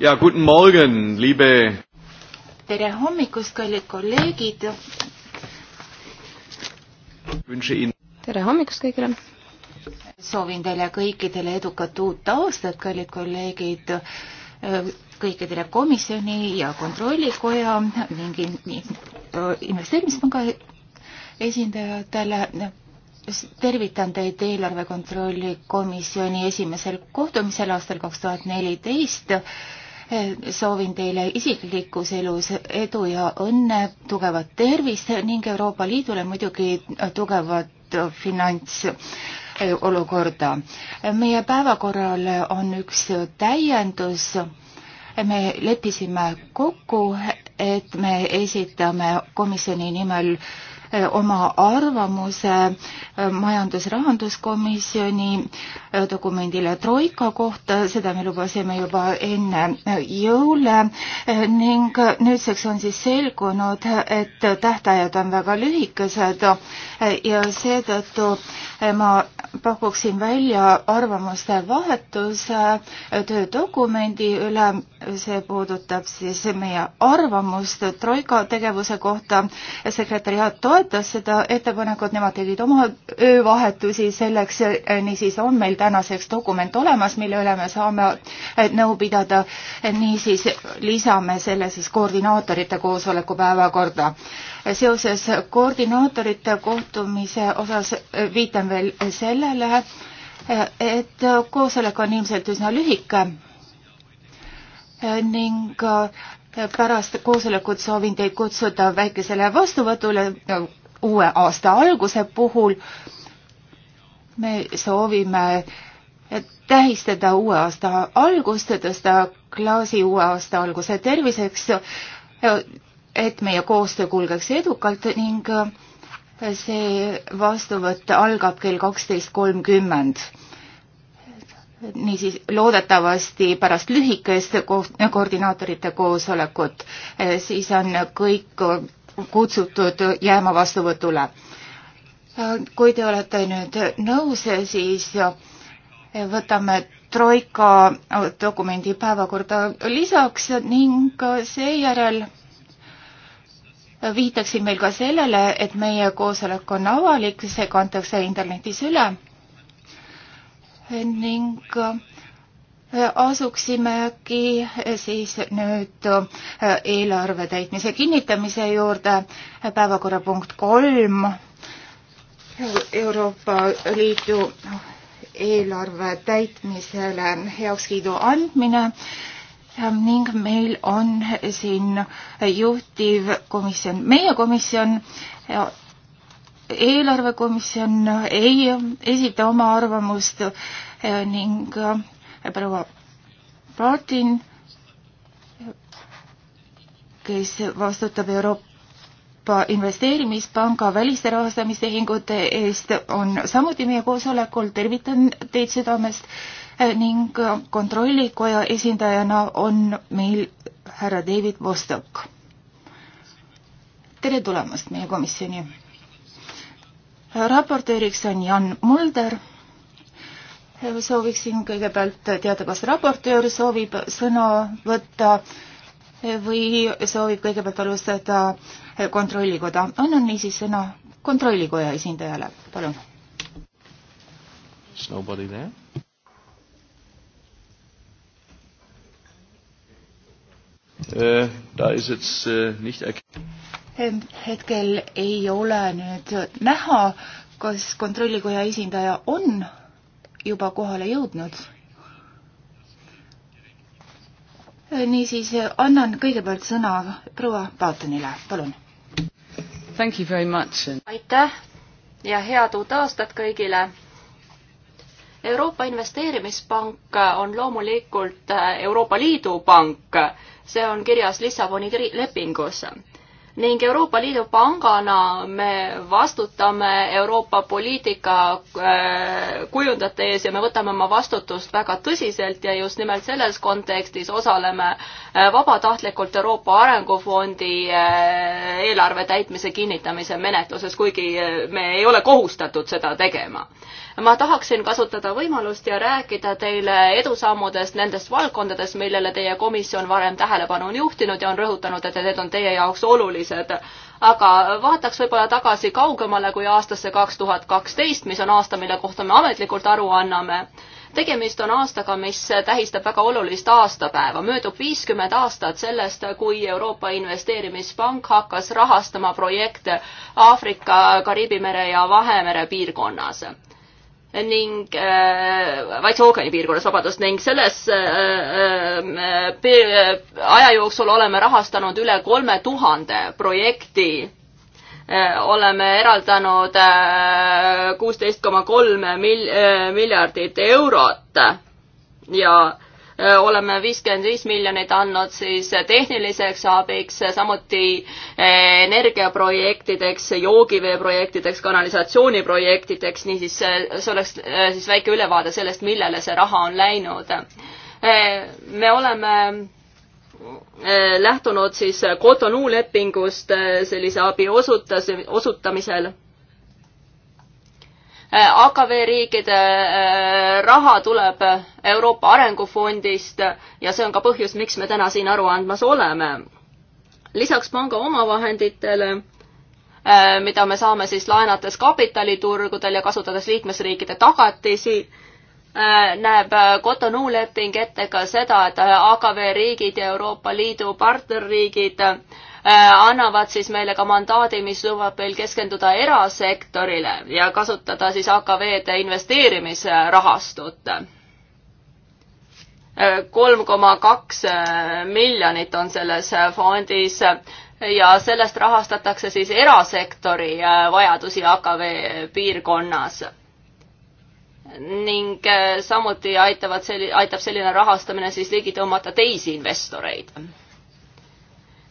ja guten Morgen, liebe. tere hommikust, kallid kolleegid. tere hommikust kõigile. soovin teile kõikidele edukat uut aastat, kallid kolleegid kõikidele komisjoni ja kontrollikoja ning investeerimispanga esindajatele tervitan teid eelarve kontrolli komisjoni esimesel kohtumisel aastal kaks tuhat neliteist soovin teile isiklikus elus edu ja õnne, tugevat tervist ning Euroopa Liidule muidugi tugevat finantsolukorda. meie päevakorral on üks täiendus. me leppisime kokku, et me esitame komisjoni nimel oma arvamuse majandus-rahanduskomisjoni dokumendile Troika kohta, seda me lubasime juba enne jõule ning nüüdseks on siis selgunud, et tähtajad on väga lühikesed ja seetõttu ma pakuksin välja arvamuste vahetuse töödokumendi üle, see puudutab siis meie arvamust Troika tegevuse kohta. sekretäriaat toetas seda ettepanekut, nemad tegid oma öövahetusi selleks, niisiis on meil täna tänaseks dokument olemas, mille üle me saame eh, nõu pidada. Eh, niisiis lisame selle siis koordinaatorite koosoleku päevakorda. Eh, seoses koordinaatorite kohtumise osas viitan veel sellele, et koosolek on ilmselt üsna lühike ning pärast koosolekut soovin teid kutsuda väikesele vastuvõtule uue aasta alguse puhul me soovime tähistada uue aasta algust, tõsta klaasi uue aasta alguse terviseks, et meie koostöö kulgeks edukalt ning see vastuvõtt algab kell kaksteist kolmkümmend. niisiis loodetavasti pärast lühikest koordinaatorite koosolekut, eh, siis on kõik kutsutud jääma vastuvõtule Äh, kui te olete nüüd nõus, siis äh, võtame Troika äh, dokumendi päevakorda lisaks ning seejärel viitaksin meil ka sellele, et meie koosolek on avalik, see kantakse internetis üle ning asuksimegi siis nüüd eelarve täitmise kinnitamise juurde, päevakorrapunkt kolm Euroopa Liidu eelarve täitmisele heakskiidu andmine ning meil on siin juhtivkomisjon, meie komisjon, eelarvekomisjon ei esita oma arvamust ning proua Martin, kes vastutab Euroopa Euroopa Investeerimispanga väliste rahastamistehingute eest on samuti meie koosolekul, tervitan teid südamest eh, ning kontrollikoja esindajana on meil härra David Vostok. tere tulemast meie komisjoni. raportööriks on Jan Mulder. sooviksin kõigepealt teada, kas raportöör soovib sõna võtta või soovib kõigepealt alustada kontrollikoda. annan niisiis sõna kontrollikoja esindajale, palun. Is nobody there? Äh, da ist jetzt äh, nicht hetkel ei ole nüüd näha, kas kontrollikoja esindaja on juba kohale jõudnud. niisiis annan kõigepealt sõna proua Paatonile, palun thank you very much. aitäh ja head uut aastat kõigile. Euroopa Investeerimispank on loomulikult Euroopa Liidu pank, see on kirjas Lissaboni lepingus ning Euroopa Liidu pangana me vastutame Euroopa poliitika äh, kujundajate ees ja me võtame oma vastutust väga tõsiselt ja just nimelt selles kontekstis osaleme äh, vabatahtlikult Euroopa Arengufondi äh, eelarve täitmise kinnitamise menetluses, kuigi me ei ole kohustatud seda tegema ma tahaksin kasutada võimalust ja rääkida teile edusammudest nendest valdkondadest, millele teie komisjon varem tähelepanu on juhtinud ja on rõhutanud, et need on teie jaoks olulised. aga vaataks võib-olla tagasi kaugemale kui aastasse kaks tuhat kaksteist, mis on aasta, mille kohta me ametlikult aru anname tegemist on aastaga, mis tähistab väga olulist aastapäeva. möödub viiskümmend aastat sellest, kui Euroopa Investeerimispank hakkas rahastama projekte Aafrika, Kariibi mere ja Vahemere piirkonnas ning äh, Vaikse ookeani piirkonnas, vabandust, ning selles äh, äh, aja jooksul oleme rahastanud üle kolme tuhande projekti äh,. oleme eraldanud äh, kuusteist koma kolm äh, miljardit eurot ja oleme viiskümmend viis miljonit andnud siis tehniliseks abiks, samuti energiaprojektideks, joogiveeprojektideks, kanalisatsiooniprojektideks, niisiis see oleks siis väike ülevaade sellest, millele see raha on läinud. me oleme lähtunud siis Cotonou lepingust sellise abi osutas, osutamisel Eh, AKV riikide eh, raha tuleb Euroopa Arengufondist ja see on ka põhjus, miks me täna siin aru andmas oleme. lisaks panga omavahenditele, eh, mida me saame siis laenates kapitaliturgudel ja kasutades liikmesriikide tagatisi, näeb Cotonou leping ette ka seda, et AKV riigid ja Euroopa Liidu partnerriigid Äh, annavad siis meile ka mandaadi, mis lubab meil keskenduda erasektorile ja kasutada siis AKV-de investeerimisrahastut. Äh, kolm koma kaks äh, miljonit on selles fondis ja sellest rahastatakse siis erasektori vajadusi AKV piirkonnas ning samuti aitavad, aitab selline rahastamine siis ligi tõmmata teisi investoreid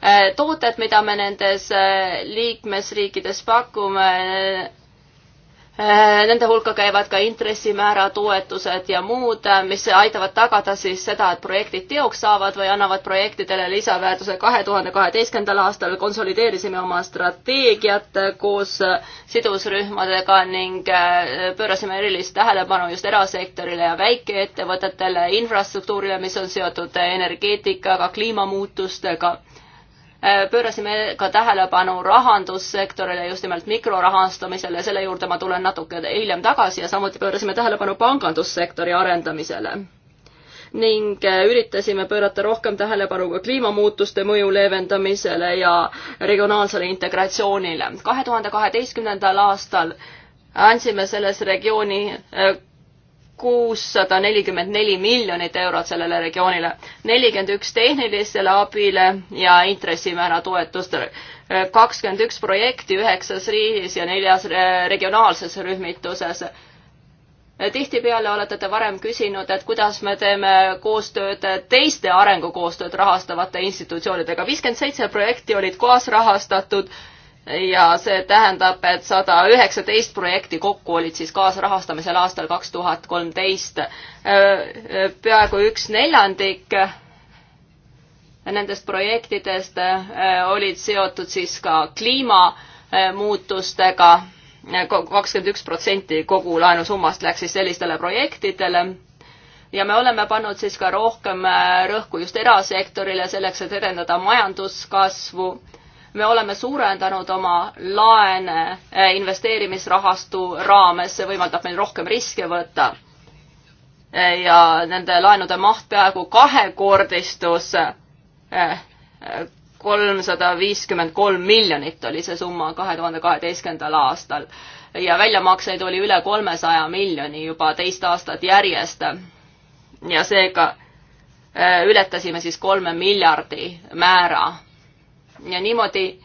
Äh, tooted, mida me nendes äh, liikmesriikides pakume, äh, nende hulka käivad ka intressimäära toetused ja muud, mis aitavad tagada siis seda, et projektid teoks saavad või annavad projektidele lisaväärtuse. kahe tuhande kaheteistkümnendal aastal konsolideerisime oma strateegiat koos sidusrühmadega ning pöörasime erilist tähelepanu just erasektorile ja väikeettevõtetele, infrastruktuurile, mis on seotud energeetikaga, kliimamuutustega Äh, pöörasime ka tähelepanu rahandussektorile, just nimelt mikrorahastamisele, selle juurde ma tulen natuke hiljem tagasi ja samuti pöörasime tähelepanu pangandussektori arendamisele. ning äh, üritasime pöörata rohkem tähelepanu ka kliimamuutuste mõju leevendamisele ja regionaalsele integratsioonile. kahe tuhande kaheteistkümnendal aastal andsime selles regiooni äh, kuussada nelikümmend neli miljonit eurot sellele regioonile, nelikümmend üks tehnilisele abile ja intressimäära toetustele, kakskümmend üks projekti üheksas riigis ja neljas regionaalses rühmituses. tihtipeale olete te varem küsinud, et kuidas me teeme koostööd teiste arengukoostööd rahastavate institutsioonidega, viiskümmend seitse projekti olid kaasrahastatud ja see tähendab, et sada üheksateist projekti kokku olid siis kaasrahastamisel aastal kaks tuhat kolmteist. Äh, äh, peaaegu üks neljandik nendest projektidest äh, olid seotud siis ka kliimamuutustega, kakskümmend üks protsenti kogu laenusummast läks siis sellistele projektidele ja me oleme pannud siis ka rohkem rõhku just erasektorile selleks, et edendada majanduskasvu me oleme suurendanud oma laene eh, investeerimisrahastu raames, see võimaldab meil rohkem riske võtta. Eh, ja nende laenude maht peaaegu kahekordistus. Eh, kolmsada viiskümmend kolm miljonit oli see summa kahe tuhande kaheteistkümnendal aastal ja väljamakseid oli üle kolmesaja miljoni juba teist aastat järjest. ja seega ületasime siis kolme miljardi määra ja niimoodi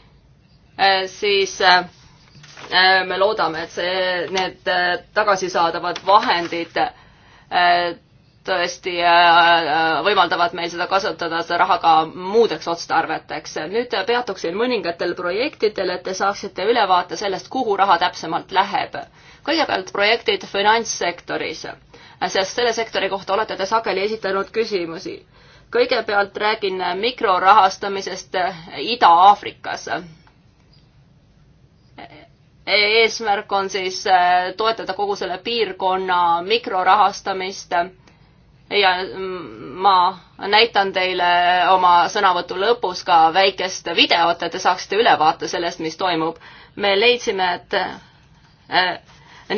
äh, siis äh, äh, me loodame, et see, need tagasisaadavad vahendid tõesti võimaldavad meil seda kasutada, seda raha ka muudeks otstarveteks. nüüd peatuksin mõningatel projektidel, et te saaksite ülevaate sellest, kuhu raha täpsemalt läheb. kõigepealt projektid finantssektoris, sest selle sektori kohta olete te sageli esitanud küsimusi kõigepealt räägin mikrorahastamisest Ida-Aafrikas. eesmärk on siis äh, toetada kogu selle piirkonna mikrorahastamist ja mm, ma näitan teile oma sõnavõtu lõpus ka väikest videot, et te saaksite ülevaate sellest, mis toimub. me leidsime, et äh,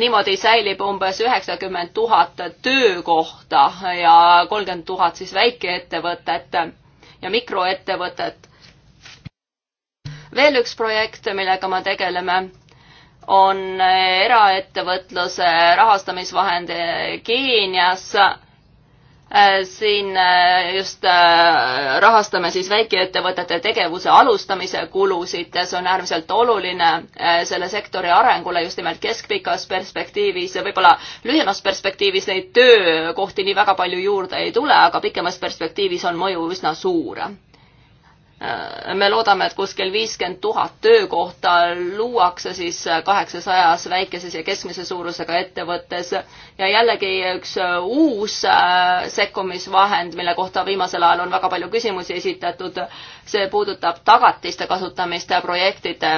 niimoodi säilib umbes üheksakümmend tuhat töökohta ja kolmkümmend tuhat siis väikeettevõtet ja mikroettevõtet. veel üks projekt, millega me tegeleme, on eraettevõtluse rahastamisvahend Keenias Äh, siin äh, just äh, rahastame siis väikeettevõtete tegevuse alustamise kulusid, see on äärmiselt oluline selle sektori arengule just nimelt keskpikas perspektiivis, võib-olla lühemas perspektiivis neid töökohti nii väga palju juurde ei tule, aga pikemas perspektiivis on mõju üsna suur Äh, me loodame, et kuskil viiskümmend tuhat töökohta luuakse siis kaheksasajas väikeses ja keskmise suurusega ettevõttes ja jällegi üks uus äh, sekkumisvahend, mille kohta viimasel ajal on väga palju küsimusi esitatud, see puudutab tagatiste kasutamist projektide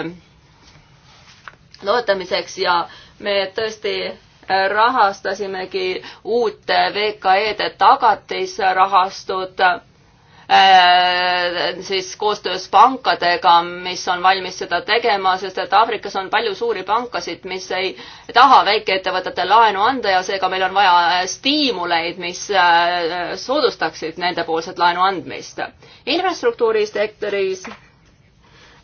toetamiseks ja me tõesti äh, rahastasimegi uut VKE-de tagatisrahastut Äh, siis koostöös pankadega, mis on valmis seda tegema, sest et Aafrikas on palju suuri pankasid, mis ei taha väikeettevõtetele laenu anda ja seega meil on vaja äh, stiimuleid, mis äh, soodustaksid nendepoolset laenu andmist. infrastruktuurisektoris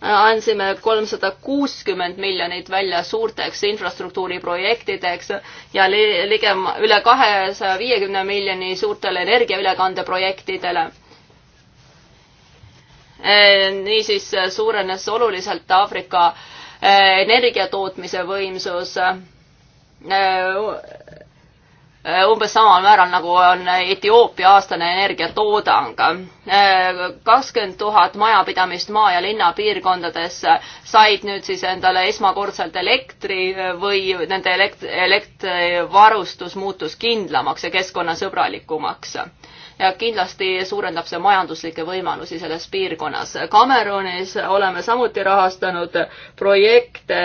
andsime kolmsada kuuskümmend miljonit välja suurteks infrastruktuuriprojektideks ja ligem üle kahesaja viiekümne miljoni suurtele energiaülekandeprojektidele. Eh, niisiis eh, suurenes oluliselt Aafrika eh, energiatootmise võimsus umbes samal määral, nagu on Etioopia aastane energiatoodang. kakskümmend tuhat majapidamist maa- ja linnapiirkondades said nüüd siis endale esmakordselt elektri või nende elekt-, elektrivarustus muutus kindlamaks ja keskkonnasõbralikumaks ja kindlasti suurendab see majanduslikke võimalusi selles piirkonnas. Kamerunis oleme samuti rahastanud projekte,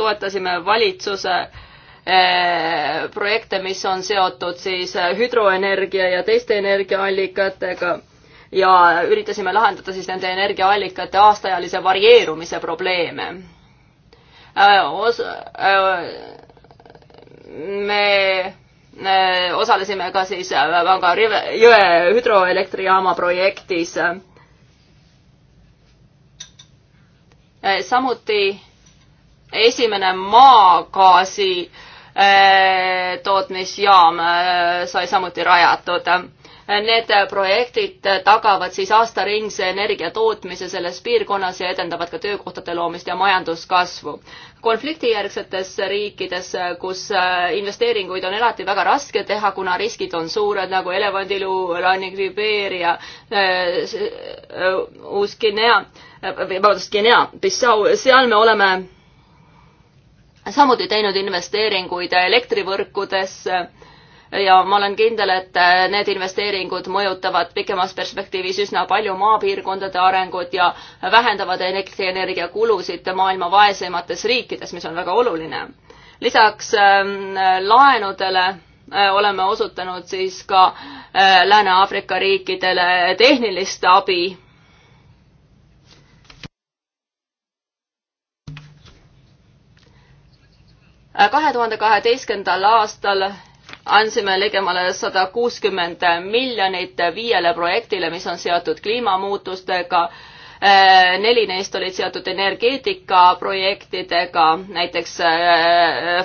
toetasime valitsuse eh, projekte, mis on seotud siis eh, hüdroenergia ja teiste energiaallikatega ja üritasime lahendada siis nende energiaallikate aastajalise varieerumise probleeme. Eh, me Äh, osalesime ka siis äh, Vanga jõe hüdroelektrijaama projektis. Äh, samuti esimene maagaasi tootmisjaam sai samuti rajatud. Need projektid tagavad siis aastaringse energia tootmise selles piirkonnas ja edendavad ka töökohtade loomist ja majanduskasvu konfliktijärgsetes riikides, kus äh, investeeringuid on alati väga raske teha, kuna riskid on suured nagu elevandiluu, rannik Libeeria, äh, äh, Uus-Guinea, vabandust, Guinea, Bissau, seal me oleme samuti teinud investeeringuid elektrivõrkudesse ja ma olen kindel, et äh, need investeeringud mõjutavad pikemas perspektiivis üsna palju maapiirkondade arengut ja vähendavad elektrienergia kulusid maailma vaesemates riikides, mis on väga oluline. lisaks ähm, laenudele äh, oleme osutanud siis ka äh, Lääne-Aafrika riikidele tehnilist abi kahe tuhande kaheteistkümnendal aastal andsime ligemale sada kuuskümmend miljonit viiele projektile, mis on seotud kliimamuutustega. Äh, neli neist olid seotud energeetikaprojektidega, näiteks äh,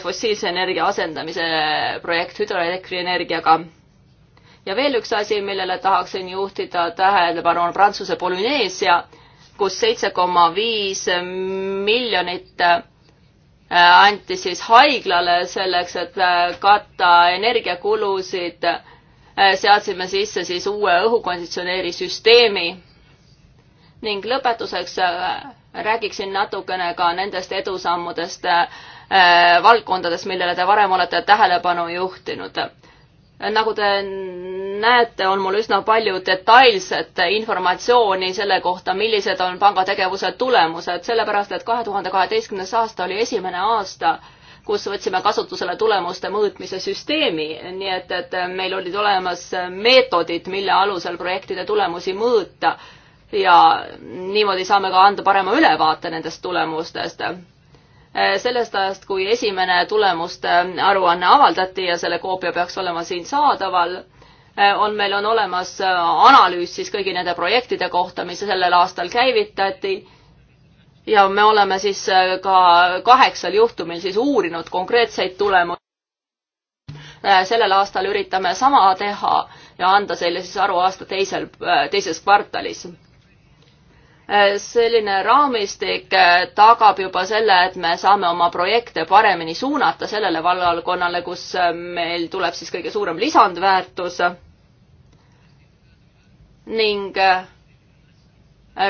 fossiilse energia asendamise projekt hüdroelektrienergiaga. ja veel üks asi, millele tahaksin juhtida tähelepanu, on Prantsuse Polüneesia, kus seitse koma viis miljonit Äh, anti siis haiglale selleks, et äh, katta energiakulusid. Äh, seadsime sisse siis uue õhukonditsioneerisüsteemi. ning lõpetuseks räägiksin natukene ka nendest edusammudest valdkondades, millele te varem olete tähelepanu juhtinud. nagu te näete, on mul üsna palju detailset informatsiooni selle kohta, millised on panga tegevuse tulemused, sellepärast et kahe tuhande kaheteistkümnes aasta oli esimene aasta, kus võtsime kasutusele tulemuste mõõtmise süsteemi, nii et, et meil olid olemas meetodid, mille alusel projektide tulemusi mõõta ja niimoodi saame ka anda parema ülevaate nendest tulemustest. sellest ajast, kui esimene tulemuste aruanne avaldati ja selle koopia peaks olema siin saadaval Eh, on, meil on olemas eh, analüüs siis kõigi nende projektide kohta, mis sellel aastal käivitati. ja me oleme siis eh, ka kaheksal juhtumil siis uurinud konkreetseid tulemusi. sellel aastal üritame sama teha ja anda selle siis aru aasta teisel, teises kvartalis selline raamistik tagab juba selle, et me saame oma projekte paremini suunata sellele valdkonnale, kus meil tuleb siis kõige suurem lisandväärtus ning äh,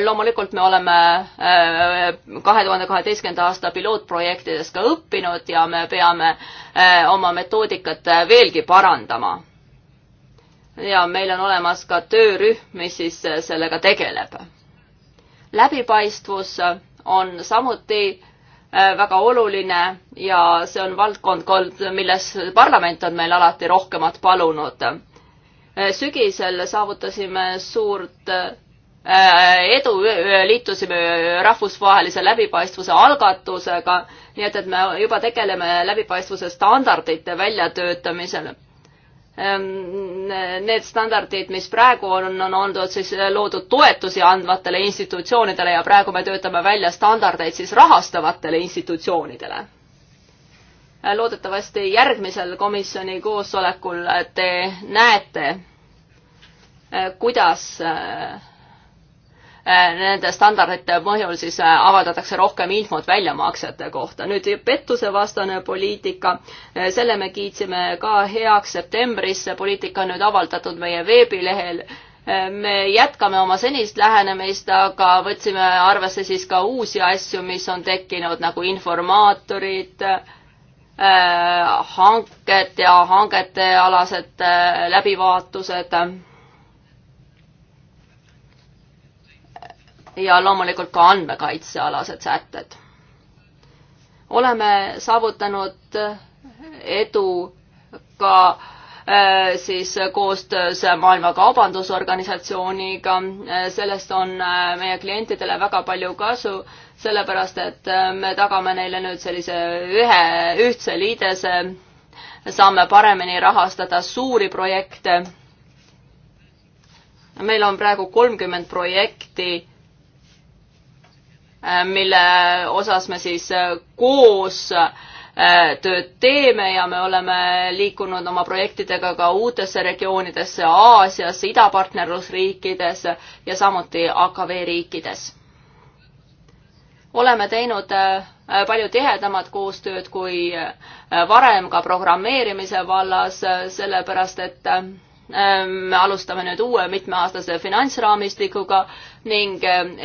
loomulikult me oleme äh, kahe tuhande kaheteistkümnenda aasta pilootprojektidest ka õppinud ja me peame äh, oma metoodikat veelgi parandama. ja meil on olemas ka töörühm, mis siis sellega tegeleb. läbipaistvus on samuti väga oluline ja see on valdkond, milles parlament on meil alati rohkemat palunud Äh, sügisel saavutasime suurt äh, edu, äh, liitusime rahvusvahelise läbipaistvuse algatusega, nii et, et me juba tegeleme läbipaistvuse standardite väljatöötamisel. Ähm, need standardid, mis praegu on, on olnud siis loodud toetusi andvatele institutsioonidele ja praegu me töötame välja standardeid siis rahastavatele institutsioonidele loodetavasti järgmisel komisjoni koosolekul te näete, eh, kuidas eh, eh, nende standardite põhjul siis avaldatakse rohkem infot väljamaksete kohta. nüüd pettusevastane poliitika, selle me kiitsime ka heaks septembris, see poliitika on nüüd avaldatud meie veebilehel me jätkame oma senist lähenemist, aga võtsime arvesse siis ka uusi asju, mis on tekkinud nagu informaatorid äh,, hanked ja hangetealased äh, läbivaatused. ja loomulikult ka andmekaitsealased sätted. oleme saavutanud äh, edu ka äh, siis koostöös Maailma Kaubandusorganisatsiooniga. sellest on meie klientidele väga palju kasu sellepärast et äh, me tagame neile nüüd sellise ühe, ühtse liidese, saame paremini rahastada suuri projekte. meil on praegu kolmkümmend projekti, äh, mille osas me siis äh, koos tööd teeme ja me oleme liikunud oma projektidega ka uutesse regioonidesse Aasias, idapartnerlusriikides ja samuti AKV riikides oleme teinud äh, palju tihedamat koostööd kui äh, varem ka programmeerimise vallas, äh, sellepärast et ähm, me alustame nüüd uue mitmeaastase finantsraamistikuga ning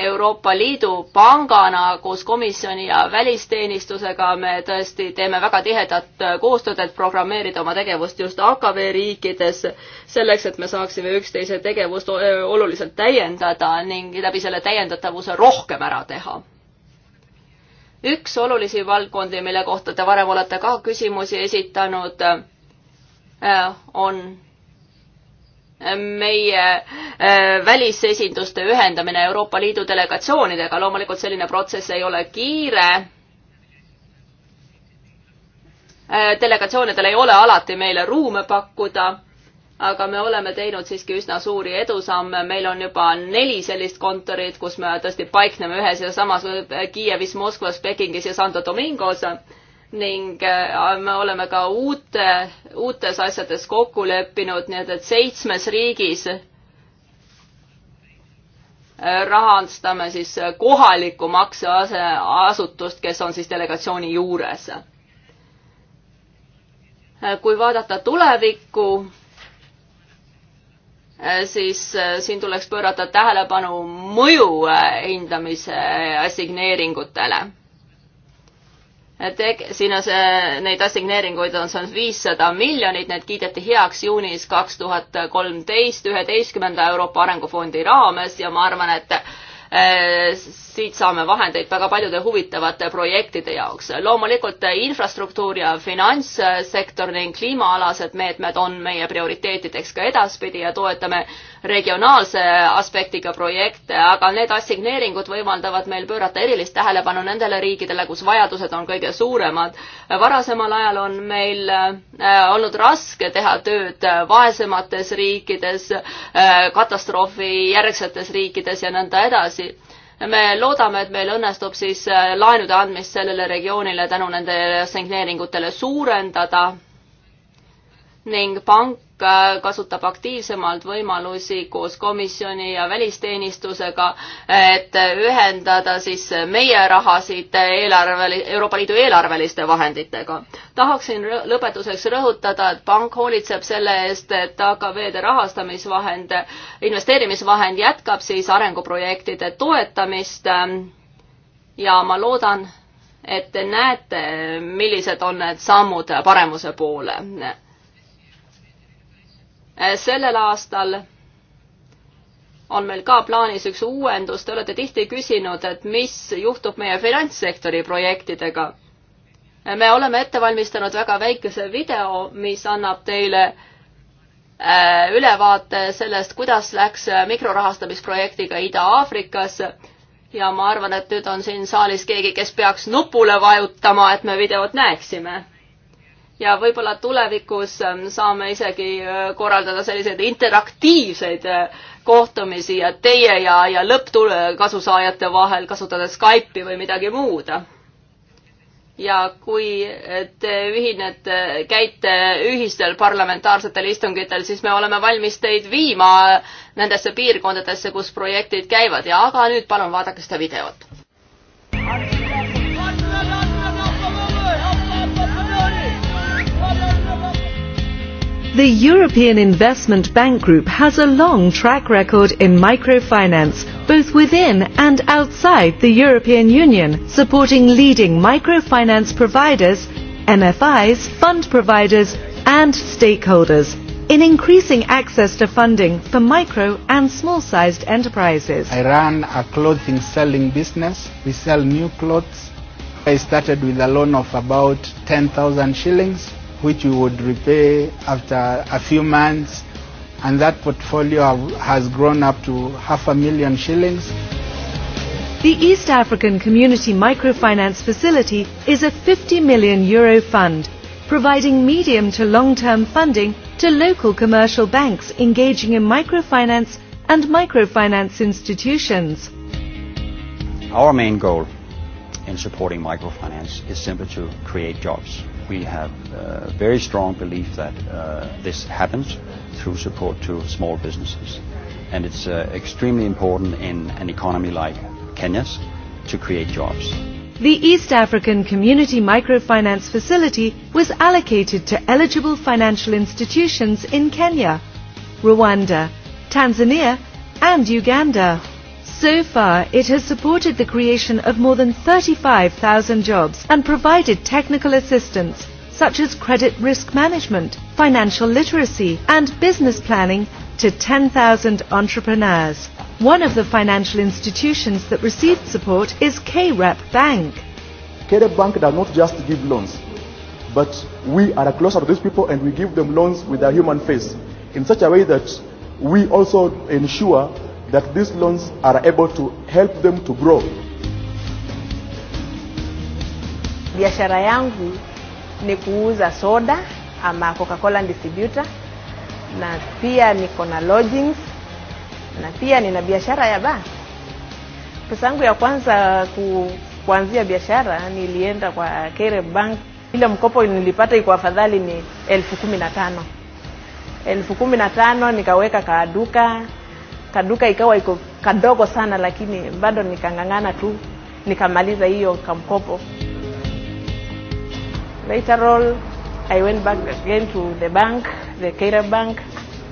Euroopa Liidu pangana koos komisjoni ja välisteenistusega me tõesti teeme väga tihedat koostööd, et programmeerida oma tegevust just AKV riikides, selleks et me saaksime üksteise tegevust oluliselt täiendada ning läbi selle täiendatavuse rohkem ära teha üks olulisi valdkondi, mille kohta te varem olete ka küsimusi esitanud, äh, on meie äh, välisesinduste ühendamine Euroopa Liidu delegatsioonidega. loomulikult selline protsess ei ole kiire. Äh, delegatsioonidel ei ole alati meile ruume pakkuda aga me oleme teinud siiski üsna suuri edusamme, meil on juba neli sellist kontorit, kus me tõesti paikneme ühes ja samas Kiievis, Moskvas, Pekingis ja Santo Domingos ning äh, me oleme ka uute, uutes asjades kokku leppinud, nii et, et seitsmes riigis äh, rahastame siis kohalikku makseasutust, kes on siis delegatsiooni juures. Äh, kui vaadata tulevikku, Äh, siis äh, siin tuleks pöörata tähelepanu mõju äh, hindamise assigneeringutele. Teg-, siin on see, neid assigneeringuid on seal viissada miljonit, need kiideti heaks juunis kaks tuhat kolmteist üheteistkümnenda Euroopa Arengufondi raames ja ma arvan, et Äh, siit saame vahendeid väga paljude huvitavate projektide jaoks. loomulikult infrastruktuur ja finantssektor ning kliimaalased meetmed on meie prioriteetideks ka edaspidi ja toetame regionaalse aspektiga projekte, aga need assigneeringud võimaldavad meil pöörata erilist tähelepanu nendele riikidele, kus vajadused on kõige suuremad. varasemal ajal on meil äh, olnud raske teha tööd vaesemates riikides, äh, katastroofi järgsetes riikides ja nõnda edasi me loodame, et meil õnnestub siis äh, laenude andmist sellele regioonile tänu nendele signeeringutele suurendada ning pank kasutab aktiivsemalt võimalusi koos komisjoni ja välisteenistusega, et ühendada siis meie rahasid eelarve, Euroopa Liidu eelarveliste vahenditega. tahaksin lõpetuseks rõhutada, et pank hoolitseb selle eest, et AKV-de rahastamisvahend, investeerimisvahend jätkab siis arenguprojektide toetamist ja ma loodan, et te näete, millised on need sammud paremuse poole. Eh, sellel aastal on meil ka plaanis üks uuendus, te olete tihti küsinud, et mis juhtub meie finantssektori projektidega. Eh, me oleme ette valmistanud väga väikese video, mis annab teile eh, ülevaate sellest, kuidas läks mikrorahastamisprojektiga Ida-Aafrikas ja ma arvan, et nüüd on siin saalis keegi, kes peaks nupule vajutama, et me videot näeksime ja võib-olla tulevikus ähm, saame isegi äh, korraldada selliseid interaktiivseid äh, kohtumisi ja teie ja, ja lõppkasusaajate vahel, kasutades Skype'i või midagi muud. ja kui äh, te ühinete, käite ühistel parlamentaarsetel istungitel, siis me oleme valmis teid viima nendesse piirkondadesse, kus projektid käivad ja, aga nüüd palun vaadake seda videot. The European Investment Bank Group has a long track record in microfinance, both within and outside the European Union, supporting leading microfinance providers, MFIs, fund providers and stakeholders in increasing access to funding for micro and small-sized enterprises. I run a clothing selling business. We sell new clothes. I started with a loan of about 10,000 shillings which we would repay after a few months, and that portfolio has grown up to half a million shillings. The East African Community Microfinance Facility is a 50 million euro fund, providing medium to long-term funding to local commercial banks engaging in microfinance and microfinance institutions. Our main goal in supporting microfinance is simply to create jobs We have a uh, very strong belief that uh, this happens through support to small businesses. It's uh, extremely important in an economy like Kenya's to create jobs. The East African Community Microfinance Facility was allocated to eligible financial institutions in Kenya, Rwanda, Tanzania, and Uganda. So far, it has supported the creation of more than 35,000 jobs and provided technical assistance such as credit risk management, financial literacy and business planning to 10,000 entrepreneurs. One of the financial institutions that received support is KREP Bank. KREP Bank does not just give loans, but we are closer to these people and we give them loans with a human face in such a way that we also ensure that these loans are able to help them to grow. Biashara yangu ni kuuza soda ama Coca-Cola distributor, na pia niko na lodgings na pia nina biashara ya baa. Pesa yangu ya kwanza ku, kuanzia biashara nilienda kwa Kereb Bank. Ile mkopo nilipata iko afadhali ni elfu kumi na tano elfu kumi na tano nikaweka kaaduka kaduka ikawa iko kadogo sana lakini bado nikang'ang'ana tu nikamaliza hiyo kamkopo later on i went back again to the bank the Kera bank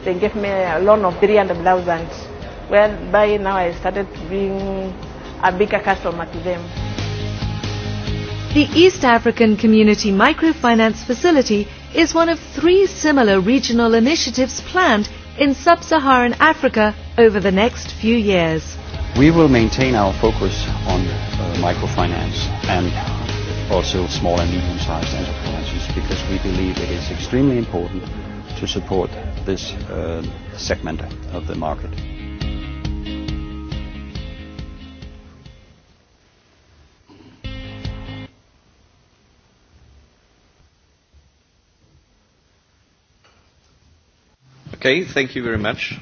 they gave me a loan of 300000 whereby now i started to bring a bigger customer to them the East African Community Microfinance Facility is one of three similar regional initiatives planned in sub-Saharan Africa over the next few years. We will maintain our focus on uh, microfinance and also small and medium-sized enterprises because we believe it is extremely important to support this uh, segment of the market. okay, thank you very much.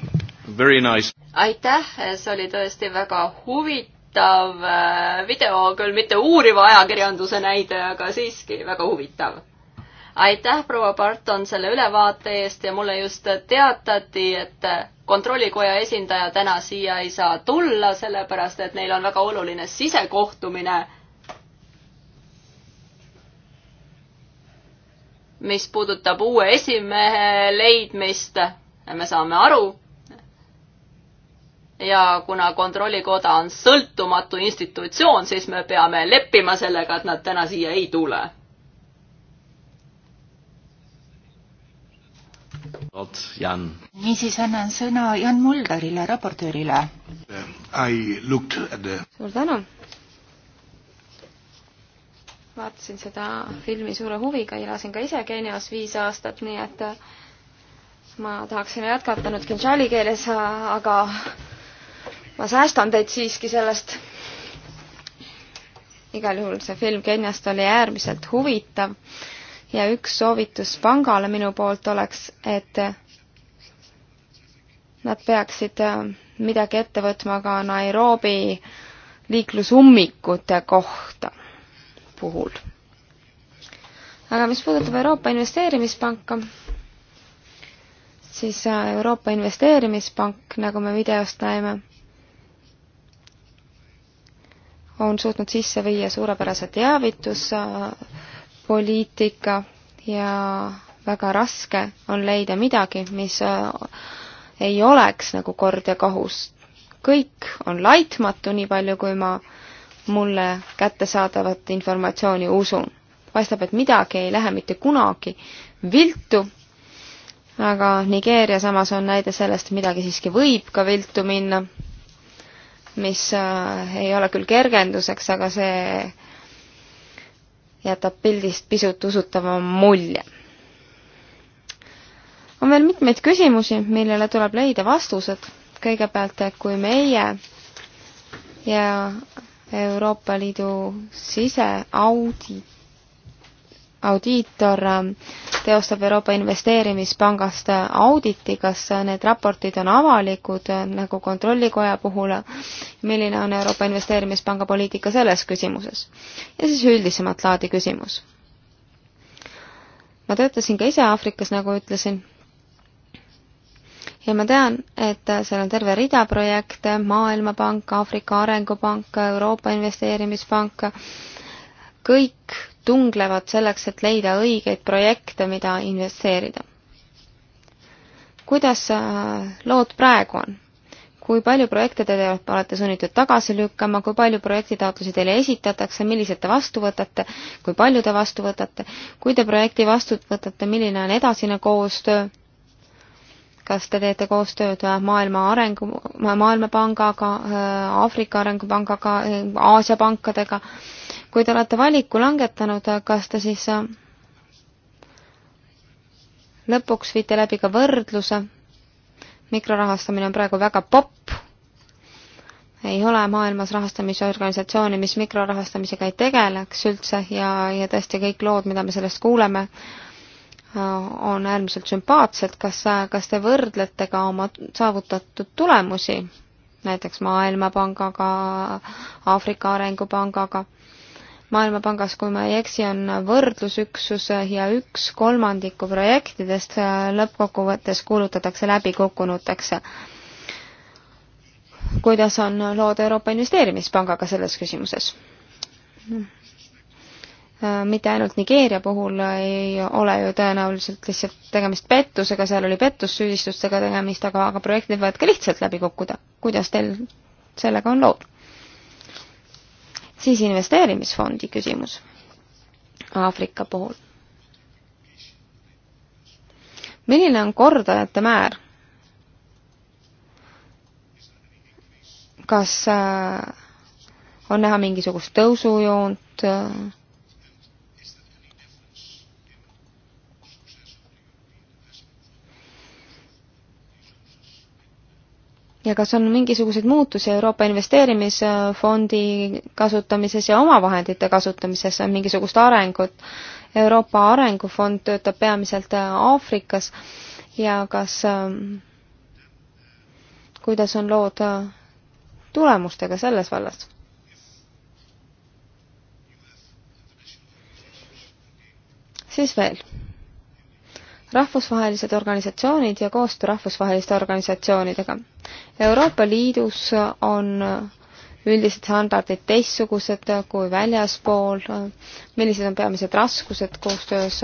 Very nice. aitäh, see oli tõesti väga huvitav äh, video, küll mitte uuriva ajakirjanduse näide, aga siiski väga huvitav. aitäh, proua Barton, selle ülevaate eest ja mulle just teatati, et kontrollikoja esindaja täna siia ei saa tulla, sellepärast et neil on väga oluline sisekohtumine mis puudutab uue esimehe leidmist me saame aru. ja kuna Kontrollikoda on sõltumatu institutsioon, siis me peame leppima sellega, et nad täna siia ei tule niisiis annan sõna Jan Mulderile, raportöörile. The... suur tänu! vaatasin seda filmi suure huviga ja elasin ka ise Keenias viis aastat, nii et äh, ma tahaksin jätkata nüüd Kinshali keeles, aga ma säästan teid siiski sellest. igal juhul see film Kenyast oli äärmiselt huvitav ja üks soovitus pangale minu poolt oleks, et nad peaksid midagi ette võtma ka Nairobi liiklusummikute kohta puhul. aga mis puudutab Euroopa Investeerimispanka, siis äh, Euroopa Investeerimispank, nagu me videost näeme, on suutnud sisse viia suurepärase teavituspoliitika ja väga raske on leida midagi, mis äh, ei oleks nagu kord ja kohus. kõik on laitmatu, nii palju kui ma mulle kättesaadavat informatsiooni usun. paistab, et midagi ei lähe mitte kunagi viltu aga Nigeeria samas on näide sellest, midagi siiski võib ka viltu minna, mis äh, ei ole küll kergenduseks, aga see jätab pildist pisut usutava mulje. on veel mitmeid küsimusi, millele tuleb leida vastused. kõigepealt, kui meie ja Euroopa Liidu siseaudit audiitor äh, teostab Euroopa Investeerimispangast äh, auditi, kas äh, need raportid on avalikud, nagu Kontrollikoja puhul, milline on Euroopa Investeerimispanga poliitika selles küsimuses? ja siis üldisemat laadi küsimus. ma töötasin ka ise Aafrikas, nagu ütlesin, ja ma tean, et seal on terve rida projekte, Maailmapank, Aafrika Arengupank, Euroopa Investeerimispank, kõik tunglevad selleks, et leida õigeid projekte, mida investeerida. kuidas äh, lood praegu on? kui palju projekte te olete sunnitud tagasi lükkama, kui palju projektitaotlusi teile esitatakse, millised te vastu võtate, kui palju te vastu võtate, kui te projekti vastu võtate, milline on edasine koostöö, kas te teete koostööd äh, Maailma Arengu, Maailmapangaga, äh, Aafrika Arengupangaga, Aasia pankadega, kui te olete valiku langetanud, kas te siis äh, lõpuks viite läbi ka võrdluse, mikrorahastamine on praegu väga popp, ei ole maailmas rahastamisorganisatsiooni, mis mikrorahastamisega ei tegeleks üldse ja, ja tõesti kõik lood, mida me sellest kuuleme, äh, on äärmiselt sümpaatsed, kas, äh, kas te võrdlete ka oma saavutatud tulemusi näiteks Maailmapangaga, Aafrika Arengupangaga? Maailmapangas, kui ma ei eksi, on võrdlusüksus ja üks kolmandiku projektidest lõppkokkuvõttes kuulutatakse läbikukkunuteks. kuidas on lood Euroopa Investeerimispangaga selles küsimuses? mitte ainult Nigeeria puhul ei ole ju tõenäoliselt lihtsalt tegemist pettusega, seal oli pettussüüdistustega tegemist, aga, aga projektid võivad ka lihtsalt läbi kukkuda. kuidas teil sellega on lood? siis investeerimisfondi küsimus Aafrika puhul. milline on kordajate määr? kas äh, on näha mingisugust tõusujoont äh,? ja kas on mingisuguseid muutusi Euroopa Investeerimisfondi kasutamises ja omavahendite kasutamises, on mingisugust arengut? Euroopa Arengufond töötab peamiselt äh, Aafrikas ja kas, ähm, kuidas on lood äh, tulemustega selles vallas? siis veel rahvusvahelised organisatsioonid ja koostöö rahvusvaheliste organisatsioonidega. Euroopa Liidus on üldised standardid teistsugused kui väljaspool, millised on peamised raskused koostöös,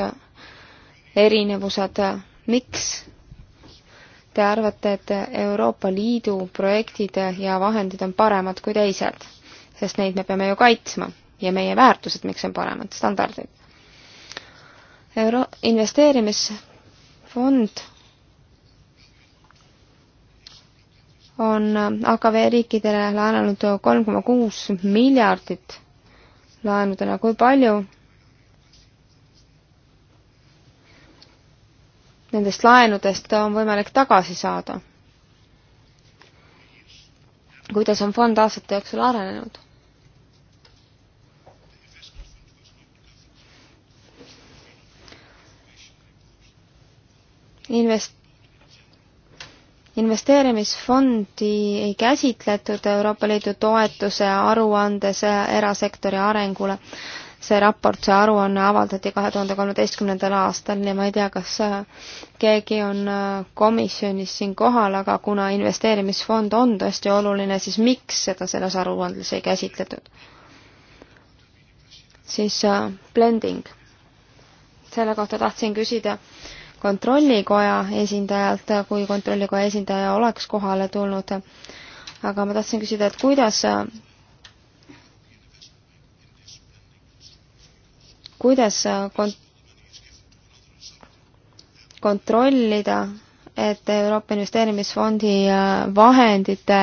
erinevused, miks te arvate, et Euroopa Liidu projektid ja vahendid on paremad kui teised? sest neid me peame ju kaitsma ja meie väärtused, miks on paremad standardid Euro-, investeerimis- fond on AKV riikidele laenanud kolm koma kuus miljardit laenudena, kui palju nendest laenudest on võimalik tagasi saada? kuidas on fond aastate jooksul arenenud? invest-, investeerimisfondi ei käsitletud Euroopa Liidu toetuse aruandes erasektori arengule. see raport, see aruanne avaldati kahe tuhande kolmeteistkümnendal aastal ja ma ei tea, kas keegi on komisjonis siin kohal, aga kuna investeerimisfond on tõesti oluline, siis miks seda selles aruandes ei käsitletud? siis äh, blending. selle kohta tahtsin küsida äh, kontrollikoja esindajalt, kui kontrollikoja esindaja oleks kohale tulnud. aga ma tahtsin küsida, et kuidas, kuidas kont-, kontrollida, et Euroopa Investeerimisfondi äh, vahendite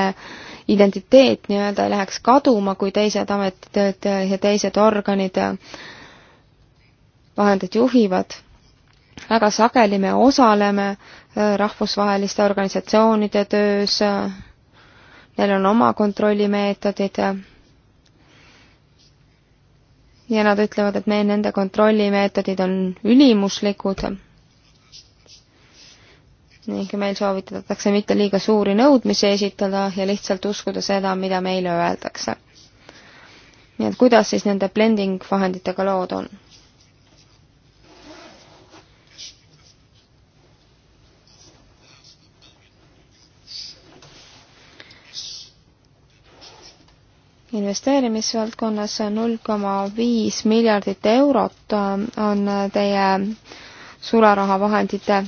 identiteet nii-öelda ei läheks kaduma, kui teised ametitööd ja teised organid äh, vahendeid juhivad väga sageli me osaleme äh, rahvusvaheliste organisatsioonide töös, neil on oma kontrollimeetodid ja nad ütlevad, et meie nende kontrollimeetodid on ülimuslikud ning meil soovitatakse mitte liiga suuri nõudmisi esitada ja lihtsalt uskuda seda, mida meile öeldakse. nii et kuidas siis nende blending vahenditega lood on? investeerimisvaldkonnas null koma viis miljardit eurot äh, on äh, teie sularahavahendite äh,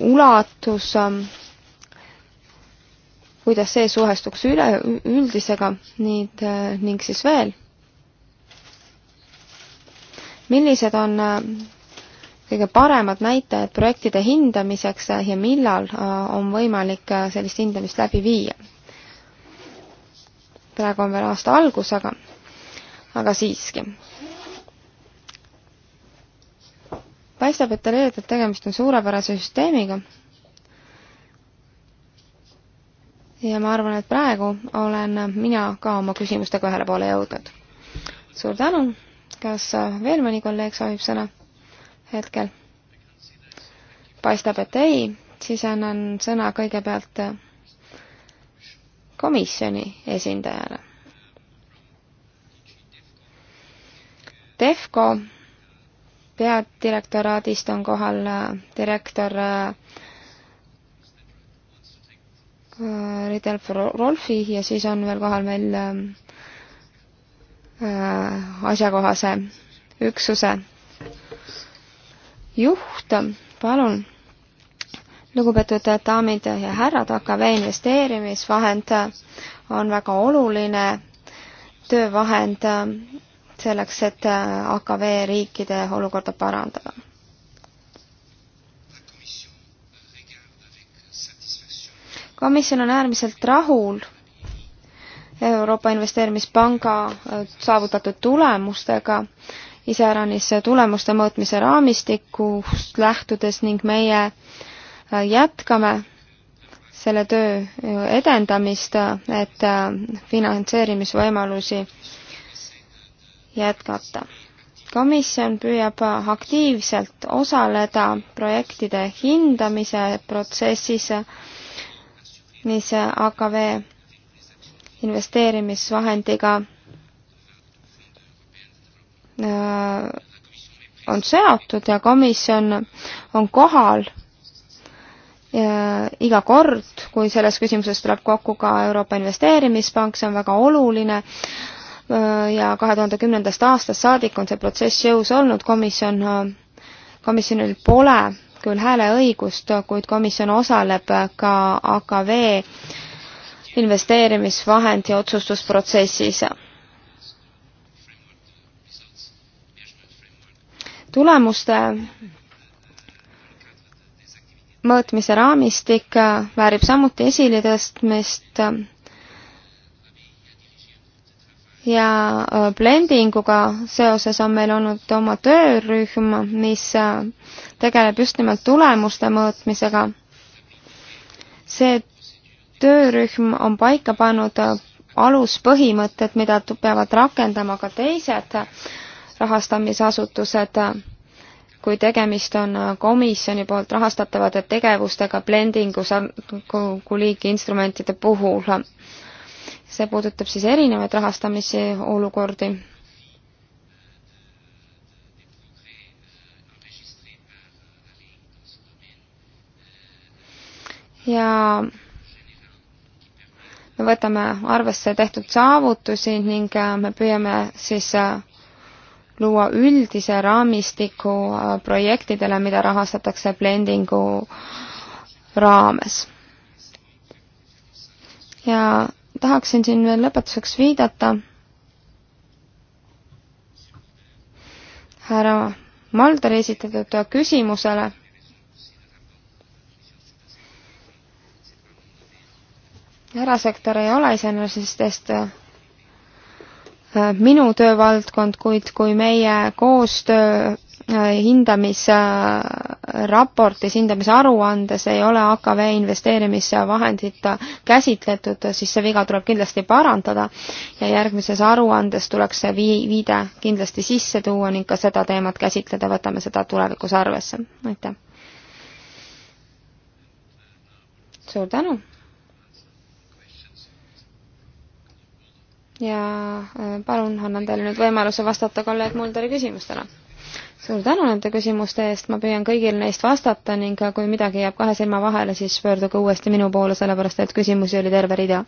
ulatus, kuidas see suhestuks üle, üldisega, nii, ning siis veel. millised on kõige paremad näitajad projektide hindamiseks ja millal on võimalik sellist hindamist läbi viia? praegu on veel aasta algus, aga, aga siiski. paistab, et te leiate, et tegemist on suurepärase süsteemiga. ja ma arvan, et praegu olen mina ka oma küsimustega ühele poole jõudnud. suur tänu, kas veel mõni kolleeg soovib sõna hetkel? paistab, et ei, siis annan sõna kõigepealt komisjoni esindajale. Defco peadirektoraadist on kohal äh, direktor äh, Ridel Rolfi ja siis on veel kohal meil äh, asjakohase üksuse juht, palun lugupeetud daamid ja härrad, AKV investeerimisvahend on väga oluline töövahend selleks, et AKV riikide olukorda parandada. komisjon on äärmiselt rahul Euroopa Investeerimispanga saavutatud tulemustega, iseäranis tulemuste mõõtmise raamistikust lähtudes ning meie äh, jätkame selle töö edendamist, et finantseerimisvõimalusi jätkata. komisjon püüab aktiivselt osaleda projektide hindamise protsessis, mis AKV investeerimisvahendiga äh, on seotud ja komisjon on kohal ja iga kord, kui selles küsimuses tuleb kokku ka Euroopa Investeerimispank, see on väga oluline ja kahe tuhande kümnendast aastast saadik on see protsess jõus olnud, komisjon, komisjonil pole küll hääleõigust, kuid komisjon osaleb ka AKV investeerimisvahendi otsustusprotsessis. tulemuste mõõtmise raamistik äh, väärib samuti esiletõstmist äh, ja äh, blendinguga seoses on meil olnud oma töörühm, mis tegeleb just nimelt tulemuste mõõtmisega. see töörühm on paika pannud aluspõhimõtted, mida peavad rakendama ka teised rahastamisasutused kui tegemist on äh, komisjoni poolt rahastatavate tegevustega blendingu sarnaku liiki instrumentide puhul. see puudutab siis erinevaid rahastamise olukordi. ja me võtame arvesse tehtud saavutusi ning äh, me püüame siis äh, luua üldise raamistiku äh, projektidele, mida rahastatakse blendingu raames. ja tahaksin siin veel lõpetuseks viidata härra Maldari esitatud küsimusele erasektor ei ole iseenesest minu töövaldkond, kuid kui meie koostöö äh, hindamisraportis, hindamisaruandes ei ole AKV investeerimisvahendit käsitletud, siis see viga tuleb kindlasti parandada ja järgmises aruandes tuleks see vii-, viide kindlasti sisse tuua ning ka seda teemat käsitleda, võtame seda tulevikus arvesse, aitäh! suur tänu! ja äh, palun, annan teile nüüd võimaluse vastata kolleeg Mulderi küsimustele. suur tänu nende küsimuste eest, ma püüan kõigil neist vastata ning kui midagi jääb kahe silma vahele, siis pöörduge uuesti minu poole, sellepärast et küsimusi oli terve rida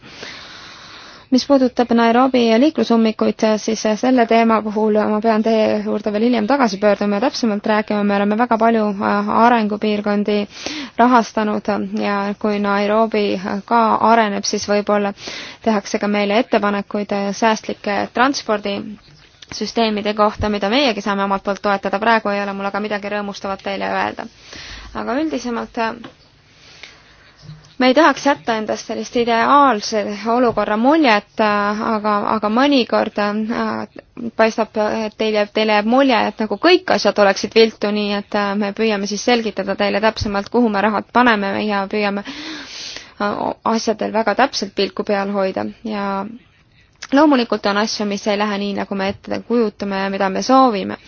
mis puudutab Nairobi liiklusummikuid, siis selle teema puhul ma pean teie juurde veel hiljem tagasi pöörduma ja täpsemalt rääkima, me oleme väga palju äh, arengupiirkondi rahastanud ja kui Nairobi äh, ka areneb, siis võib-olla tehakse ka meile ettepanekuid äh, säästlike transpordi süsteemide kohta, mida meiegi saame omalt poolt toetada, praegu ei ole mul aga midagi rõõmustavat teile öelda. aga üldisemalt me ei tahaks jätta endast sellist ideaalse olukorra muljet, aga, aga mõnikord äh, paistab, teile, teile jääb mulje, et nagu kõik asjad oleksid viltu, nii et äh, me püüame siis selgitada teile täpsemalt, kuhu me rahad paneme ja püüame äh, asjadel väga täpselt pilku peal hoida ja loomulikult on asju, mis ei lähe nii, nagu me ette kujutame ja mida me soovime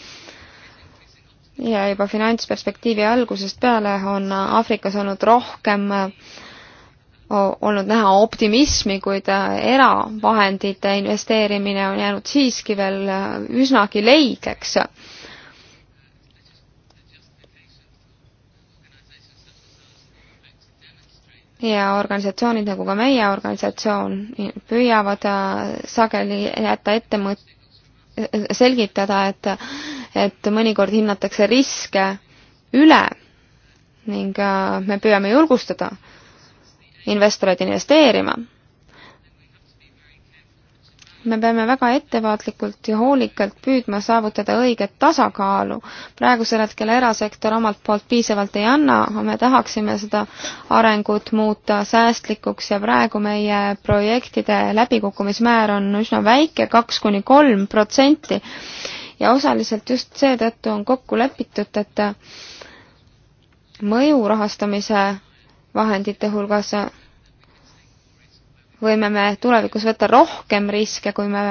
ja juba finantsperspektiivi algusest peale on Aafrikas olnud rohkem olnud näha optimismi, kuid äh, eravahendite investeerimine on jäänud siiski veel äh, üsnagi leigeks. ja organisatsioonid nagu ka meie organisatsioon püüavad äh, sageli jätta ette mõt-, selgitada, et, et mõnikord hinnatakse riske üle ning me püüame julgustada äh, investoreid investeerima. me peame väga ettevaatlikult ja hoolikalt püüdma saavutada õiget tasakaalu. praegusel hetkel erasektor omalt poolt piisavalt ei anna, me tahaksime seda arengut muuta säästlikuks ja praegu meie projektide läbikukkumismäär on üsna väike, kaks kuni kolm protsenti. ja osaliselt just seetõttu on kokku lepitud, et mõju rahastamise vahendite hulgas võime me tulevikus võtta rohkem riske, kui me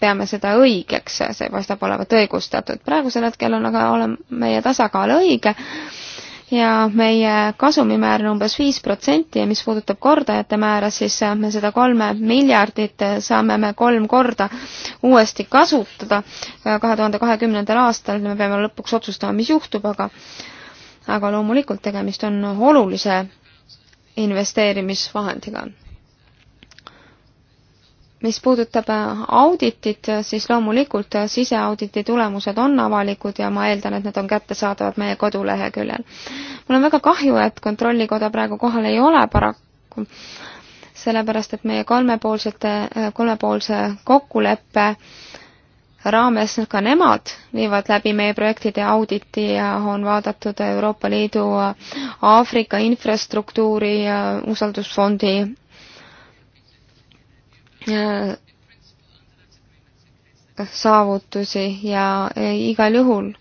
peame seda õigeks, see paistab olevat õigustatud. praegusel hetkel on aga ole-, meie tasakaal õige ja meie kasumimäär on umbes viis protsenti ja mis puudutab kordajate määra, siis me seda kolme miljardit saame me kolm korda uuesti kasutada kahe tuhande kahekümnendal aastal, me peame lõpuks otsustama, mis juhtub, aga aga loomulikult tegemist on olulise investeerimisvahendiga. mis puudutab auditit, siis loomulikult siseauditi tulemused on avalikud ja ma eeldan, et need on kättesaadavad meie koduleheküljel. mul on väga kahju, et Kontrollikoda praegu kohal ei ole paraku, sellepärast et meie kolmepoolsete, kolmepoolse kokkuleppe äh, raames ka nemad viivad läbi meie projektide auditi ja on vaadatud Euroopa Liidu Aafrika infrastruktuuri usaldusfondi saavutusi ja igal juhul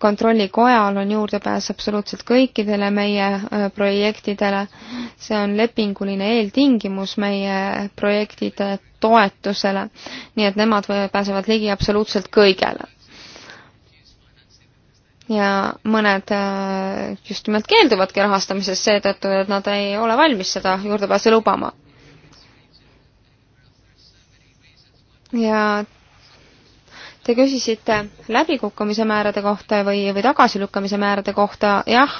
kontrollikojal on juurdepääs absoluutselt kõikidele meie äh, projektidele. see on lepinguline eeltingimus meie projektide toetusele, nii et nemad pääsevad ligi absoluutselt kõigele. ja mõned äh, just nimelt keelduvadki rahastamisest seetõttu, et nad ei ole valmis seda juurdepääsu lubama. ja Te küsisite läbikukkumise määrade kohta või, või tagasilükkamise määrade kohta. jah,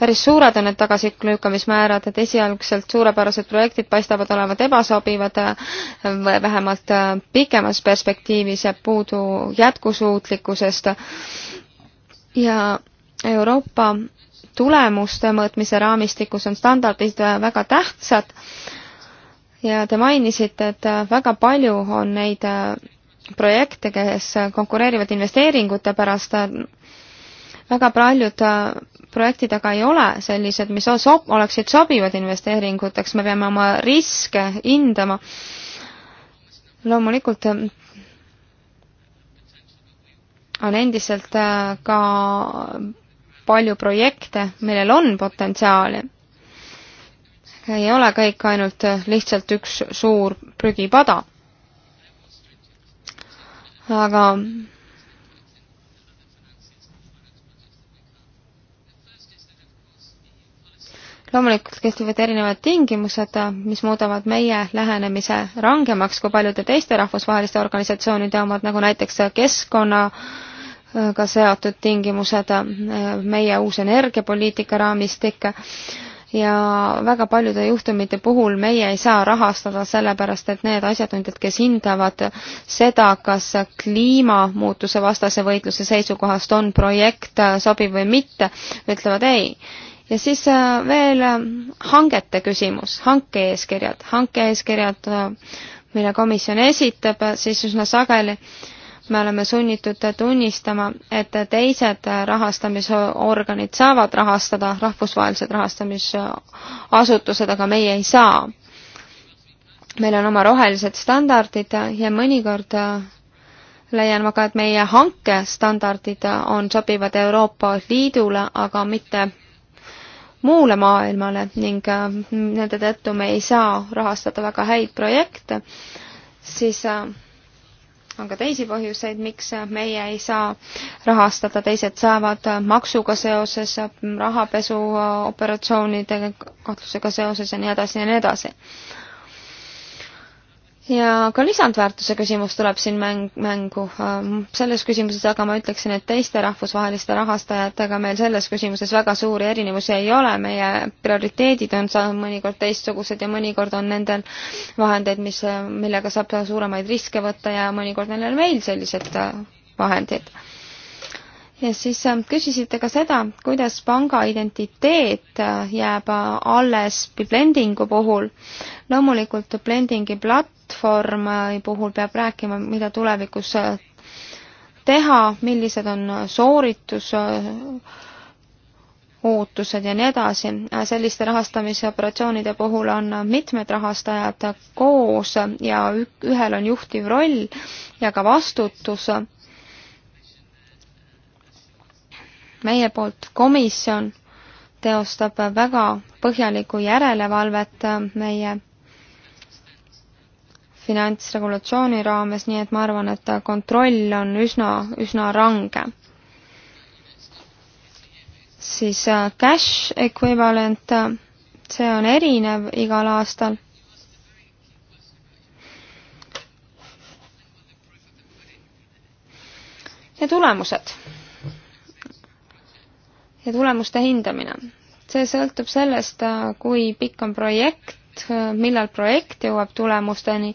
päris suured on need tagasilükkamismäärad, et esialgselt suurepärased projektid paistavad olevat ebasobivad, vähemalt pikemas perspektiivis jääb puudu jätkusuutlikkusest. ja Euroopa tulemuste mõõtmise raamistikus on standardid väga tähtsad ja te mainisite, et väga palju on neid projekte, kes konkureerivad investeeringute pärast, väga paljud äh, projektid aga ei ole sellised, mis sob-, oleksid sobivad investeeringuteks, me peame oma riske hindama. loomulikult äh, on endiselt äh, ka palju projekte, millel on potentsiaali. ei ole kõik ainult lihtsalt üks suur prügipada aga loomulikult kehtivad erinevad tingimused, mis muudavad meie lähenemise rangemaks kui paljude teiste rahvusvaheliste organisatsioonide omad, nagu näiteks keskkonnaga seotud tingimused, meie uus energiapoliitika raamistik ja väga paljude juhtumite puhul meie ei saa rahastada, sellepärast et need asjatundjad, kes hindavad seda, kas kliimamuutuse vastase võitluse seisukohast on projekt äh, sobiv või mitte, ütlevad ei ja siis äh, veel äh, hangete küsimus, hanke-eeskirjad, hanke-eeskirjad, mille komisjon esitab, siis üsna sageli äh, me oleme sunnitud tunnistama, et teised rahastamisorganid saavad rahastada, rahvusvahelised rahastamisasutused, aga meie ei saa. meil on oma rohelised standardid ja mõnikord leian ma ka, et meie hankestandardid on sobivad Euroopa Liidule, aga mitte muule maailmale ning äh, nende tõttu me ei saa rahastada väga häid projekte, siis äh, on ka teisi põhjuseid, miks meie ei saa rahastada, teised saavad maksuga seoses, rahapesuoperatsioonide kahtlusega seoses ja nii edasi ja nii edasi ja ka lisandväärtuse küsimus tuleb siin mäng, mängu. Ähm, selles küsimuses aga ma ütleksin, et teiste rahvusvaheliste rahastajatega meil selles küsimuses väga suuri erinevusi ei ole, meie prioriteedid on mõnikord teistsugused ja mõnikord on nendel vahendeid, mis, millega saab suuremaid riske võtta ja mõnikord on meil sellised äh, vahendid ja siis äh, küsisite ka seda, kuidas panga identiteet äh, jääb äh, alles blendingu puhul. loomulikult blendingi platvormi puhul peab rääkima, mida tulevikus teha, millised on sooritus, ootused ja nii edasi. selliste rahastamisoperatsioonide puhul on mitmed rahastajad koos ja ühel on juhtiv roll ja ka vastutus meie poolt komisjon teostab väga põhjalikku järelevalvet äh, meie finantsregulatsiooni raames, nii et ma arvan, et äh, kontroll on üsna, üsna range. siis äh, cash equivalent, see on erinev igal aastal. ja tulemused ja tulemuste hindamine. see sõltub sellest, äh, kui pikk on projekt, äh, millal projekt jõuab tulemusteni.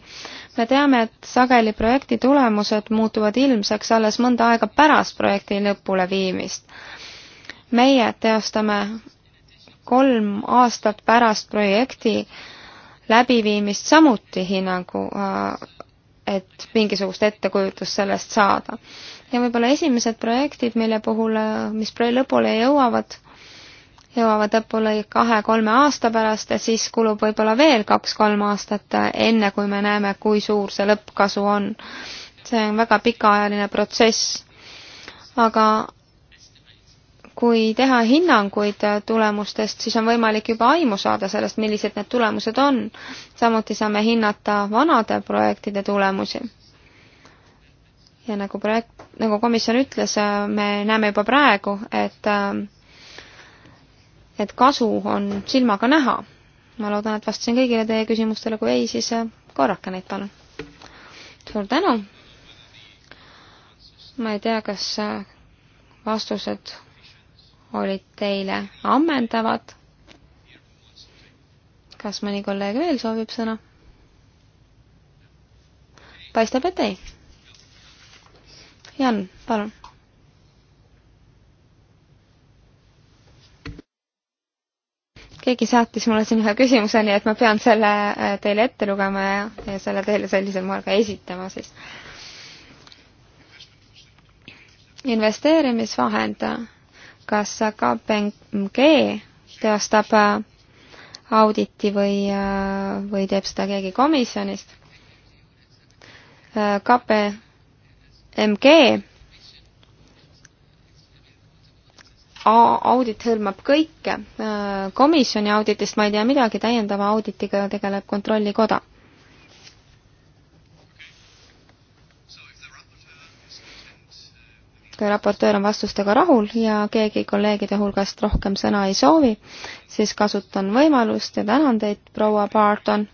me teame, et sageli projekti tulemused muutuvad ilmseks alles mõnda aega pärast projekti lõpuleviimist. meie teostame kolm aastat pärast projekti läbiviimist samuti hinnangu äh, et mingisugust ettekujutust sellest saada. ja võib-olla esimesed projektid, mille puhul, mis lõpule jõuavad, jõuavad lõpule kahe-kolme aasta pärast ja siis kulub võib-olla veel kaks-kolm aastat, enne kui me näeme, kui suur see lõppkasu on. see on väga pikaajaline protsess. aga kui teha hinnanguid äh, tulemustest, siis on võimalik juba aimu saada sellest, millised need tulemused on. samuti saame hinnata vanade projektide tulemusi. ja nagu projekt, nagu komisjon ütles, äh, me näeme juba praegu, et äh, et kasu on silmaga näha. ma loodan, et vastasin kõigile teie küsimustele, kui ei, siis korrake neid, palun. suur tänu! ma ei tea, kas vastused olid teile ammendavad. kas mõni kolleeg veel soovib sõna? paistab, et ei. Jan, palun. keegi saatis mulle siin ühe küsimuse, nii et ma pean selle äh, teile ette lugema ja, ja selle teile sellisel moel ka esitama siis. investeerimisvahend kas KPMG teostab äh, auditi või, äh, või teeb seda keegi komisjonist. Äh, KPMG audit hõlmab kõike. komisjoni auditist ma ei tea midagi, täiendava auditiga tegeleb Kontrollikoda raportöör on vastustega rahul ja keegi kolleegide hulgast rohkem sõna ei soovi, siis kasutan võimalust ja tänan teid, proua Barton.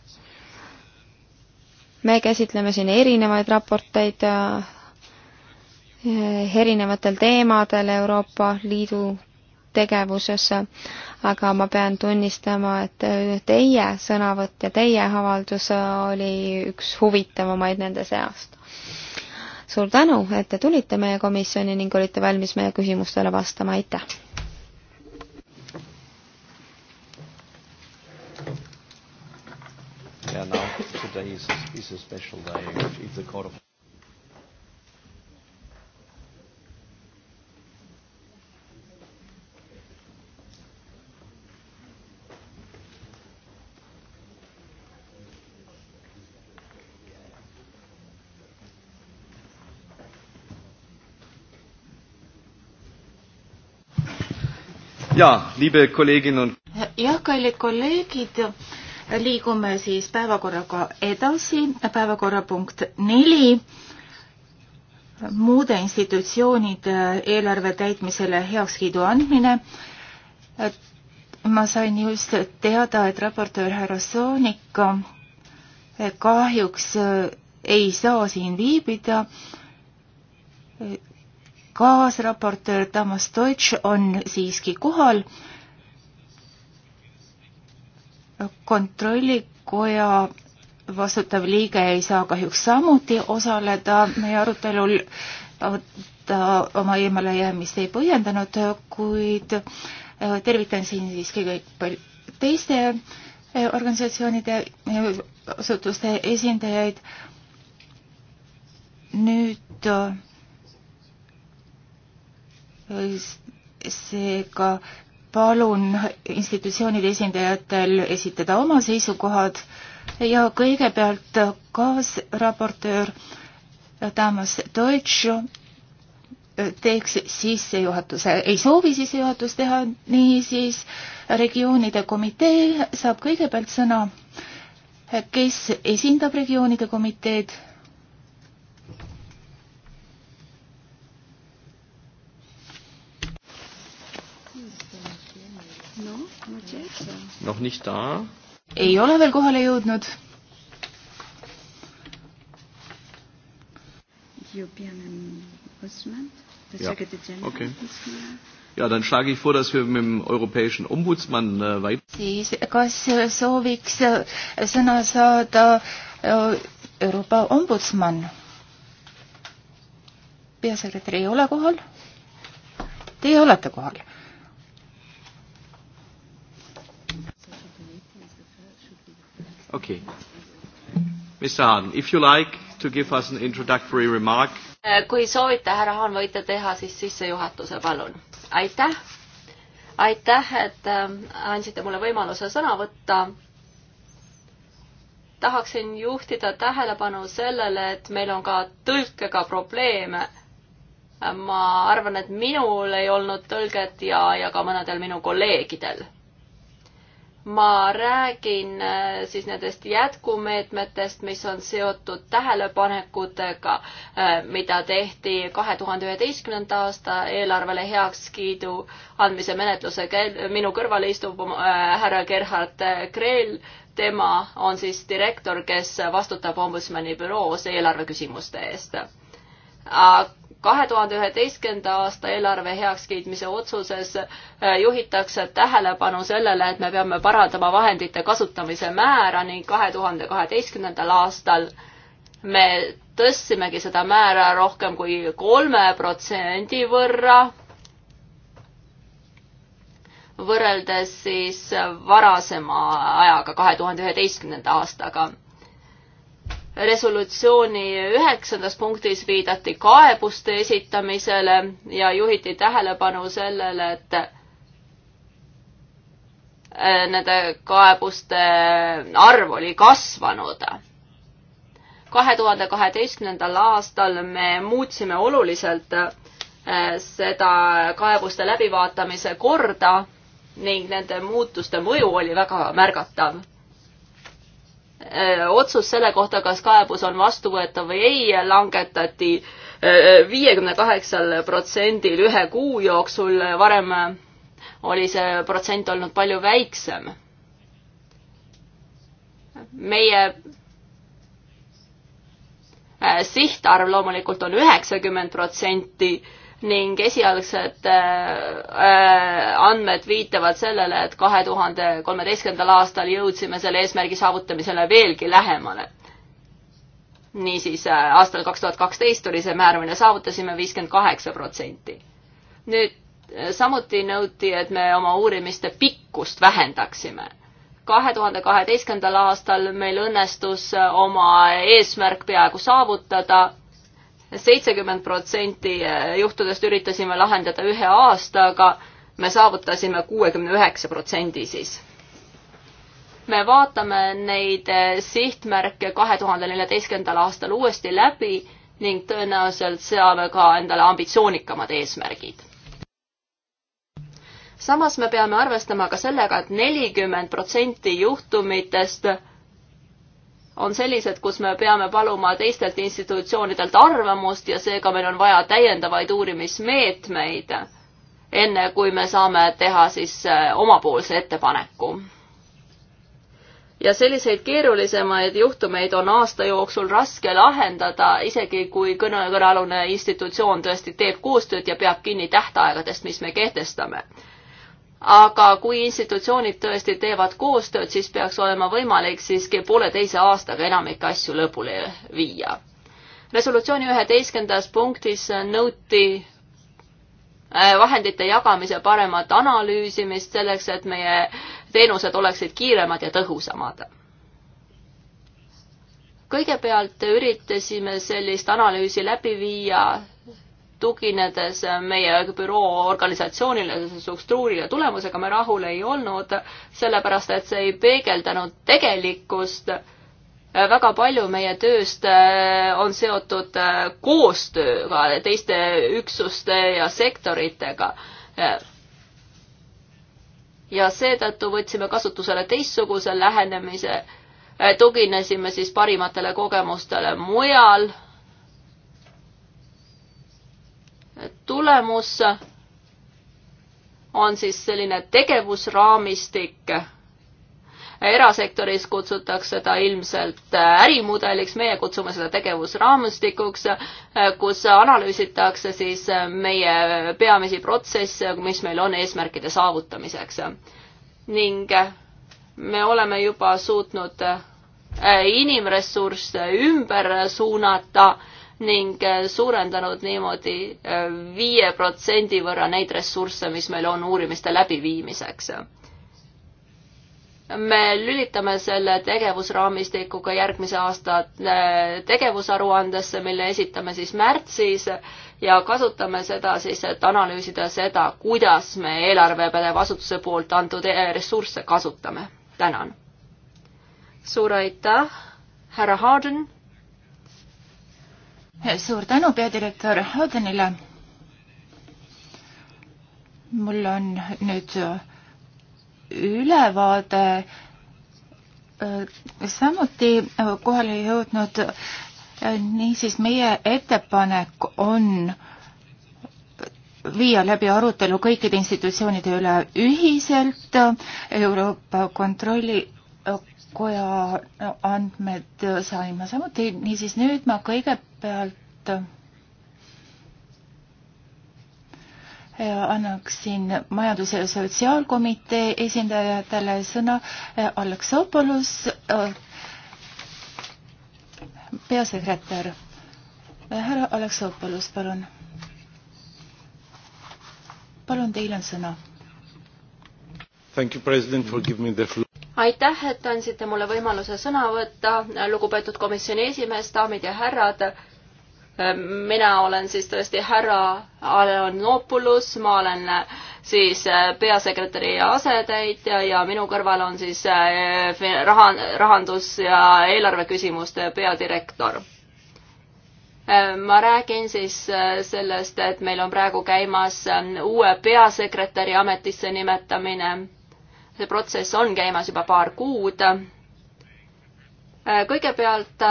me käsitleme siin erinevaid raporteid äh, erinevatel teemadel Euroopa Liidu tegevuses, aga ma pean tunnistama, et äh, teie sõnavõtt ja teie avaldus äh, oli üks huvitavamaid nende seast suur tänu, et te tulite meie komisjoni ning olite valmis meie küsimustele vastama, aitäh! Yeah, now today is, is a special day. It's the court of ja, liebe Kolleginnen und jah, kallid kolleegid, liigume siis päevakorraga edasi, päevakorrapunkt neli, muude institutsioonide eelarve täitmisele heakskiidu andmine. ma sain just teada, et raportöör härra Soonik kahjuks ei saa siin viibida kaasraportöör Tamas Deutsch on siiski kohal. kontrollikoja vastutav liige ei saa kahjuks samuti osaleda meie arutelul. ta oma eemalejäämist ei põhjendanud, kuid tervitan siin siiski kõik teiste organisatsioonide asutuste esindajaid. nüüd seega palun institutsioonide esindajatel esitada oma seisukohad ja kõigepealt kaasraportöör Tamas Deutsch teeks sissejuhatuse, ei soovi sissejuhatust teha, niisiis regioonide komitee saab kõigepealt sõna. kes esindab regioonide komiteed? noh, nicht da. ei ole veel kohale jõudnud. Ja, okay. ja, dann schlage ich vor, dass wir mit dem europäischen Ombudsmann äh, weiter. Siis, kas äh, sooviks äh, sõna saada äh, Euroopa ombudsman? Peasekretär ei ole kohal. Teie olete kohal Okay. Mr. Hahn, if you like to give us an introductory remark. Äh, kui soovite, härra Hahn, võite teha siis sissejuhatuse, palun. aitäh. aitäh, et ähm, andsite mulle võimaluse sõna võtta. tahaksin juhtida tähelepanu sellele, et meil on ka tõlkega probleeme. Äh, ma arvan, et minul ei olnud tõlget ja, ja ka mõnedel minu kolleegidel ma räägin äh, siis nendest jätkumeetmetest, mis on seotud tähelepanekutega, äh, mida tehti kahe tuhande üheteistkümnenda aasta eelarvele heakskiidu andmise menetluse käi-, äh, minu kõrval istub härra Gerhard Kreel, tema on siis direktor, kes vastutab ombudsmani büroos eelarve küsimuste eest kahe tuhande üheteistkümnenda aasta eelarve heakskiitmise otsuses äh, juhitakse tähelepanu sellele, et me peame parandama vahendite kasutamise määra ning kahe tuhande kaheteistkümnendal aastal me tõstsimegi seda määra rohkem kui kolme protsendi võrra võrreldes siis varasema ajaga, kahe tuhande üheteistkümnenda aastaga resolutsiooni üheksandas punktis viidati kaebuste esitamisele ja juhiti tähelepanu sellele, et eh, nende kaebuste arv oli kasvanud. kahe tuhande kaheteistkümnendal aastal me muutsime oluliselt eh, seda kaebuste läbivaatamise korda ning nende muutuste mõju oli väga märgatav Äh, otsus selle kohta, kas kaebus on vastuvõetav või ei, langetati äh, viiekümne kaheksal protsendil ühe kuu jooksul, varem oli see protsent olnud palju väiksem. meie äh, sihtarv loomulikult on üheksakümmend protsenti ning esialgsed äh, andmed viitavad sellele, et kahe tuhande kolmeteistkümnendal aastal jõudsime selle eesmärgi saavutamisele veelgi lähemale. niisiis äh, aastal kaks tuhat kaksteist oli see määr, mille saavutasime viiskümmend kaheksa protsenti. nüüd äh, samuti nõuti, et me oma uurimiste pikkust vähendaksime kahe tuhande kaheteistkümnendal aastal meil õnnestus oma eesmärk peaaegu saavutada seitsekümmend protsenti eh, juhtudest üritasime lahendada ühe aastaga, me saavutasime kuuekümne üheksa protsendi siis. me vaatame neid eh, sihtmärke kahe tuhande neljateistkümnendal aastal uuesti läbi ning tõenäoliselt seame ka endale ambitsioonikamad eesmärgid. samas me peame arvestama ka sellega et, et nelikümmend protsenti juhtumitest on sellised, kus me peame paluma teistelt institutsioonidelt arvamust ja seega meil on vaja täiendavaid uurimismeetmeid, enne kui me saame teha siis eh, omapoolse ettepaneku. ja selliseid keerulisemaid juhtumeid on aasta jooksul raske lahendada, isegi kui kõne, kõnealune institutsioon tõesti teeb koostööd ja peab kinni tähtaegadest, mis me kehtestame aga kui institutsioonid tõesti teevad koostööd, siis peaks olema võimalik siiski pooleteise aastaga enamik asju lõpule viia. resolutsiooni üheteistkümnendas punktis nõuti äh, vahendite jagamise paremat analüüsimist selleks, et meie teenused oleksid kiiremad ja tõhusamad. kõigepealt üritasime sellist analüüsi läbi viia tuginedes meie büroo organisatsioonile, struktuurile, tulemusega me rahul ei olnud, sellepärast et see ei peegeldanud tegelikkust. väga palju meie tööst eh, on seotud eh, koostööga teiste üksuste ja sektoritega. Eh, ja seetõttu võtsime kasutusele teistsuguse lähenemise, tuginesime siis parimatele kogemustele mujal tulemus on siis selline tegevusraamistik. erasektoris kutsutakse seda ilmselt ärimudeliks, meie kutsume seda tegevusraamistikuks, kus analüüsitakse siis meie peamisi protsesse, mis meil on eesmärkide saavutamiseks. ning me oleme juba suutnud inimressursse ümber suunata ning äh, suurendanud niimoodi äh, viie protsendi võrra neid ressursse, mis meil on uurimiste läbiviimiseks. me lülitame selle tegevusraamistikuga järgmise aasta äh, tegevusaruandesse, mille esitame siis märtsis ja kasutame seda siis, et analüüsida seda, kuidas me eelarvepädeva asutuse poolt antud ressursse kasutame. tänan. suur aitäh, härra Harden suur tänu peadirektor Haudenile. mul on nüüd äh, ülevaade äh, samuti äh, kohale jõudnud. niisiis, meie ettepanek on viia läbi arutelu kõikide institutsioonide üle ühiselt Euroopa Kontrolli koja andmed sain ma samuti, niisiis nüüd ma kõigepealt äh, annaksin Majandus- ja Sotsiaalkomitee esindajatele sõna äh, Aleksopolus, äh, peasekretär. härra Aleksopolus, palun. palun, teil on sõna. Thank you, president, for giving me the floor aitäh, et andsite mulle võimaluse sõna võtta, lugupeetud komisjoni esimees, daamid ja härrad. mina olen siis tõesti härra Alenopoulos, ma olen siis peasekretäri asetäitja ja minu kõrval on siis eh, raha, rahandus- ja eelarveküsimuste peadirektor eh, ma räägin siis eh, sellest, et meil on praegu käimas uue peasekretäri ametisse nimetamine see protsess on käimas juba paar kuud. kõigepealt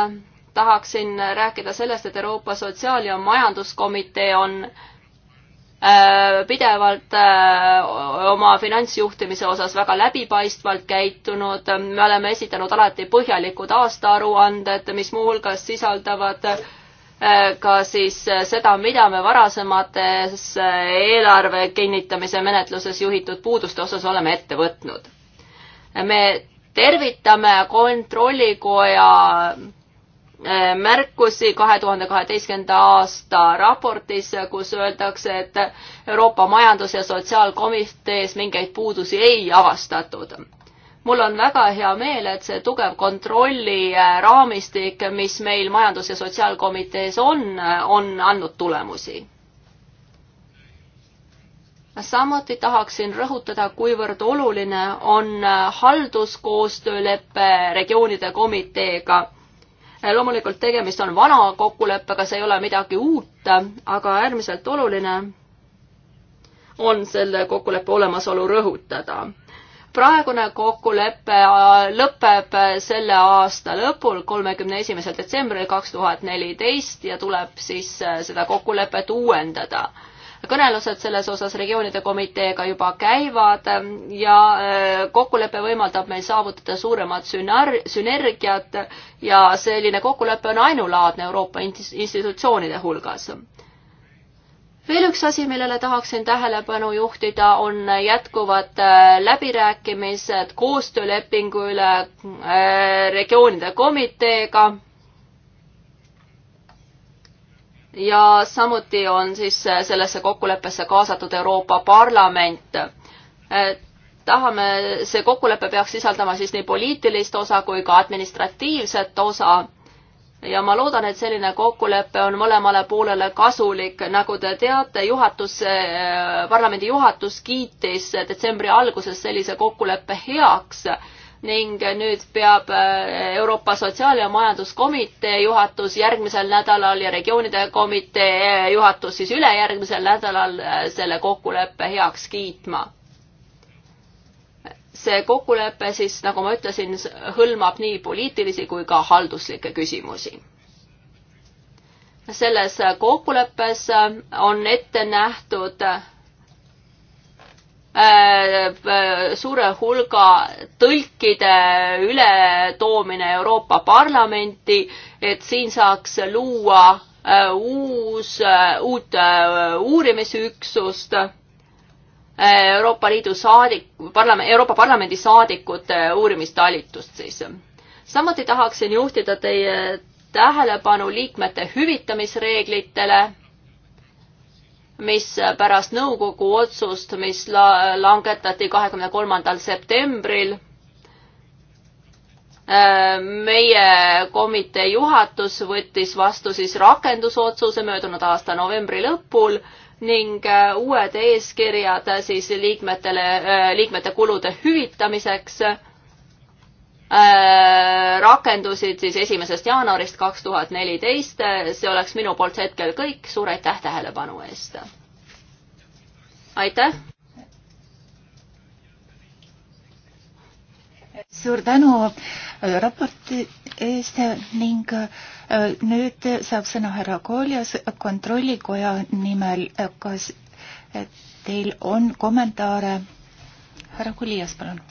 tahaksin rääkida sellest, et Euroopa Sotsiaal- ja Majanduskomitee on äh, pidevalt äh, oma finantsjuhtimise osas väga läbipaistvalt käitunud. me oleme esitanud alati põhjalikud aastaaruanded, mis muuhulgas sisaldavad ka siis seda, mida me varasemates eelarve kinnitamise menetluses juhitud puuduste osas oleme ette võtnud. me tervitame Kontrollikoja eh, märkusi kahe tuhande kaheteistkümnenda aasta raportis, kus öeldakse, et Euroopa Majandus- ja Sotsiaalkomitees mingeid puudusi ei avastatud mul on väga hea meel, et see tugev kontrolliraamistik, äh, mis meil Majandus- ja Sotsiaalkomitees on, äh, on andnud tulemusi. samuti tahaksin rõhutada, kuivõrd oluline on äh, halduskoostöölepe regioonide komiteega loomulikult tegemist on vana kokkuleppega, see ei ole midagi uut, aga äärmiselt oluline on selle kokkuleppe olemasolu rõhutada praegune kokkulepe äh, lõpeb äh, selle aasta lõpul, kolmekümne esimesel detsembril kaks tuhat neliteist ja tuleb siis äh, seda kokkulepet uuendada. kõnelused selles osas regioonide komiteega juba käivad ähm, ja kokkulepe võimaldab meil saavutada suuremat sünar-, sünergiat ja selline kokkulepe on ainulaadne Euroopa institutsioonide hulgas veel üks asi, millele tahaksin tähelepanu juhtida, on jätkuvad äh, läbirääkimised koostöölepingu üle äh, regioonide komiteega. ja samuti on siis äh, sellesse kokkuleppesse kaasatud Euroopa Parlament tahame, see kokkulepe peaks sisaldama siis nii poliitilist osa kui ka administratiivset osa ja ma loodan, et selline kokkulepe on mõlemale poolele kasulik. nagu te teate, juhatus, eh, parlamendi juhatus kiitis detsembri alguses sellise kokkuleppe heaks ning nüüd peab eh, Euroopa Sotsiaal- ja Majanduskomitee juhatus järgmisel nädalal ja regioonide komitee eh, juhatus siis ülejärgmisel nädalal selle kokkuleppe heaks kiitma see kokkulepe siis, nagu ma ütlesin, hõlmab nii poliitilisi kui ka halduslikke küsimusi. selles kokkuleppes on ette nähtud äh, suure hulga tõlkide ületoomine Euroopa Parlamenti, et siin saaks luua äh, uus, äh, uut uurimisüksust Euroopa Liidu saadik, parlament, Euroopa Parlamendi saadikute äh, uurimistalitust siis. samuti tahaksin juhtida teie tähelepanu liikmete hüvitamisreeglitele, mis pärast nõukogu otsust, mis la-, langetati kahekümne kolmandal septembril äh, meie komitee juhatus võttis vastu siis rakendusotsuse möödunud aasta novembri lõpul ning äh, uued eeskirjad äh, siis liikmetele, äh, liikmete kulude hüvitamiseks rakendusid siis esimesest jaanuarist kaks tuhat neliteist. see oleks minu poolt hetkel kõik, suur aitäh tähelepanu eest. aitäh. suur tänu raporti eest ning äh, nüüd saab sõna härra Kooljas kontrollikoja nimel. kas eh, teil on kommentaare? härra Kooljas, palun.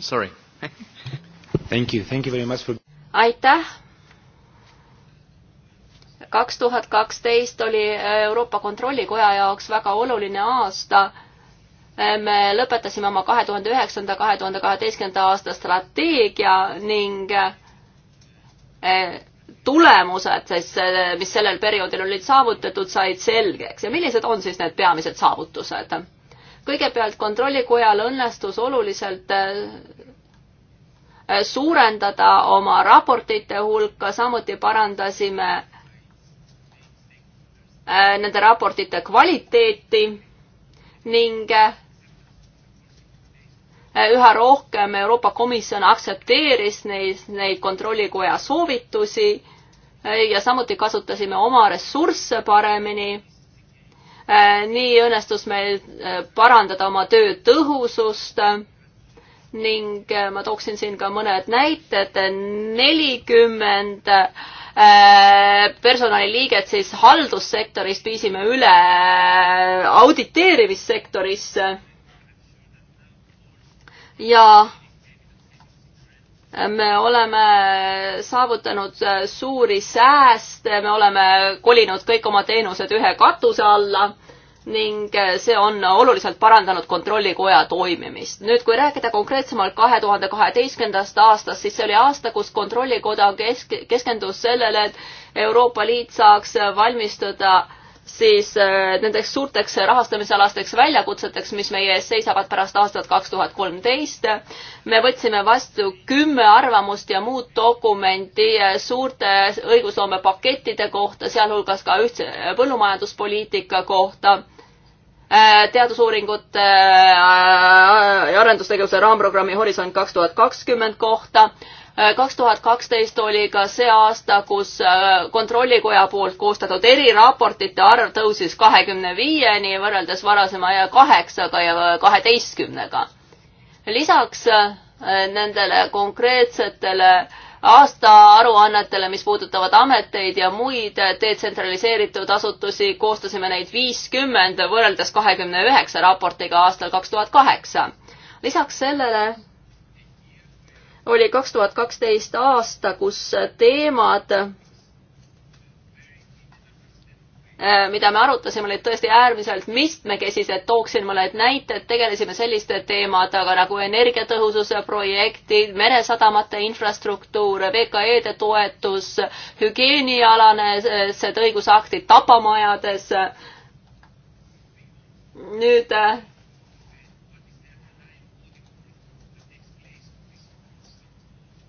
Sorry. Thank you, thank you very much for. aitäh kaks tuhat kaksteist oli Euroopa Kontrollikoja jaoks väga oluline aasta me lõpetasime oma kahe tuhande üheksanda, kahe tuhande kaheteistkümnenda aasta strateegia ning eh, tulemused siis, eh, mis sellel perioodil olid saavutatud, said selgeks ja millised on siis need peamised saavutused? kõigepealt Kontrollikojal õnnestus oluliselt eh, suurendada oma raportite hulka, samuti parandasime nende raportite kvaliteeti ning Äh, üha rohkem Euroopa Komisjon aktsepteeris neid, neid kontrollikoja soovitusi äh, ja samuti kasutasime oma ressursse paremini. Äh, nii õnnestus meil parandada oma töö tõhusust ning ma tooksin siin ka mõned näited, nelikümmend personaliliiget siis haldussektorist viisime üle auditeerimissektorisse ja me oleme saavutanud äh, suuri sääste, me oleme kolinud kõik oma teenused ühe katuse alla ning äh, see on oluliselt parandanud Kontrollikoja toimimist. nüüd, kui rääkida konkreetsemalt kahe tuhande kaheteistkümnendast aastast, siis see oli aasta, kus Kontrollikoda kesk-, keskendus sellele, et Euroopa Liit saaks valmistuda äh, siis äh, nendeks suurteks rahastamisalasteks väljakutseteks, mis meie ees seisavad pärast aastat kaks tuhat kolmteist. me võtsime vastu kümme arvamust ja muud dokumenti äh, suurte õigusloomepakettide kohta, sealhulgas ka ühtse äh, põllumajanduspoliitika kohta teadusuuringute ja arendustegevuse raamprogrammi Horisont kaks tuhat kakskümmend kohta kaks tuhat kaksteist oli ka see aasta, kus äh, Kontrollikoja poolt koostatud eriraportite arv tõusis kahekümne viieni võrreldes varasema aja kaheksaga ja äh, kaheteistkümnega. lisaks äh, nendele konkreetsetele aastaaruannetele, mis puudutavad ameteid ja muid detsentraliseeritud asutusi, koostasime neid viiskümmend võrreldes kahekümne üheksa raportiga aastal kaks tuhat kaheksa. lisaks sellele oli kaks tuhat kaksteist aasta, kus teemad, äh, mida me arutasime, olid tõesti äärmiselt mitmekesised, tooksin mõned näited, tegelesime selliste teemadega nagu energiatõhususe projektid, meresadamate infrastruktuur, VKE-de toetus, hügieenialased äh, õigusaktid tapamajades, nüüd äh,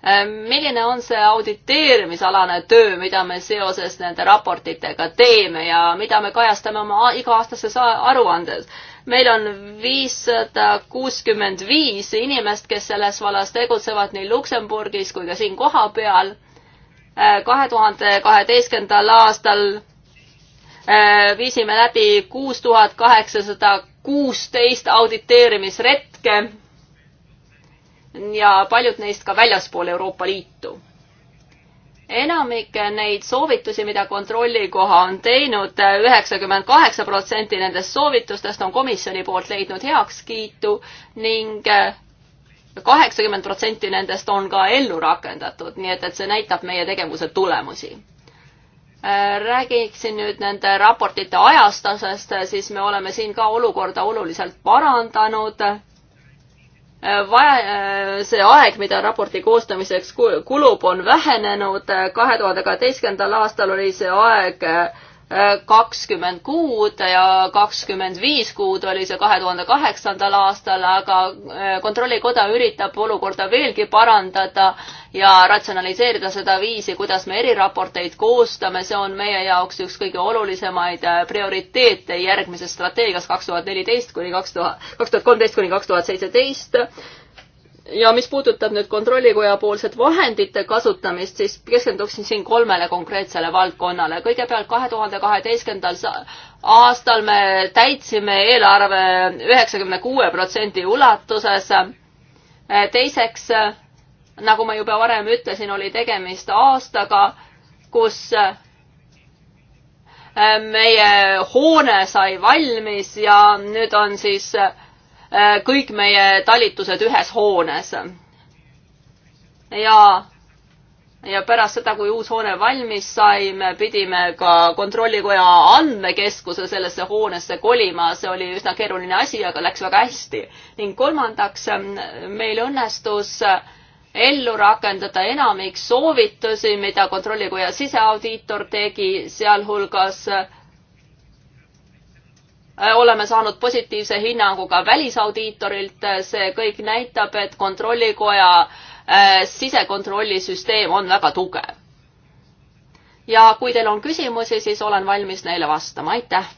Äh, milline on see auditeerimisalane töö, mida me seoses nende raportitega teeme ja mida me kajastame oma iga-aastases aruandes? meil on viissada kuuskümmend viis inimest, kes selles vallas tegutsevad nii Luksemburgis kui ka siin kohapeal. Äh, kahe tuhande kaheteistkümnendal aastal äh, viisime läbi kuus tuhat kaheksasada kuusteist auditeerimisretke ja paljud neist ka väljaspool Euroopa Liitu. enamik neid soovitusi, mida kontrollikoha on teinud, üheksakümmend kaheksa protsenti nendest soovitustest on komisjoni poolt leidnud heakskiitu ning kaheksakümmend protsenti nendest on ka ellu rakendatud, nii et, et see näitab meie tegevuse tulemusi räägiksin nüüd nende raportite ajastusest, siis me oleme siin ka olukorda oluliselt parandanud vaja, see aeg, mida raporti koostamiseks kulub, on vähenenud. kahe tuhande kaheteistkümnendal aastal oli see aeg kakskümmend kuud ja kakskümmend viis kuud oli see kahe tuhande kaheksandal aastal, aga äh, Kontrollikoda üritab olukorda veelgi parandada ja ratsionaliseerida seda viisi, kuidas me eriraporteid koostame, see on meie jaoks üks kõige olulisemaid äh, prioriteete järgmises strateegias kaks tuhat neliteist kuni kaks tuhat, kaks tuhat kolmteist kuni kaks tuhat seitseteist ja mis puudutab nüüd kontrollikoja poolset vahendite kasutamist, siis keskenduksin siin kolmele konkreetsele valdkonnale. kõigepealt kahe tuhande kaheteistkümnendal aastal me täitsime eelarve üheksakümne kuue protsendi ulatuses. teiseks, nagu ma juba varem ütlesin, oli tegemist aastaga, kus meie hoone sai valmis ja nüüd on siis äh, Äh, kõik meie talitused ühes hoones. ja, ja pärast seda, kui uus hoone valmis sai, me pidime ka Kontrollikoja andmekeskuse sellesse hoonesse kolima, see oli üsna keeruline asi, aga läks väga hästi. ning kolmandaks, meil õnnestus ellu rakendada enamik soovitusi, mida Kontrollikoja siseaudiitor tegi, sealhulgas Äh, oleme saanud positiivse hinnangu ka välisaudiitorilt, äh, see kõik näitab, et kontrollikoja äh, sisekontrollisüsteem on väga tugev. ja kui teil on küsimusi, siis olen valmis neile vastama, aitäh!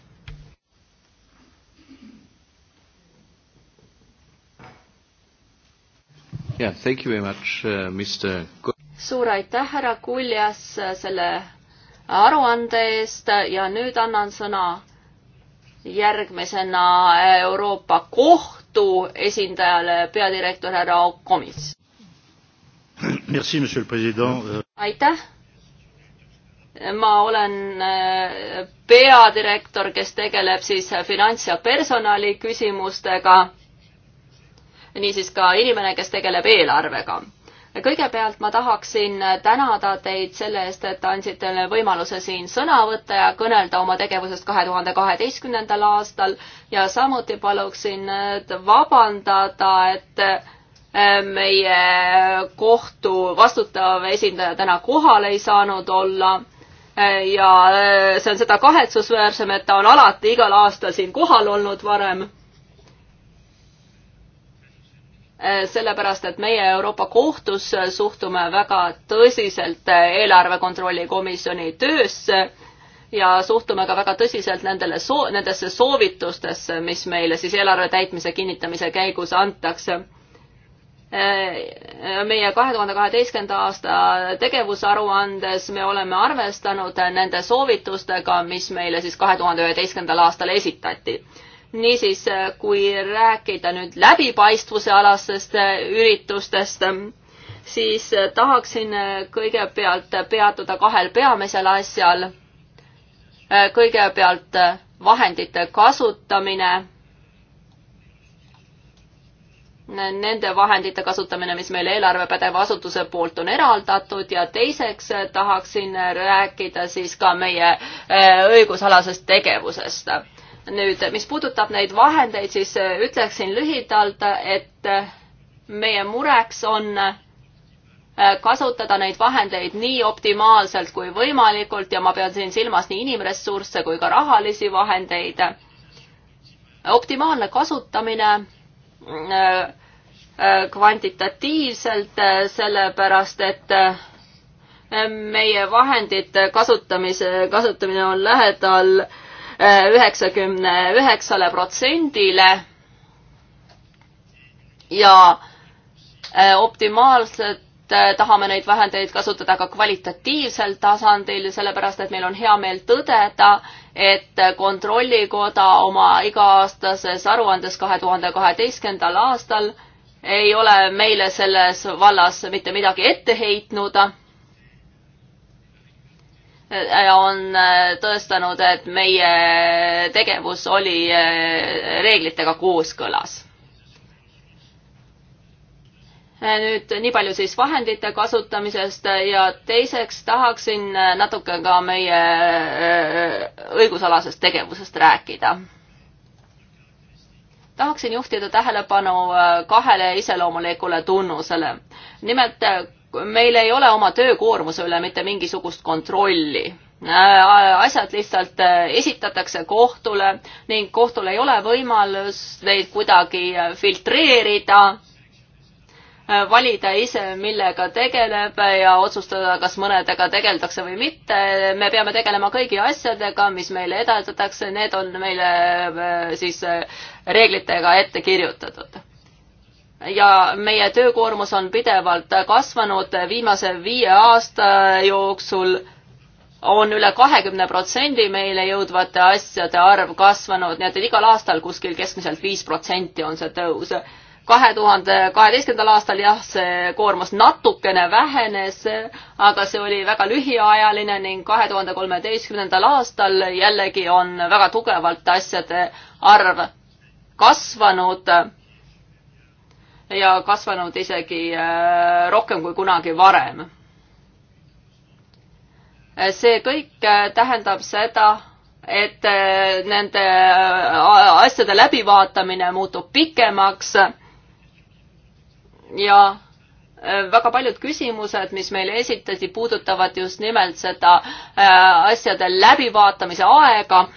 Yeah, thank you very much, uh, Mr. suur aitäh, härra Kuljas, selle aruande eest ja nüüd annan sõna järgmisena Euroopa Kohtu esindajale peadirektor härra Okomits. aitäh. ma olen äh, peadirektor, kes tegeleb siis finants- ja personaliküsimustega. niisiis ka inimene, kes tegeleb eelarvega kõigepealt ma tahaksin tänada teid selle eest, et andsite mulle võimaluse siin sõna võtta ja kõnelda oma tegevusest kahe tuhande kaheteistkümnendal aastal ja samuti paluksin vabandada, et e, meie kohtu vastutav esindaja täna kohal ei saanud olla e, ja e, see on seda kahetsusväärsem, et ta on alati igal aastal siin kohal olnud varem Eh, sellepärast et meie Euroopa Kohtus eh, suhtume väga tõsiselt eh, eelarve kontrolli komisjoni töösse ja suhtume ka väga tõsiselt nendele soo-, nendesse soovitustesse, mis meile siis eelarve täitmise kinnitamise käigus antakse. meie kahe tuhande kaheteistkümnenda aasta tegevusaruandes me oleme arvestanud nende soovitustega, mis meile siis kahe tuhande üheteistkümnendal aastal esitati niisiis, äh, kui rääkida nüüd läbipaistvuse alastest äh, üritustest, siis äh, tahaksin kõigepealt peatuda kahel peamisel asjal. kõigepealt vahendite kasutamine. Nende vahendite kasutamine, mis meile eelarvepädeva asutuse poolt on eraldatud ja teiseks tahaksin rääkida siis ka meie õigusalasest tegevusest nüüd, mis puudutab neid vahendeid, siis äh, ütleksin lühidalt, et äh, meie mureks on äh, kasutada neid vahendeid nii optimaalselt kui võimalikult ja ma pean siin silmas nii inimressursse kui ka rahalisi vahendeid. optimaalne kasutamine kvantitatiivselt, sellepärast et meie vahendite kasutamise, kasutamine on lähedal äh, üheksakümne üheksale protsendile ja äh, optimaalselt äh, tahame neid vahendeid kasutada ka kvalitatiivsel tasandil, sellepärast et meil on hea meel tõdeda, et Kontrollikoda oma iga-aastases aruandes kahe tuhande kaheteistkümnendal aastal ei ole meile selles vallas mitte midagi ette heitnud ja äh, on äh, tõestanud, et meie tegevus oli äh, reeglitega kooskõlas. nüüd nii palju siis vahendite kasutamisest ja teiseks tahaksin natuke ka meie õigusalasest tegevusest rääkida. tahaksin juhtida tähelepanu kahele iseloomulikule tunnusele. nimelt meil ei ole oma töökoormuse üle mitte mingisugust kontrolli. Äh, asjad lihtsalt äh, esitatakse kohtule ning kohtul ei ole võimalust neid kuidagi äh, filtreerida, valida ise, millega tegeleb ja otsustada, kas mõnedega tegeldakse või mitte. me peame tegelema kõigi asjadega, mis meile edendatakse, need on meile siis reeglitega ette kirjutatud ja meie töökoormus on pidevalt kasvanud viimase viie aasta jooksul on üle kahekümne protsendi meile jõudvate asjade arv kasvanud, nii et igal aastal kuskil keskmiselt viis protsenti on see tõus. kahe tuhande kaheteistkümnendal aastal jah, see koormus natukene vähenes, aga see oli väga lühiajaline ning kahe tuhande kolmeteistkümnendal aastal jällegi on väga tugevalt asjade arv kasvanud ja kasvanud isegi äh, rohkem kui kunagi varem. see kõik äh, tähendab seda, et äh, nende asjade läbivaatamine muutub pikemaks ja väga paljud küsimused, mis meile esitati, puudutavad just nimelt seda asjade läbivaatamise aega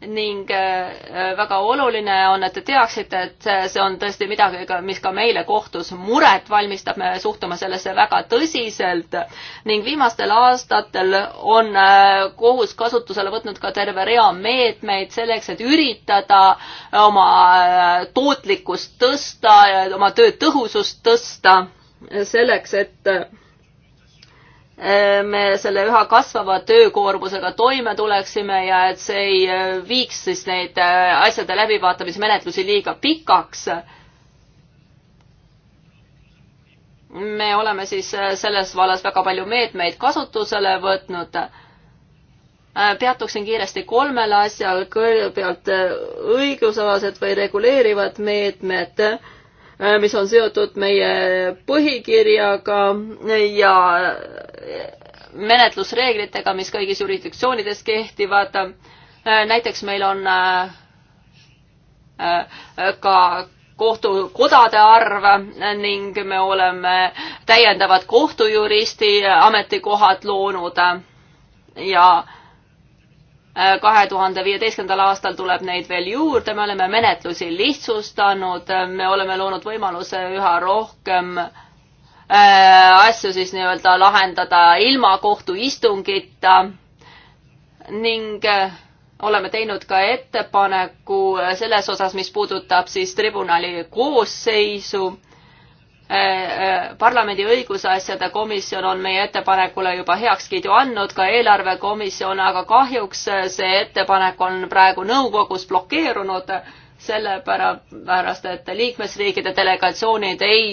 ning äh, väga oluline on, et te teaksite, et see on tõesti midagi, mis ka meile kohtus muret valmistab, me suhtume sellesse väga tõsiselt ning viimastel aastatel on äh, kohus kasutusele võtnud ka terve rea meetmeid selleks, et üritada äh, oma tootlikkust tõsta, oma töö tõhusust tõsta, selleks, et me selle üha kasvava töökoormusega toime tuleksime ja et see ei äh, viiks siis neid äh, asjade läbivaatamismenetlusi liiga pikaks. me oleme siis äh, selles vallas väga palju meetmeid kasutusele võtnud peatuksin kiiresti kolmele asjale, kõigepealt õigusalased või reguleerivad meetmed, Äh, mis on seotud meie põhikirjaga ja menetlusreeglitega, mis kõigis jurisdiktsioonides kehtivad. Äh, näiteks meil on äh, ka kohtukodade arv ning me oleme täiendavad kohtujuristi ametikohad loonud ja kahe tuhande viieteistkümnendal aastal tuleb neid veel juurde, me oleme menetlusi lihtsustanud, me oleme loonud võimaluse üha rohkem äh, asju siis nii-öelda lahendada ilma kohtuistungita ning äh, oleme teinud ka ettepaneku selles osas, mis puudutab siis tribunali koosseisu Äh, äh, parlamendi õigusasjade komisjon on meie ettepanekule juba heakskiidu andnud, ka eelarvekomisjon, aga kahjuks äh, see ettepanek on praegu nõukogus blokeerunud, sellepärast et liikmesriikide delegatsioonid ei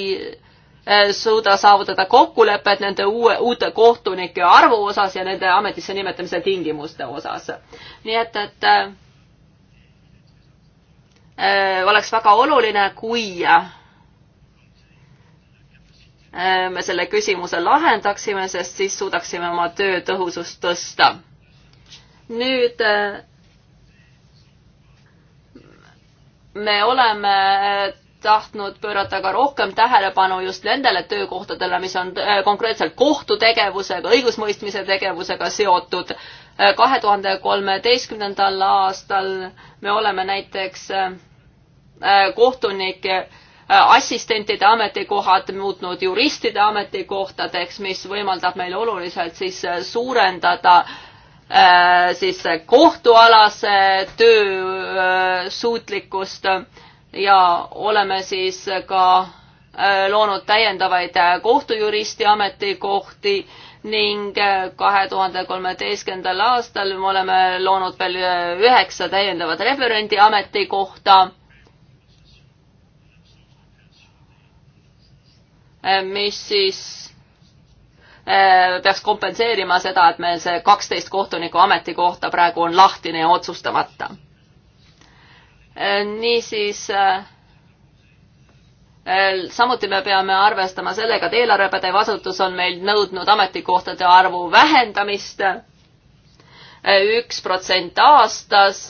suuda saavutada kokkulepet nende uue, uute kohtunike arvu osas ja nende ametisse nimetamise tingimuste osas. nii et, et äh, oleks väga oluline, kui äh, Ehm, me selle küsimuse lahendaksime, sest siis suudaksime oma töö tõhusust tõsta. nüüd ehm, me oleme ehm, tahtnud pöörata ka rohkem tähelepanu just nendele töökohtadele, mis on konkreetselt kohtutegevusega, õigusmõistmise tegevusega seotud. kahe tuhande kolmeteistkümnendal aastal me oleme näiteks kohtunike Äh, assistentide ametikohad muutnud juristide ametikohtadeks, mis võimaldab meil oluliselt siis äh, suurendada äh, siis kohtualase töö suutlikkust ja oleme siis ka loonud täiendavaid kohtujuristi ametikohti ning kahe tuhande kolmeteistkümnendal aastal me oleme loonud veel üheksa täiendavat referendi ametikohta Eh, mis siis eh, peaks kompenseerima seda, et meil see kaksteist kohtuniku ametikohta praegu on lahtine ja otsustamata. Eh, niisiis samuti me peame arvestama sellega, et eelarvepädev asutus on meil nõudnud ametikohtade arvu vähendamist üks protsent aastas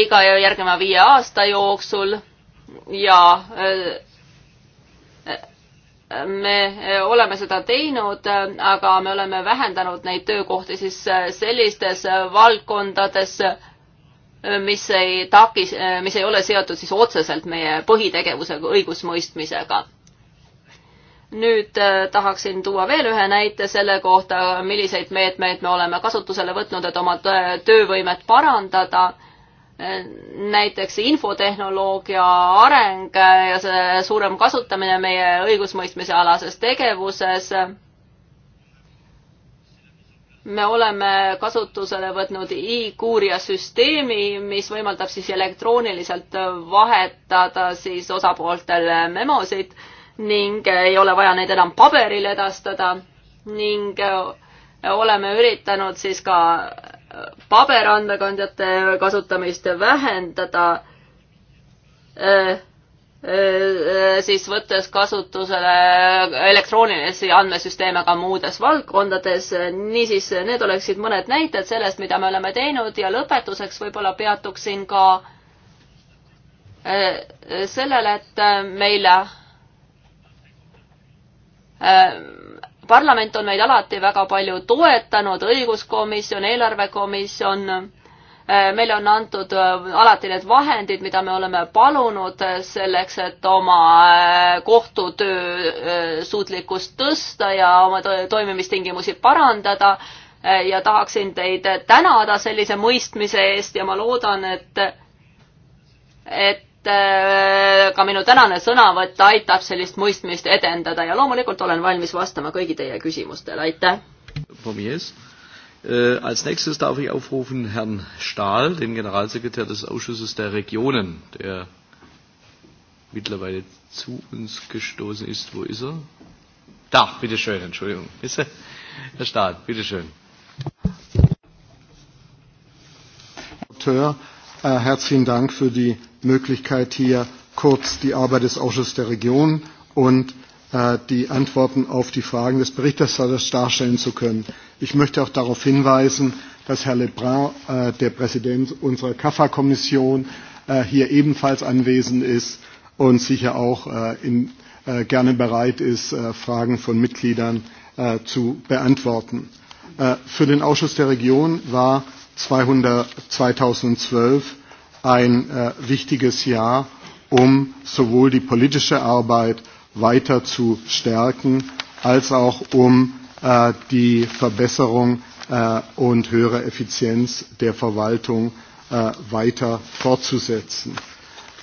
iga järgneva viie aasta jooksul ja me e, oleme seda teinud, e, aga me oleme vähendanud neid töökohti siis e, sellistes valdkondades, mis ei takis, mis ei ole seotud siis otseselt meie põhitegevusega, õigusmõistmisega. nüüd tahaksin tuua veel ühe näite selle kohta, milliseid meetmeid me oleme kasutusele võtnud, et oma töövõimet parandada näiteks infotehnoloogia areng ja see suurem kasutamine meie õigusmõistmise alases tegevuses. me oleme kasutusele võtnud e-kuurija süsteemi, mis võimaldab siis elektrooniliselt vahetada siis osapooltel memosid ning ei ole vaja neid enam paberil edastada ning oleme üritanud siis ka paberandmekandjate kasutamist vähendada, eh, eh, siis võttes kasutusele elektroonilisi andmesüsteeme ka muudes valdkondades. niisiis, need oleksid mõned näited sellest, mida me oleme teinud ja lõpetuseks võib-olla peatuksin ka eh, sellele, et meile parlament on meid alati väga palju toetanud, õiguskomisjon, eelarvekomisjon, äh, meile on antud äh, alati need vahendid, mida me oleme palunud selleks, et oma äh, kohtutöö suutlikkust tõsta ja oma toimimistingimusi parandada ja tahaksin teid tänada sellise mõistmise eest ja ma loodan, et et et äh, ka minu tänane sõnavõtt aitab sellist mõistmist edendada ja loomulikult olen valmis vastama kõigi teie küsimustele, aitäh! Äh, als nächstes darf ich aufrufen Herrn Stahl, den Generalsekretär des Ausschusses der Regionen, der mittlerweile zu uns gestoßen ist. Wo ist er? Da, bitteschön, Entschuldigung. Ist er? Herr Stahl, bitteschön. Äh, herzlichen Dank für die Möglichkeit, hier kurz die Arbeit des Ausschusses der Region und äh, die Antworten auf die Fragen des Berichterstatters darstellen zu können. Ich möchte auch darauf hinweisen, dass Herr Lebrun, äh, der Präsident unserer KAFA-Kommission, äh, hier ebenfalls anwesend ist und sicher auch äh, in, äh, gerne bereit ist, äh, Fragen von Mitgliedern äh, zu beantworten. Äh, für den Ausschuss der Region war 200, 2012 ein äh, wichtiges Jahr, um sowohl die politische Arbeit weiter zu stärken, als auch um äh, die Verbesserung äh, und höhere Effizienz der Verwaltung äh, weiter fortzusetzen.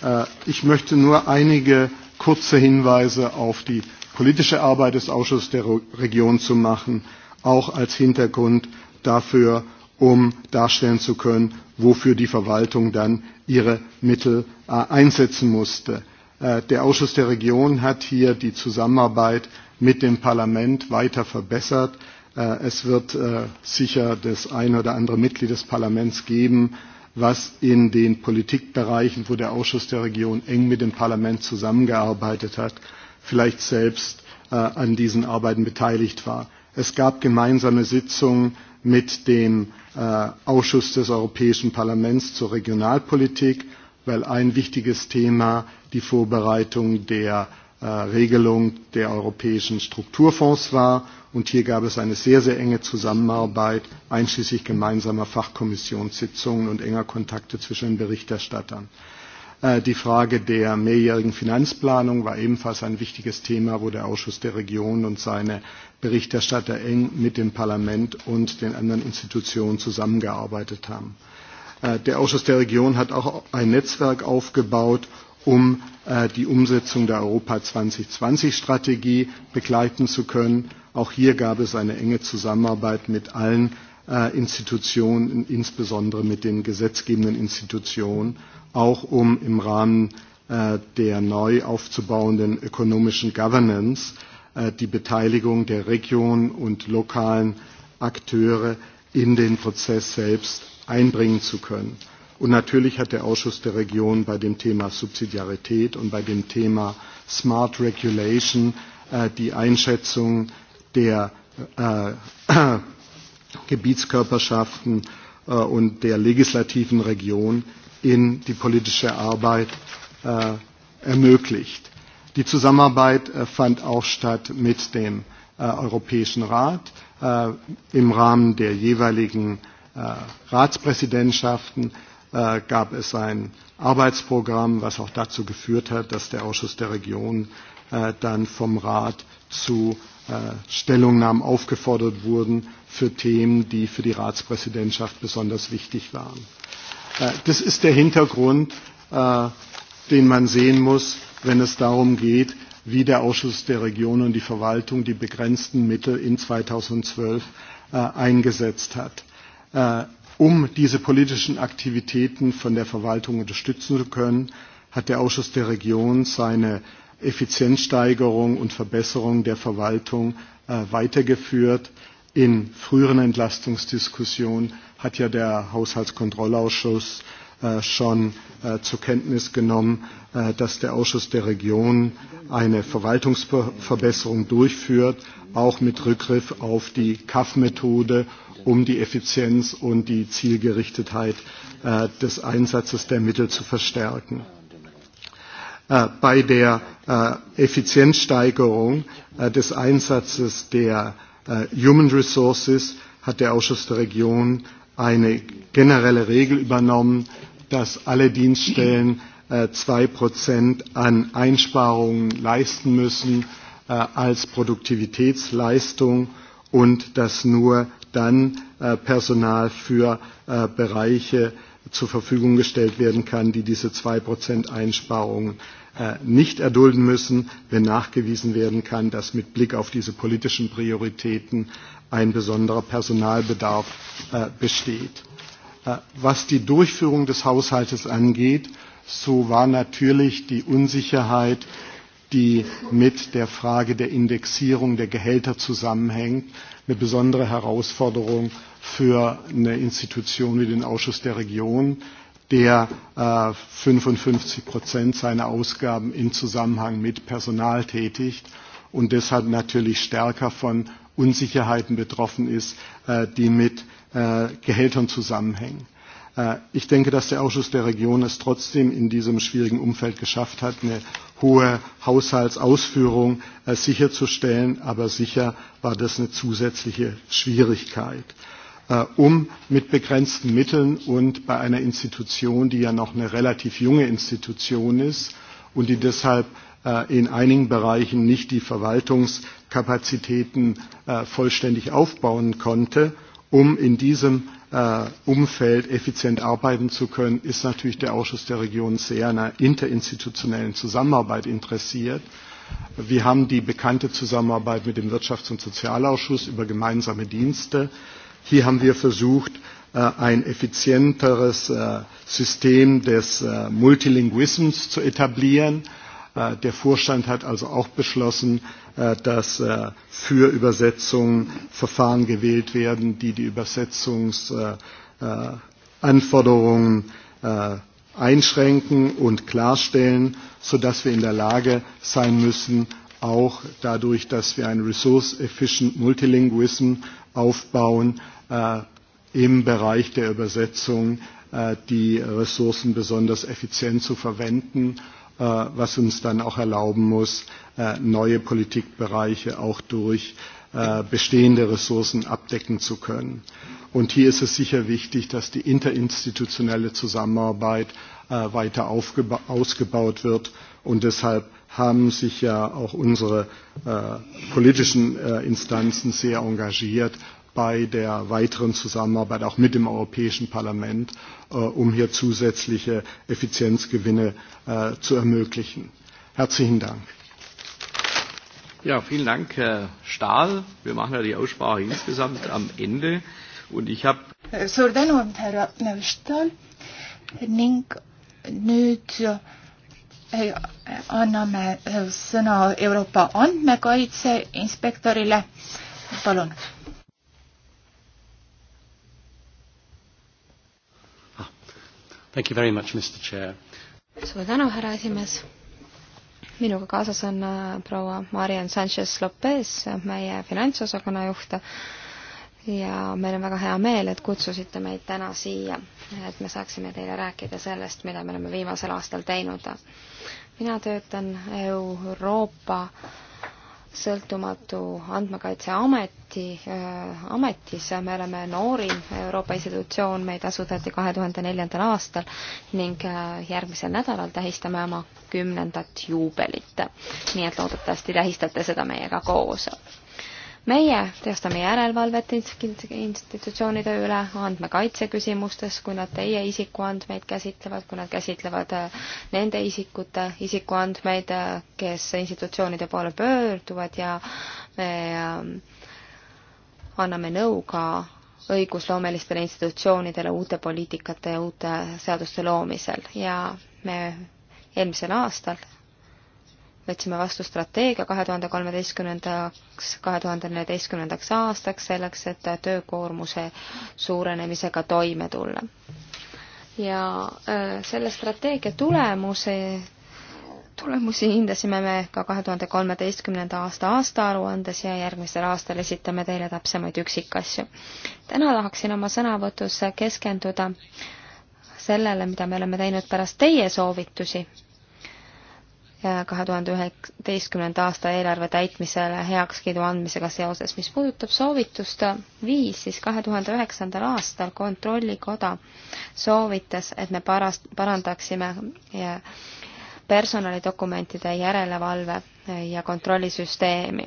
Äh, ich möchte nur einige kurze Hinweise auf die politische Arbeit des Ausschusses der Region zu machen, auch als Hintergrund dafür, um darstellen zu können, wofür die Verwaltung dann ihre Mittel äh, einsetzen musste. Äh, der Ausschuss der Region hat hier die Zusammenarbeit mit dem Parlament weiter verbessert. Äh, es wird äh, sicher das eine oder andere Mitglied des Parlaments geben, was in den Politikbereichen, wo der Ausschuss der Region eng mit dem Parlament zusammengearbeitet hat, vielleicht selbst äh, an diesen Arbeiten beteiligt war. Es gab gemeinsame Sitzungen mit dem äh, Ausschuss des Europäischen Parlaments zur Regionalpolitik, weil ein wichtiges Thema die Vorbereitung der äh, Regelung der europäischen Strukturfonds war. Und hier gab es eine sehr, sehr enge Zusammenarbeit, einschließlich gemeinsamer Fachkommissionssitzungen und enger Kontakte zwischen den Berichterstattern. Äh, die Frage der mehrjährigen Finanzplanung war ebenfalls ein wichtiges Thema, wo der Ausschuss der Region und seine Berichterstatter eng mit dem Parlament und den anderen Institutionen zusammengearbeitet haben. Äh, der Ausschuss der Region hat auch ein Netzwerk aufgebaut, um äh, die Umsetzung der Europa 2020 Strategie begleiten zu können. Auch hier gab es eine enge Zusammenarbeit mit allen äh, Institutionen, insbesondere mit den gesetzgebenden Institutionen, auch um im Rahmen der neu aufzubauenden ökonomischen Governance äh, äh, die Beteiligung der Regionen und lokalen Akteure in den Prozess selbst einbringen zu können. Und natürlich hat der Ausschuss der Region bei dem Thema Subsidiarität und bei dem Thema Smart Regulation äh, die Einschätzung der äh, äh, Gebietskörperschaften äh, und der legislativen Region in die politische Arbeit äh, ermöglicht. Die Zusammenarbeit äh, fand auch statt mit dem äh, Europäischen Rat äh, im Rahmen der jeweiligen äh, Ratspräsidentschaften äh, gab es ein Arbeitsprogramm, was auch dazu geführt hat, dass der Ausschuss der Region äh, dann vom Rat zu äh, Stellungnahmen aufgefordert wurden für Themen, die für die Ratspräsidentschaft besonders wichtig waren. Äh, das ist der Hintergrund, äh, den man sehen muss, wenn es darum geht, wie der Ausschuss der Regionen und die Verwaltung die begrenzten Mittel in 2012 äh, eingesetzt hat. Äh, um diese politischen Aktivitäten von der Verwaltung unterstützen zu können, hat der Ausschuss der Region seine Effizienzsteigerung und Verbesserung der Verwaltung äh, weitergeführt. In früheren Entlastungsdiskussionen hat ja der Haushaltskontrollausschuss Äh, schon äh, zur Kenntnis genommen, äh, dass der Ausschuss der Region eine Verwaltungsverbesserung durchführt, auch mit Rückgriff auf die CAF-Methode, um die Effizienz und die Zielgerichtetheit des Einsatzes der Mittel zu verstärken. Bei der Effizienzsteigerung des Einsatzes der Human Resources hat der Ausschuss der Region eine generelle Regel übernommen, dass alle Dienststellen äh, zwei Prozent an Einsparungen leisten müssen äh, als Produktivitätsleistung und dass nur dann äh, Personal für äh, Bereiche zur Verfügung gestellt werden kann, die diese zwei Prozent Einsparungen äh, nicht erdulden müssen, wenn nachgewiesen werden kann, dass mit Blick auf diese politischen Prioritäten äh, ein besonderer Personalbedarf äh, besteht. Äh, was die Durchführung des Haushaltes angeht, so war natürlich die Unsicherheit, die mit der Frage der Indexierung der Gehälter zusammenhängt, eine besondere Herausforderung für eine Institution wie den Ausschuss der Region, der äh, 55 Prozent seiner Ausgaben im Zusammenhang mit Personal tätigt und deshalb natürlich stärker von Unsicherheiten betroffen ist, äh, die mit äh, Gehältern zusammenhängen. Äh, ich denke, dass der Ausschuss der Region es trotzdem in diesem schwierigen Umfeld geschafft hat, eine hohe Haushaltsausführung äh, sicherzustellen, aber sicher war das eine zusätzliche Schwierigkeit äh, um mit begrenzten Mitteln und bei einer Institution, die ja noch eine relativ junge Institution ist und die deshalb Äh, in einigen Bereichen nicht die Verwaltungskapazitäten äh, vollständig aufbauen konnte, um in diesem äh, Umfeld effizient arbeiten zu können, ist natürlich der Ausschuss der Region sehr an einer interinstitutionellen Zusammenarbeit interessiert. Wir haben die bekannte Zusammenarbeit mit dem Wirtschafts- und Sozialausschuss über gemeinsame Dienste. Hier haben wir versucht, ein effizienteres System des Multilinguismus zu etablieren. Äh, der Vorstand hat also auch beschlossen, äh, dass äh, für Übersetzungen Verfahren gewählt werden, die die Übersetzungsanforderungen einschränken und klarstellen, sodass wir in der Lage sein müssen, auch dadurch, dass wir ein resource-efficient Multilinguism aufbauen, äh, im Bereich der Übersetzung äh, die Ressourcen besonders effizient zu verwenden Äh, was uns dann auch erlauben muss, äh, neue Politikbereiche auch durch äh, bestehende Ressourcen abdecken zu können. Und hier ist es sicher wichtig, dass die interinstitutionelle Zusammenarbeit weiter ausgebaut wird. Und deshalb haben sich ja auch unsere äh, politischen äh, Instanzen sehr engagiert, bei der weiteren Zusammenarbeit auch mit dem Europäischen Parlament, äh, um hier zusätzliche Effizienzgewinne äh, zu ermöglichen. Herzlichen Dank. Ja, vielen Dank, Herr Stahl. Wir machen ja die Aussprache insgesamt am Ende. Und ich habe. Suur tänu, härra Stahl. Ning nüüd äh, anname äh, sõna Euroopa andmekaitse inspektorile. Palun. Thank you very much, Mr Chair. suur tänu, härra esimees. minuga kaasas on äh, proua Marian Sanchez-Lopez, meie finantsosakonna juht ja meil on väga hea meel, et kutsusite meid täna siia, et me saaksime teile rääkida sellest, mida me oleme viimasel aastal teinud. mina töötan Euroopa äh, sõltumatu andmekaitseameti äh,, ametis, me oleme noorim Euroopa institutsioon, meid asutati kahe tuhande neljandal aastal ning äh, järgmisel nädalal tähistame oma kümnendat juubelit. nii et loodetavasti tähistate seda meiega koos meie teostame järelevalvet institutsioonide üle andmekaitse küsimustes, kui nad teie isikuandmeid käsitlevad, kui nad käsitlevad äh, nende isikute isikuandmeid, äh, kes institutsioonide poole pöörduvad ja me äh, anname nõu ka õigusloomelistele institutsioonidele uute poliitikate ja uute seaduste loomisel ja me eelmisel aastal võtsime vastu strateegia kahe tuhande kolmeteistkümnendaks, kahe tuhande neljateistkümnendaks aastaks selleks, et töökoormuse suurenemisega toime tulla. ja äh, selle strateegia tulemuse, tulemusi hindasime me ka kahe tuhande kolmeteistkümnenda aasta aastaaruandes ja järgmisel aastal esitame teile täpsemaid üksikasju. täna tahaksin oma sõnavõtus keskenduda sellele, mida me oleme teinud pärast teie soovitusi kahe tuhande üheteistkümnenda aasta eelarve täitmisele heakskiidu andmisega seoses. mis puudutab soovitust viis, siis kahe tuhande üheksandal aastal Kontrollikoda soovitas, et me parast-, parandaksime personalidokumentide järelevalve ja kontrollisüsteemi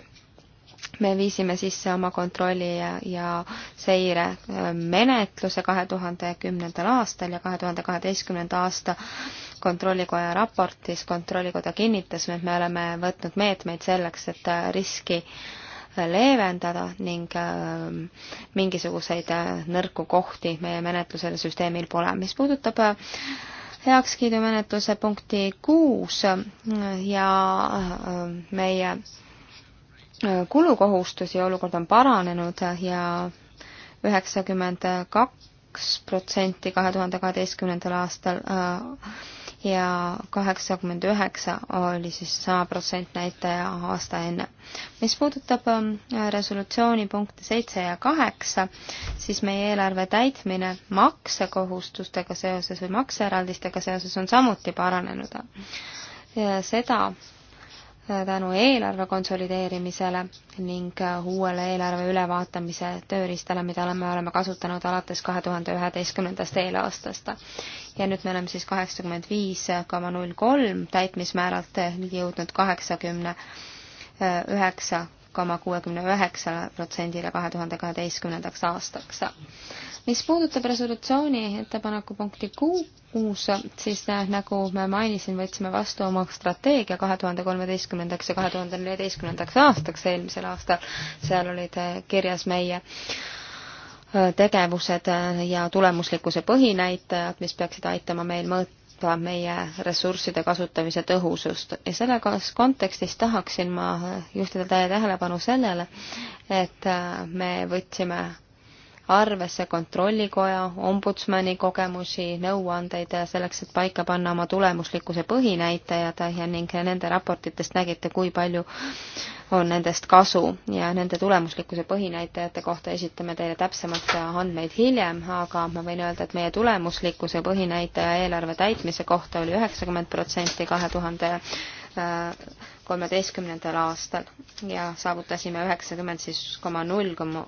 me viisime sisse oma kontrolli ja, ja seire äh, menetluse kahe tuhande kümnendal aastal ja kahe tuhande kaheteistkümnenda aasta kontrollikoja raportis kontrollikoda kinnitas, et me oleme võtnud meetmeid selleks, et äh, riski äh, leevendada ning äh, mingisuguseid nõrku kohti meie menetlusel süsteemil pole. mis puudutab heakskiidumenetluse punkti kuus ja meie kulukohustusi, olukord on paranenud ja üheksakümmend kaks protsenti kahe tuhande kaheteistkümnendal aastal äh, ja kaheksakümmend üheksa oli siis sama protsentnäitaja aasta enne. mis puudutab ähm, resolutsiooni punkte seitse ja kaheksa, siis meie eelarve täitmine maksekohustustega seoses või makseeraldistega seoses on samuti paranenud. seda tänu eelarve konsolideerimisele ning äh, uuele eelarve ülevaatamise tööriistale, mida me oleme kasutanud alates kahe tuhande üheteistkümnendast eelaastast. ja nüüd me oleme siis kaheksakümmend viis koma null kolm täitmismääralt jõudnud kaheksakümne üheksa koma kuuekümne üheksale protsendile kahe tuhande kaheteistkümnendaks aastaks. mis puudutab resolutsiooni ettepaneku punkti kuus, siis äh, nagu ma mainisin, võtsime vastu oma strateegia kahe tuhande kolmeteistkümnendaks ja kahe tuhande neljateistkümnendaks aastaks eelmisel aastal, seal olid äh, kirjas meie äh, tegevused ja tulemuslikkuse põhinäitajad, mis peaksid aitama meil mõõta tõsta meie ressursside kasutamise tõhusust ja selles kontekstis tahaksin ma juhtida teie tähelepanu sellele, et äh, me võtsime arvesse Kontrollikoja, ombudsmani kogemusi, nõuandeid selleks, et paika panna oma tulemuslikkuse põhinäitajad ja ning nende raportitest nägite, kui palju on nendest kasu ja nende tulemuslikkuse põhinäitajate kohta esitame teile täpsemalt andmeid hiljem, aga ma võin öelda, et meie tulemuslikkuse põhinäitaja eelarve täitmise kohta oli üheksakümmend protsenti kahe tuhande äh, kolmeteistkümnendal aastal ja saavutasime üheksakümmend siis koma null koma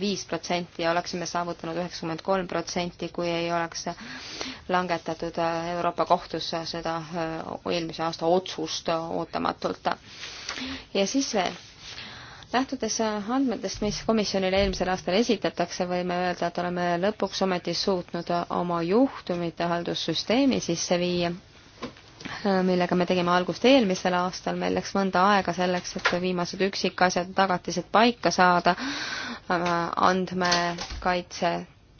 viis protsenti ja oleksime saavutanud üheksakümmend kolm protsenti, kui ei oleks langetatud Euroopa Kohtus seda äh, eelmise aasta otsust ootamatult. ja siis veel lähtudes andmetest, mis komisjonile eelmisel aastal esitatakse, võime öelda, et oleme lõpuks ometi suutnud oma juhtumite haldussüsteemi sisse viia millega me tegime algust eelmisel aastal, meil läks mõnda aega selleks, et viimased üksikasjad, tagatised paika saada, andmekaitse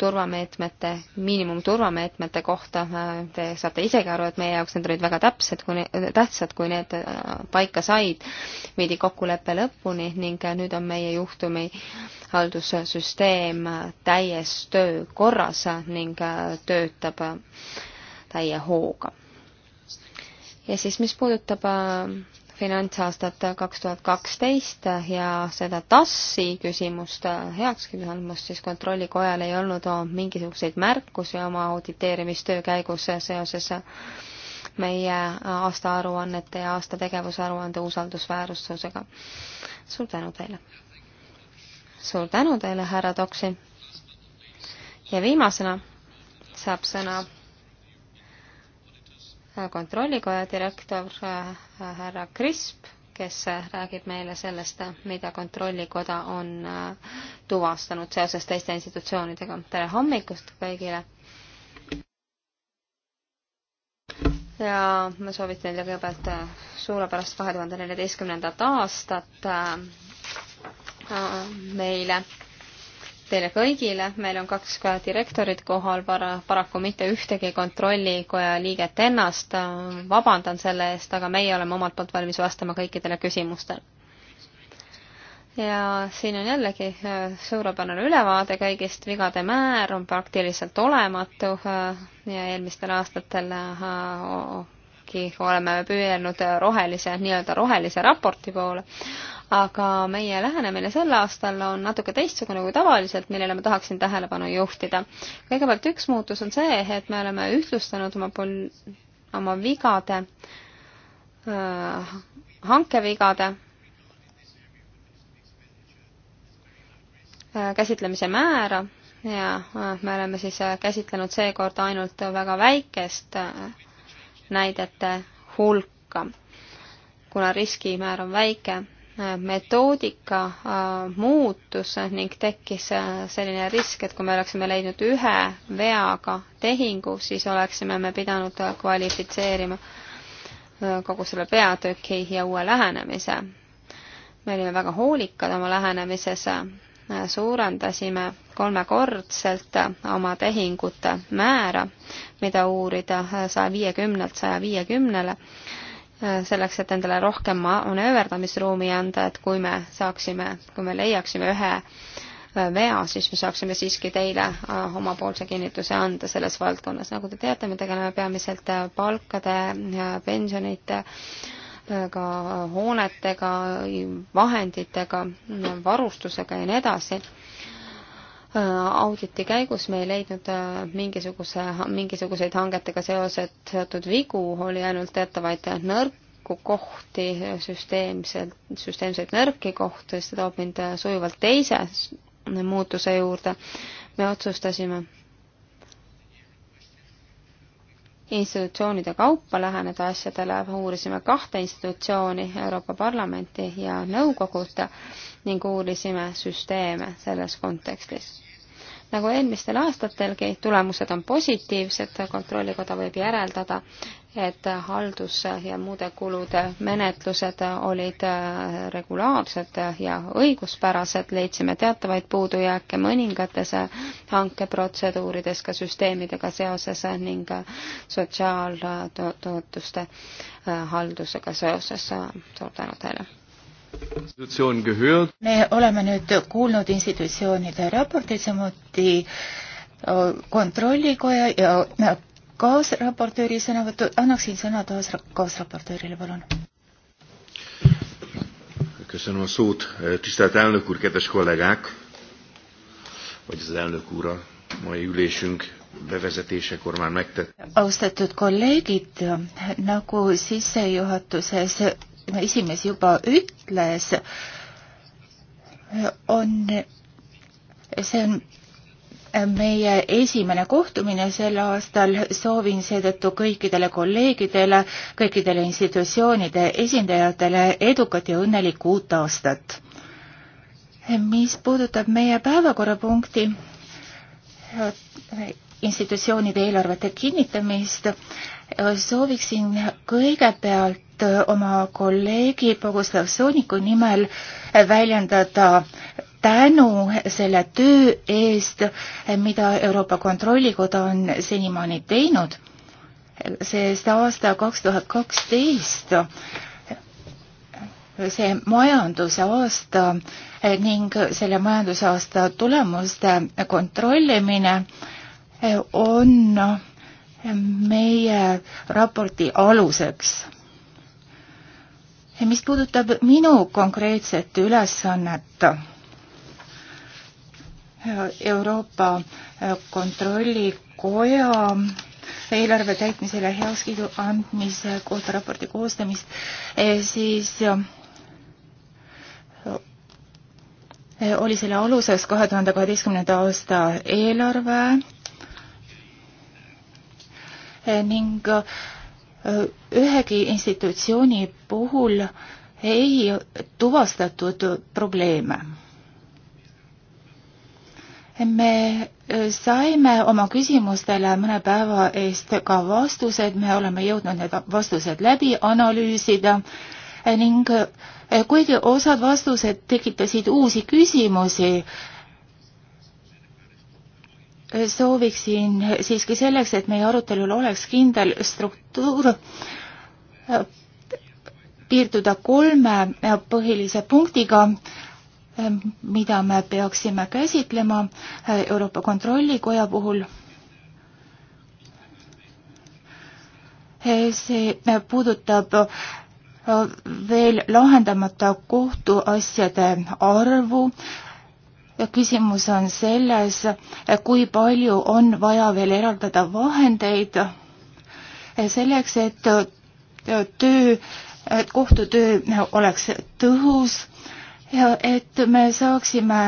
turvameetmete, miinimumturvameetmete kohta, äh, te saate isegi aru, et meie jaoks need olid väga täpsed, kui, tähtsad, kui need äh, paika said, viidi kokkulepe lõpuni ning äh, nüüd on meie juhtumi haldussüsteem täies töökorras ning töötab täie hooga ja siis, mis puudutab äh, finantsaastat kaks tuhat kaksteist ja seda TASSi küsimust äh, heakskiidu andmust, siis Kontrollikojal ei olnud mingisuguseid märkusi oma auditeerimistöö käigus seoses meie aastaaruannete ja aasta tegevusaruande usaldusväärsusega. suur tänu teile! suur tänu teile, härra Toksi! ja viimasena saab sõna kontrollikoja direktor äh, härra Krisp, kes räägib meile sellest, mida kontrollikoda on äh, tuvastanud seoses teiste institutsioonidega. tere hommikust kõigile! ja ma soovitan teile kõigepealt äh, suurepärast kahe tuhande neljateistkümnendat aastat meile teile kõigile, meil on kaks ka direktorit kohal, para-, paraku mitte ühtegi kontrollikoja liiget ennast, vabandan selle eest, aga meie oleme omalt poolt valmis vastama kõikidele küsimustele. ja siin on jällegi äh, suurepärane ülevaade kõigist, vigade määr on praktiliselt olematu äh, ja eelmistel aastatel äh, oleme püüelnud rohelise, nii-öelda rohelise raporti poole, aga meie lähenemine sel aastal on natuke teistsugune kui tavaliselt, millele ma tahaksin tähelepanu juhtida. kõigepealt üks muutus on see, et me oleme ühtlustanud oma pol-, oma vigade äh,, hankevigade äh, käsitlemise määra ja äh, me oleme siis äh, käsitlenud seekord ainult väga väikest äh, näidete hulka, kuna riskimäär on väike metoodika äh, muutus ning tekkis äh, selline risk, et kui me oleksime leidnud ühe veaga tehingu, siis oleksime me pidanud äh, kvalifitseerima kogu selle peatüki ja uue lähenemise. me olime väga hoolikad oma lähenemises, suurendasime kolmekordselt oma tehingute määra, mida uurida saja viiekümnelt saja viiekümnele Äh, selleks, et endale rohkem manööverdamisruumi anda, et kui me saaksime, kui me leiaksime ühe äh, vea, siis me saaksime siiski teile äh, omapoolse kinnituse anda selles valdkonnas. nagu te teate, me tegeleme peamiselt palkade ja pensionite ka hoonetega, vahenditega, varustusega ja nii edasi auditi käigus me ei leidnud äh, mingisuguse, mingisuguseid hangetega seotud vigu, oli ainult teatavaid nõrku kohti, süsteemselt, süsteemseid nõrki kohti, see toob mind äh, sujuvalt teise muutuse juurde. me otsustasime institutsioonide kaupa läheneda asjadele, uurisime kahte institutsiooni, Euroopa Parlamenti ja Nõukogud, ning uurisime süsteeme selles kontekstis nagu eelmistel aastatelgi, tulemused on positiivsed, kontrollikoda võib järeldada, et haldus- ja muude kulude menetlused olid äh, regulaarsed ja õiguspärased, leidsime teatavaid puudujääke mõningates äh, hankeprotseduurides ka süsteemidega seoses ning äh, sotsiaaltoetuste haldusega seoses. suur tänu teile! me oleme nüüd kuulnud institutsioonide raporteid, samuti äh, kontrollikoja ja kaasraportööri sõnavõttu, annaksin sõna taas kaasraportöörile, palun. Köszönöm a szót, eh, tisztelt elnök úr, kedves kollégák, vagy az elnök úr a mai ülésünk bevezetésekor már megtett. Austatud kolleegid, nagu sissejuhatuses esimees juba ütles, on, see on meie esimene kohtumine sel aastal, soovin seetõttu kõikidele kolleegidele, kõikidele institutsioonide esindajatele edukat ja õnnelikku uut aastat. mis puudutab meie päevakorrapunkti, institutsioonide eelarvete kinnitamist, sooviksin kõigepealt oma kolleegi Boguslav Sooniku nimel väljendada tänu selle töö eest, mida Euroopa Kontrollikoda on senimaani teinud, sest aasta kaks tuhat kaksteist see majanduse aasta ning selle majandusaasta tulemuste kontrollimine on meie raporti aluseks. mis puudutab minu konkreetset ülesannet Euroopa Kontrollikoja eelarve täitmisele heakskiidu andmise kohta raporti koostamist, eh, siis eh, oli selle aluseks kahe tuhande kaheteistkümnenda aasta eelarve ning ühegi institutsiooni puhul ei tuvastatud probleeme. me saime oma küsimustele mõne päeva eest ka vastused, me oleme jõudnud need vastused läbi analüüsida ning kuigi osad vastused tekitasid uusi küsimusi, sooviksin siiski selleks, et meie arutelul oleks kindel struktuur, äh, piirduda kolme äh, põhilise punktiga, äh, mida me peaksime käsitlema Euroopa Kontrollikoja puhul. see puudutab veel lahendamata kohtuasjade arvu, ja küsimus on selles, kui palju on vaja veel eraldada vahendeid selleks, et töö, et kohtutöö oleks tõhus ja et me saaksime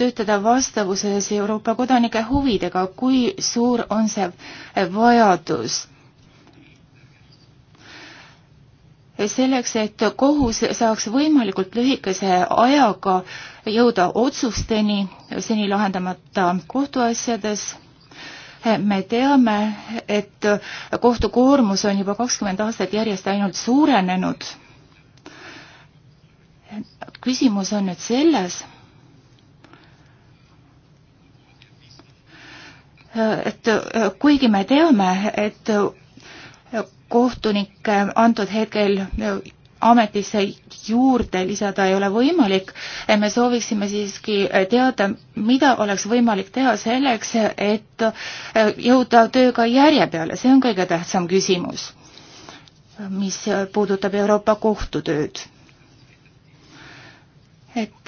töötada vastavuses Euroopa kodanike huvidega, kui suur on see vajadus selleks, et kohus saaks võimalikult lühikese ajaga jõuda otsusteni seni lahendamata kohtuasjades. me teame, et kohtu koormus on juba kakskümmend aastat järjest ainult suurenenud. küsimus on nüüd selles et kuigi me teame, et kohtunik eh, antud hetkel eh, ametisse juurde lisada ei ole võimalik. Eh, me sooviksime siiski teada, mida oleks võimalik teha selleks, et jõuda tööga järje peale, see on kõige tähtsam küsimus, mis puudutab Euroopa Kohtu tööd.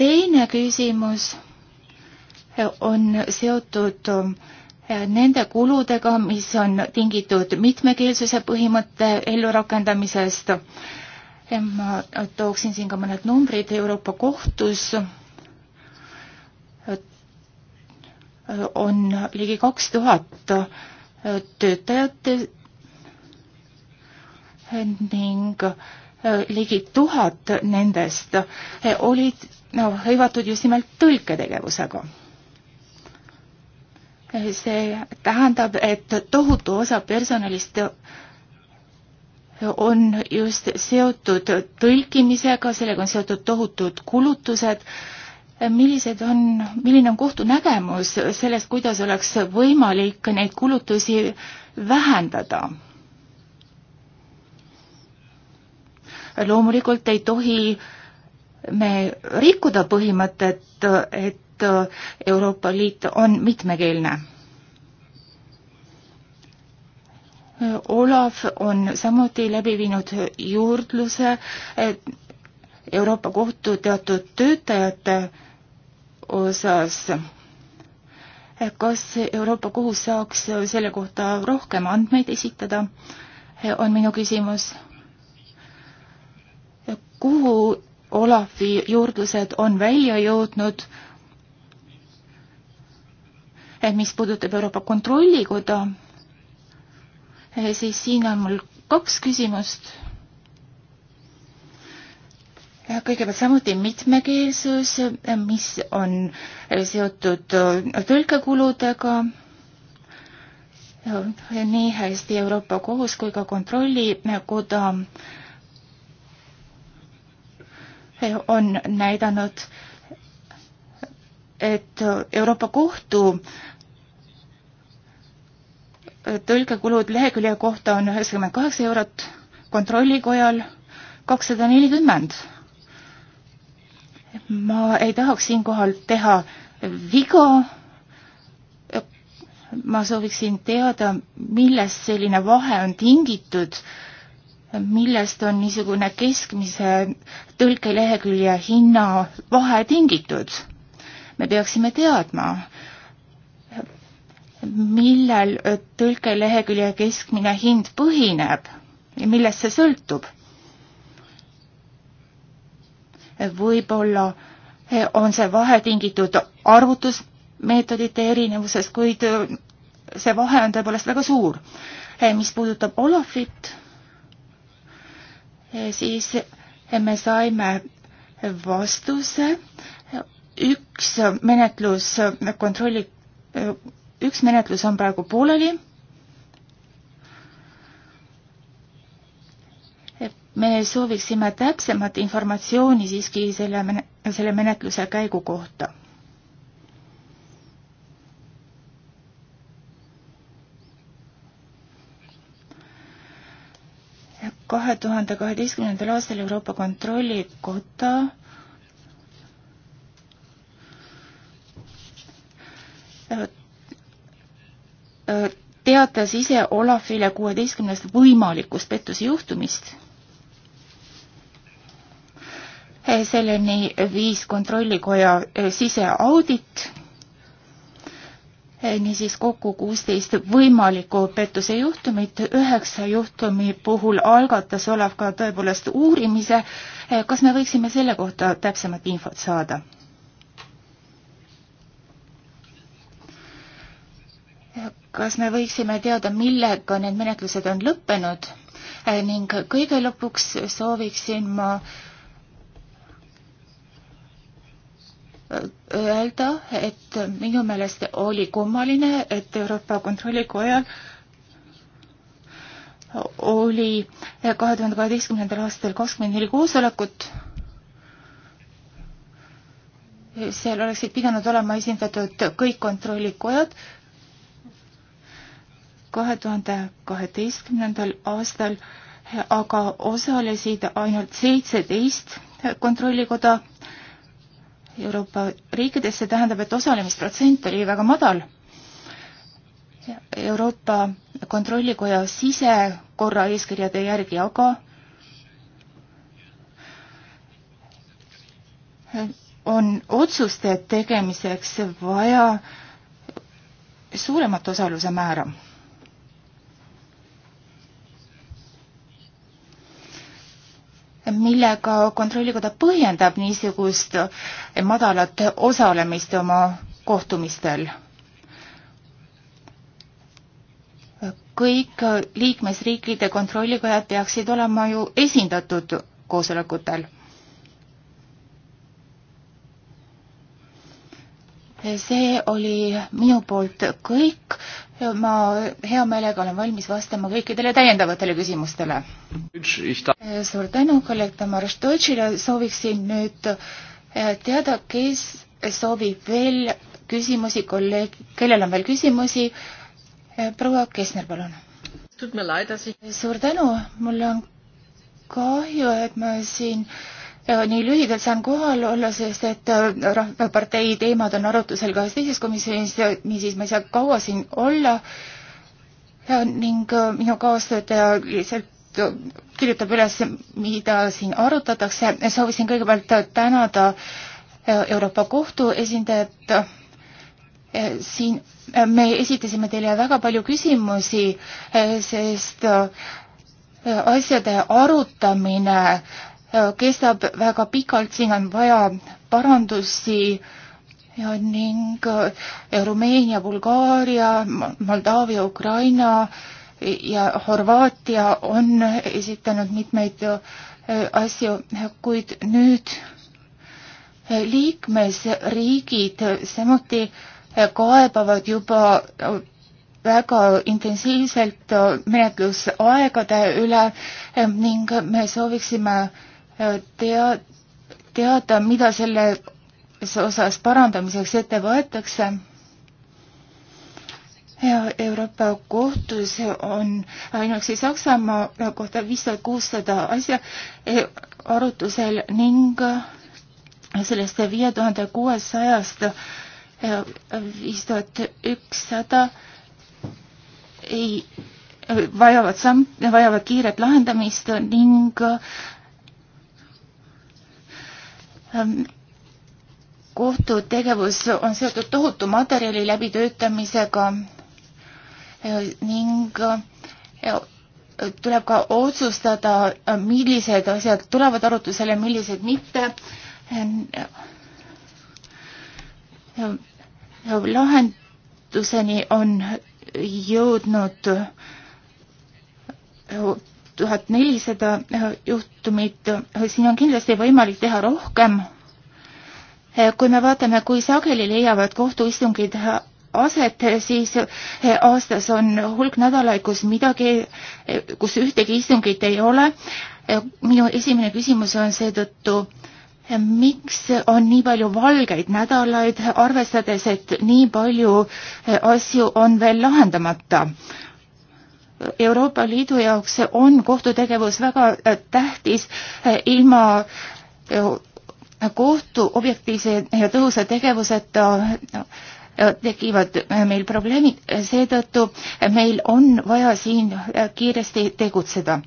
teine küsimus on seotud Äh, nende kuludega, mis on tingitud mitmekeelsuse põhimõtte ellurakendamisest. Äh, ma tooksin siin ka mõned numbrid Euroopa Kohtus äh, on ligi kaks tuhat töötajat ning ligi tuhat nendest olid no, hõivatud just nimelt tõlketegevusega see tähendab, et tohutu osa personalist on just seotud tõlkimisega, sellega on seotud tohutud kulutused. millised on, milline on kohtu nägemus sellest, kuidas oleks võimalik neid kulutusi vähendada? loomulikult ei tohi me rikkuda põhimõtet, et Äh, Euroopa Liit on mitmekeelne. Olav on samuti läbi viinud juurdluse Euroopa Kohtu teatud töötajate osas. kas Euroopa Kohus saaks selle kohta rohkem andmeid esitada, on minu küsimus. kuhu Olavi juurdlused on välja jõudnud, mis puudutab Euroopa Kontrollikoda, eh, siis siin on mul kaks küsimust. Eh, kõigepealt samuti mitmekeelsus, eh, mis on seotud tõlkekuludega nii hästi Euroopa Kohus kui ka Kontrollikoda on näidanud, et Euroopa Kohtu tõlgekulud lehekülje kohta on üheksakümmend kaheksa eurot, kontrollikojal kakssada nelikümmend. ma ei tahaks siinkohal teha viga, ma sooviksin teada, millest selline vahe on tingitud, millest on niisugune keskmise tõlkelehekülje hinna vahe tingitud. me peaksime teadma, millel äh, tõlkelehekülje keskmine hind põhineb ja millest see sõltub. võib-olla äh, on see vahe tingitud arvutusmeetodite erinevusest, kuid äh, see vahe on tõepoolest väga suur. mis puudutab Olafit, siis me saime vastuse, üks menetlus kontrolli üks menetlus on praegu pooleli. me sooviksime täpsemat informatsiooni siiski selle, selle menetluse käigu kohta. kahe tuhande kaheteistkümnendal aastal Euroopa Kontrollikoda teatas ise Olafile kuueteistkümnest võimalikust pettuse juhtumist. selleni viis Kontrollikoja siseaudit, niisiis kokku kuusteist võimalikku pettuse juhtumit, üheksa juhtumi puhul algatas Olav ka tõepoolest uurimise, kas me võiksime selle kohta täpsemat infot saada? kas me võiksime teada, millega need menetlused on lõppenud äh, ning kõige lõpuks sooviksin ma äh, öelda, et minu meelest oli kummaline, et Euroopa Kontrollikojal oli äh, kahe tuhande kaheteistkümnendal aastal kakskümmend neli koosolekut. seal oleksid pidanud olema esindatud kõik kontrollikojad kahe tuhande kaheteistkümnendal aastal, aga osalesid ainult seitseteist kontrollikoda Euroopa riikides, see tähendab, et osalemisprotsent oli väga madal. Euroopa Kontrollikoja sisekorra eeskirjade järgi aga on otsuste tegemiseks vaja suuremat osaluse määra millega Kontrollikoda põhjendab niisugust madalat osalemist oma kohtumistel? kõik liikmesriikide kontrollikojad peaksid olema ju esindatud koosolekutel see oli minu poolt kõik. ma hea meelega olen valmis vastama kõikidele täiendavatele küsimustele. suur tänu kolleeg Tamara Štoitšile, sooviksin nüüd eh, teada, kes soovib veel küsimusi, kolleeg, kellel on veel küsimusi? Eh, proua Kesner, palun. suur tänu, mul on kahju, et ma siin äh, Äh, nii lühidalt saan kohal olla, sest et äh, Rahvapartei teemad on arutusel ka teises komisjonis, niisiis ma ei saa kaua siin olla äh, ning minu kaastöötaja lihtsalt kirjutab üles, mida siin arutatakse. soovisin kõigepealt tänada Euroopa Kohtu esindajat. siin me esitasime teile väga palju küsimusi, sest asjade arutamine kestab väga pikalt, siin on vaja parandusi ja ning Rumeenia, Bulgaaria, Moldaavia, Ukraina ja Horvaatia on esitanud mitmeid asju, kuid nüüd liikmesriigid samuti kaebavad juba väga intensiivselt menetlusaegade üle ning me sooviksime tea-, teada, mida selles osas parandamiseks ette võetakse ja Euroopa kohtus on ainuüksi Saksamaa kohta viis tuhat kuussada asja e, arutusel ning sellest viie tuhande kuuesajast e, viis tuhat ükssada ei vajavad samm, vajavad kiiret lahendamist ning Ähm, kohtu tegevus on seotud tohutu materjali läbitöötamisega äh, ning äh, äh, tuleb ka otsustada, millised asjad tulevad arutusele, millised mitte. Ähm, lahenduseni on jõudnud tuhat nelisada eh, juhtumit, eh, siin on kindlasti võimalik teha rohkem. Eh, kui me vaatame, kui sageli leiavad kohtuistungid aset, siis aastas on hulk nädalaid, kus midagi, kus ühtegi istungit ei ole. minu esimene küsimus on seetõttu, miks on nii palju valgeid nädalaid, arvestades, et nii palju asju on veel lahendamata? Euroopa Liidu jaoks on kohtutegevus väga äh, tähtis äh, ilma äh, kohtu objektiivse ja tõhusa tegevuseta tekivad meil probleemid, seetõttu meil on vaja siin kiiresti tegutseda.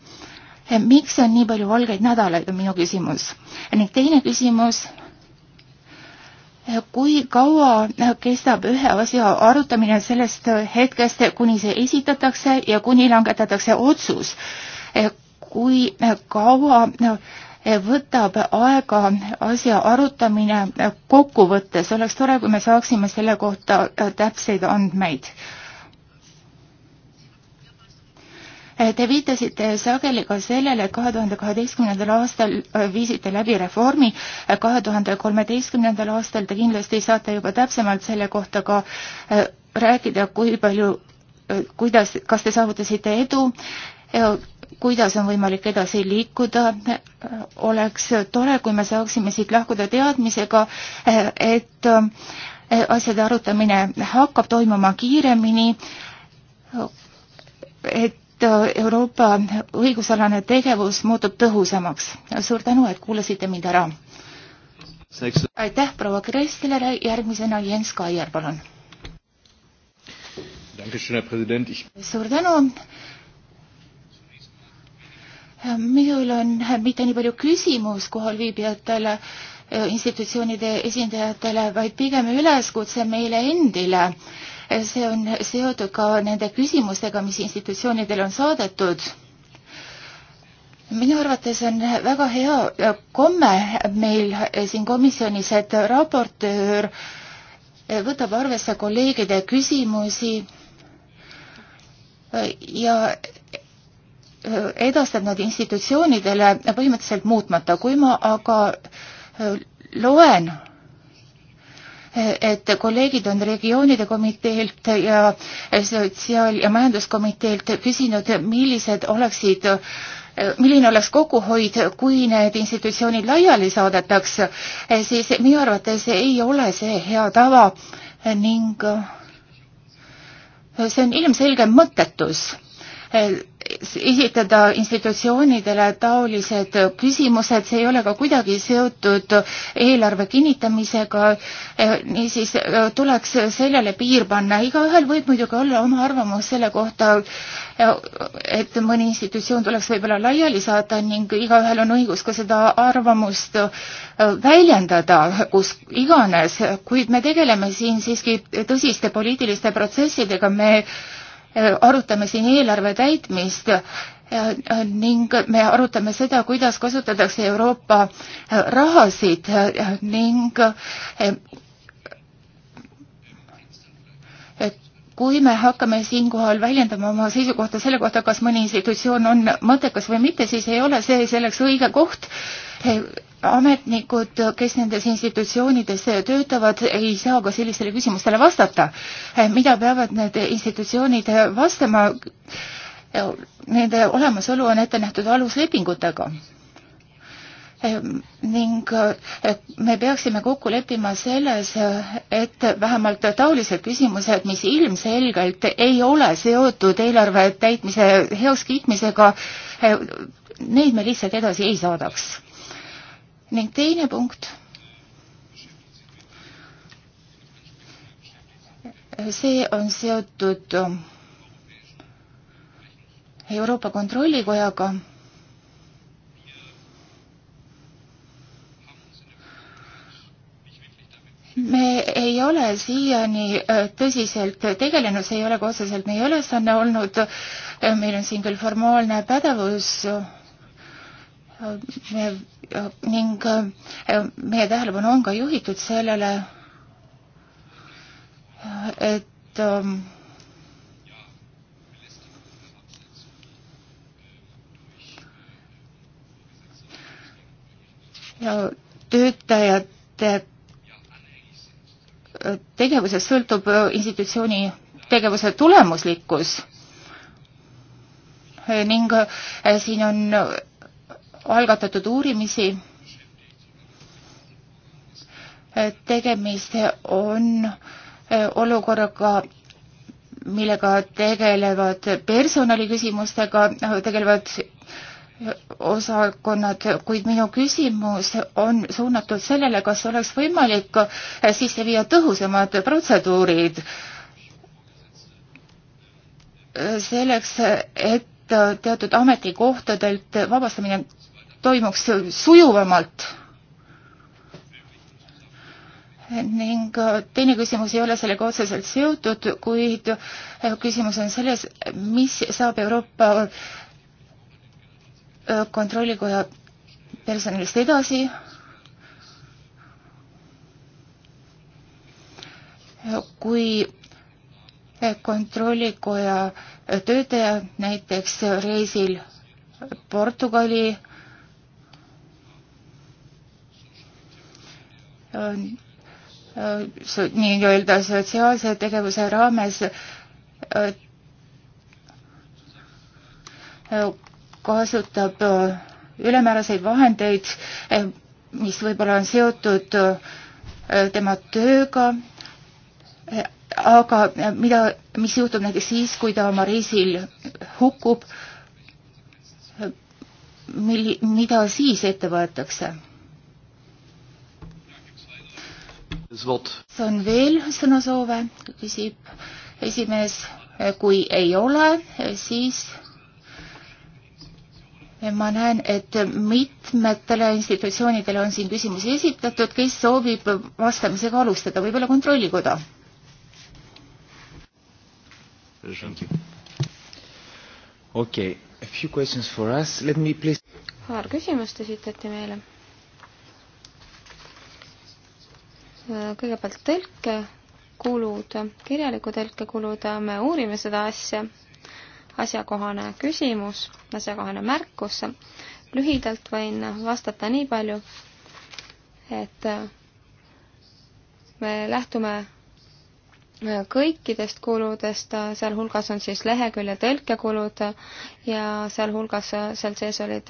miks on nii palju valgeid nädalaid, on minu küsimus. ning teine küsimus kui kaua äh, kestab ühe asja arutamine sellest äh, hetkest, kuni see esitatakse ja kuni langetatakse otsus? Äh, kui kaua võtab aega asja arutamine kokkuvõttes, oleks tore, kui me saaksime selle kohta täpseid andmeid Te viitasite sageli ka sellele, et kahe tuhande kaheteistkümnendal aastal äh, viisite läbi reformi, äh, kahe tuhande kolmeteistkümnendal aastal te kindlasti saate juba täpsemalt selle kohta ka äh, rääkida, kui palju, kuidas, kas te saavutasite edu, kuidas on võimalik edasi liikuda, oleks tore, kui me saaksime siit lahkuda teadmisega, et asjade arutamine hakkab toimuma kiiremini, et et äh, Euroopa õigusalane tegevus muutub tõhusamaks. suur tänu, et kuulasite mind ära. aitäh proua Kristelile, järgmisena Jens Kaier, palun. suur tänu. minul on mitte nii palju küsimus kohalviibijatele, äh, institutsioonide esindajatele, vaid pigem üleskutse meile endile see on seotud ka nende küsimustega, mis institutsioonidele on saadetud. minu arvates on väga hea komme meil siin komisjonis, et raportöör võtab arvesse kolleegide küsimusi ja edastab nad institutsioonidele põhimõtteliselt muutmata. kui ma aga loen et kolleegid on regioonide komiteelt ja sotsiaal- ja majanduskomiteelt küsinud, millised oleksid milline oleks kokkuhoid, kui need institutsioonid laiali saadetakse, siis minu arvates ei ole see hea tava ning see on ilmselge mõttetus esitada institutsioonidele taolised küsimused, see ei ole ka kuidagi seotud eelarve kinnitamisega, eh, niisiis eh, tuleks sellele piir panna, igaühel võib muidugi olla oma arvamus selle kohta, eh, et mõni institutsioon tuleks võib-olla laiali saata ning igaühel on õigus ka seda arvamust väljendada, kus iganes, kuid me tegeleme siin siiski tõsiste poliitiliste protsessidega, me arutame siin eelarve täitmist äh, ning me arutame seda, kuidas kasutatakse Euroopa äh, rahasid äh, ning kui me hakkame siinkohal väljendama oma seisukohta selle kohta, kas mõni institutsioon on mõttekas või mitte, siis ei ole see selleks õige koht ametnikud, kes nendes institutsioonides töötavad, ei saa ka sellistele küsimustele vastata. mida peavad need institutsioonid vastama? Nende olemasolu on ette nähtud aluslepingutega. ning me peaksime kokku leppima selles, et vähemalt taolised küsimused, mis ilmselgelt ei ole seotud eelarve täitmise heakskiitmisega, neid me lihtsalt edasi ei saadaks ning teine punkt, see on seotud Euroopa Kontrollikojaga. me ei ole siiani äh, tõsiselt tegelenud, see ei ole ka otseselt meie ülesanne olnud, äh, meil on siin küll formaalne pädevus ning eh, meie tähelepanu on ka juhitud sellele, et um, ja töötajate tegevusest sõltub eh, institutsiooni tegevuse tulemuslikkus eh, ning siin on algatatud uurimisi. tegemist on eh, olukorraga, millega tegelevad personaliküsimustega, tegelevad eh, osakonnad, kuid minu küsimus on suunatud sellele, kas oleks võimalik eh, sisse viia tõhusamad protseduurid selleks, et teatud ametikohtadelt vabastamine toimuks sujuvamalt. ning äh, teine küsimus ei ole sellega otseselt seotud, kuid äh, küsimus on selles, mis saab Euroopa äh, kontrollikoja personalist edasi kui kontrollikoja töötaja näiteks reisil Portugali Äh, nii-öelda sotsiaalse tegevuse raames äh, äh, kasutab ülemääraseid vahendeid, mis võib-olla on seotud tema tööga, aga mida, mis juhtub näiteks siis, kui ta oma reisil hukkub, mil-, mida siis ette võetakse? kas on veel sõnasoove, küsib esimees. kui ei ole, siis ma näen, et mitmetele institutsioonidele on siin küsimusi esitatud, kes soovib vastamisega alustada, võib-olla Kontrollikoda? okei okay., a few questions for us, let me please paar küsimust esitati meile kõigepealt tõlkekulud, kirjaliku tõlkekulud, me uurime seda asja, asjakohane küsimus, asjakohane märkus. lühidalt võin vastata nii palju, et me lähtume kõikidest kuludest, sealhulgas on siis lehekülje tõlkekulud ja sealhulgas seal sees olid,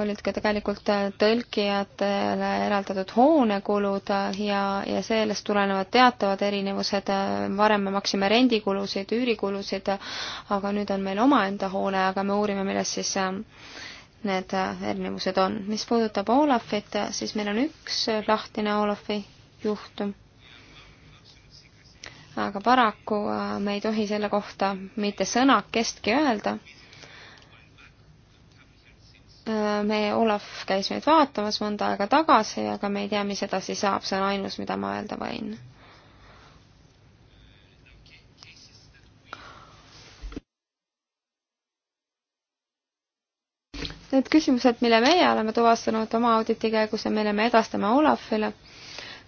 olid ka tegelikult tõlkijatele eraldatud hoonekulud ja, ja sellest tulenevad teatavad erinevused. varem me maksime rendikulusid, üürikulusid, aga nüüd on meil omaenda hoone, aga me uurime, milles siis need erinevused on. mis puudutab Olafit, siis meil on üks lahtine Olafi juhtum aga paraku äh, me ei tohi selle kohta mitte sõnakestki öelda. Äh, me, Olav käis meid vaatamas mõnda aega tagasi, aga me ei tea, mis edasi saab, see on ainus, mida ma öelda võin. Need küsimused, mille meie oleme tuvastanud oma auditi käigus ja mille me edastame Olafile,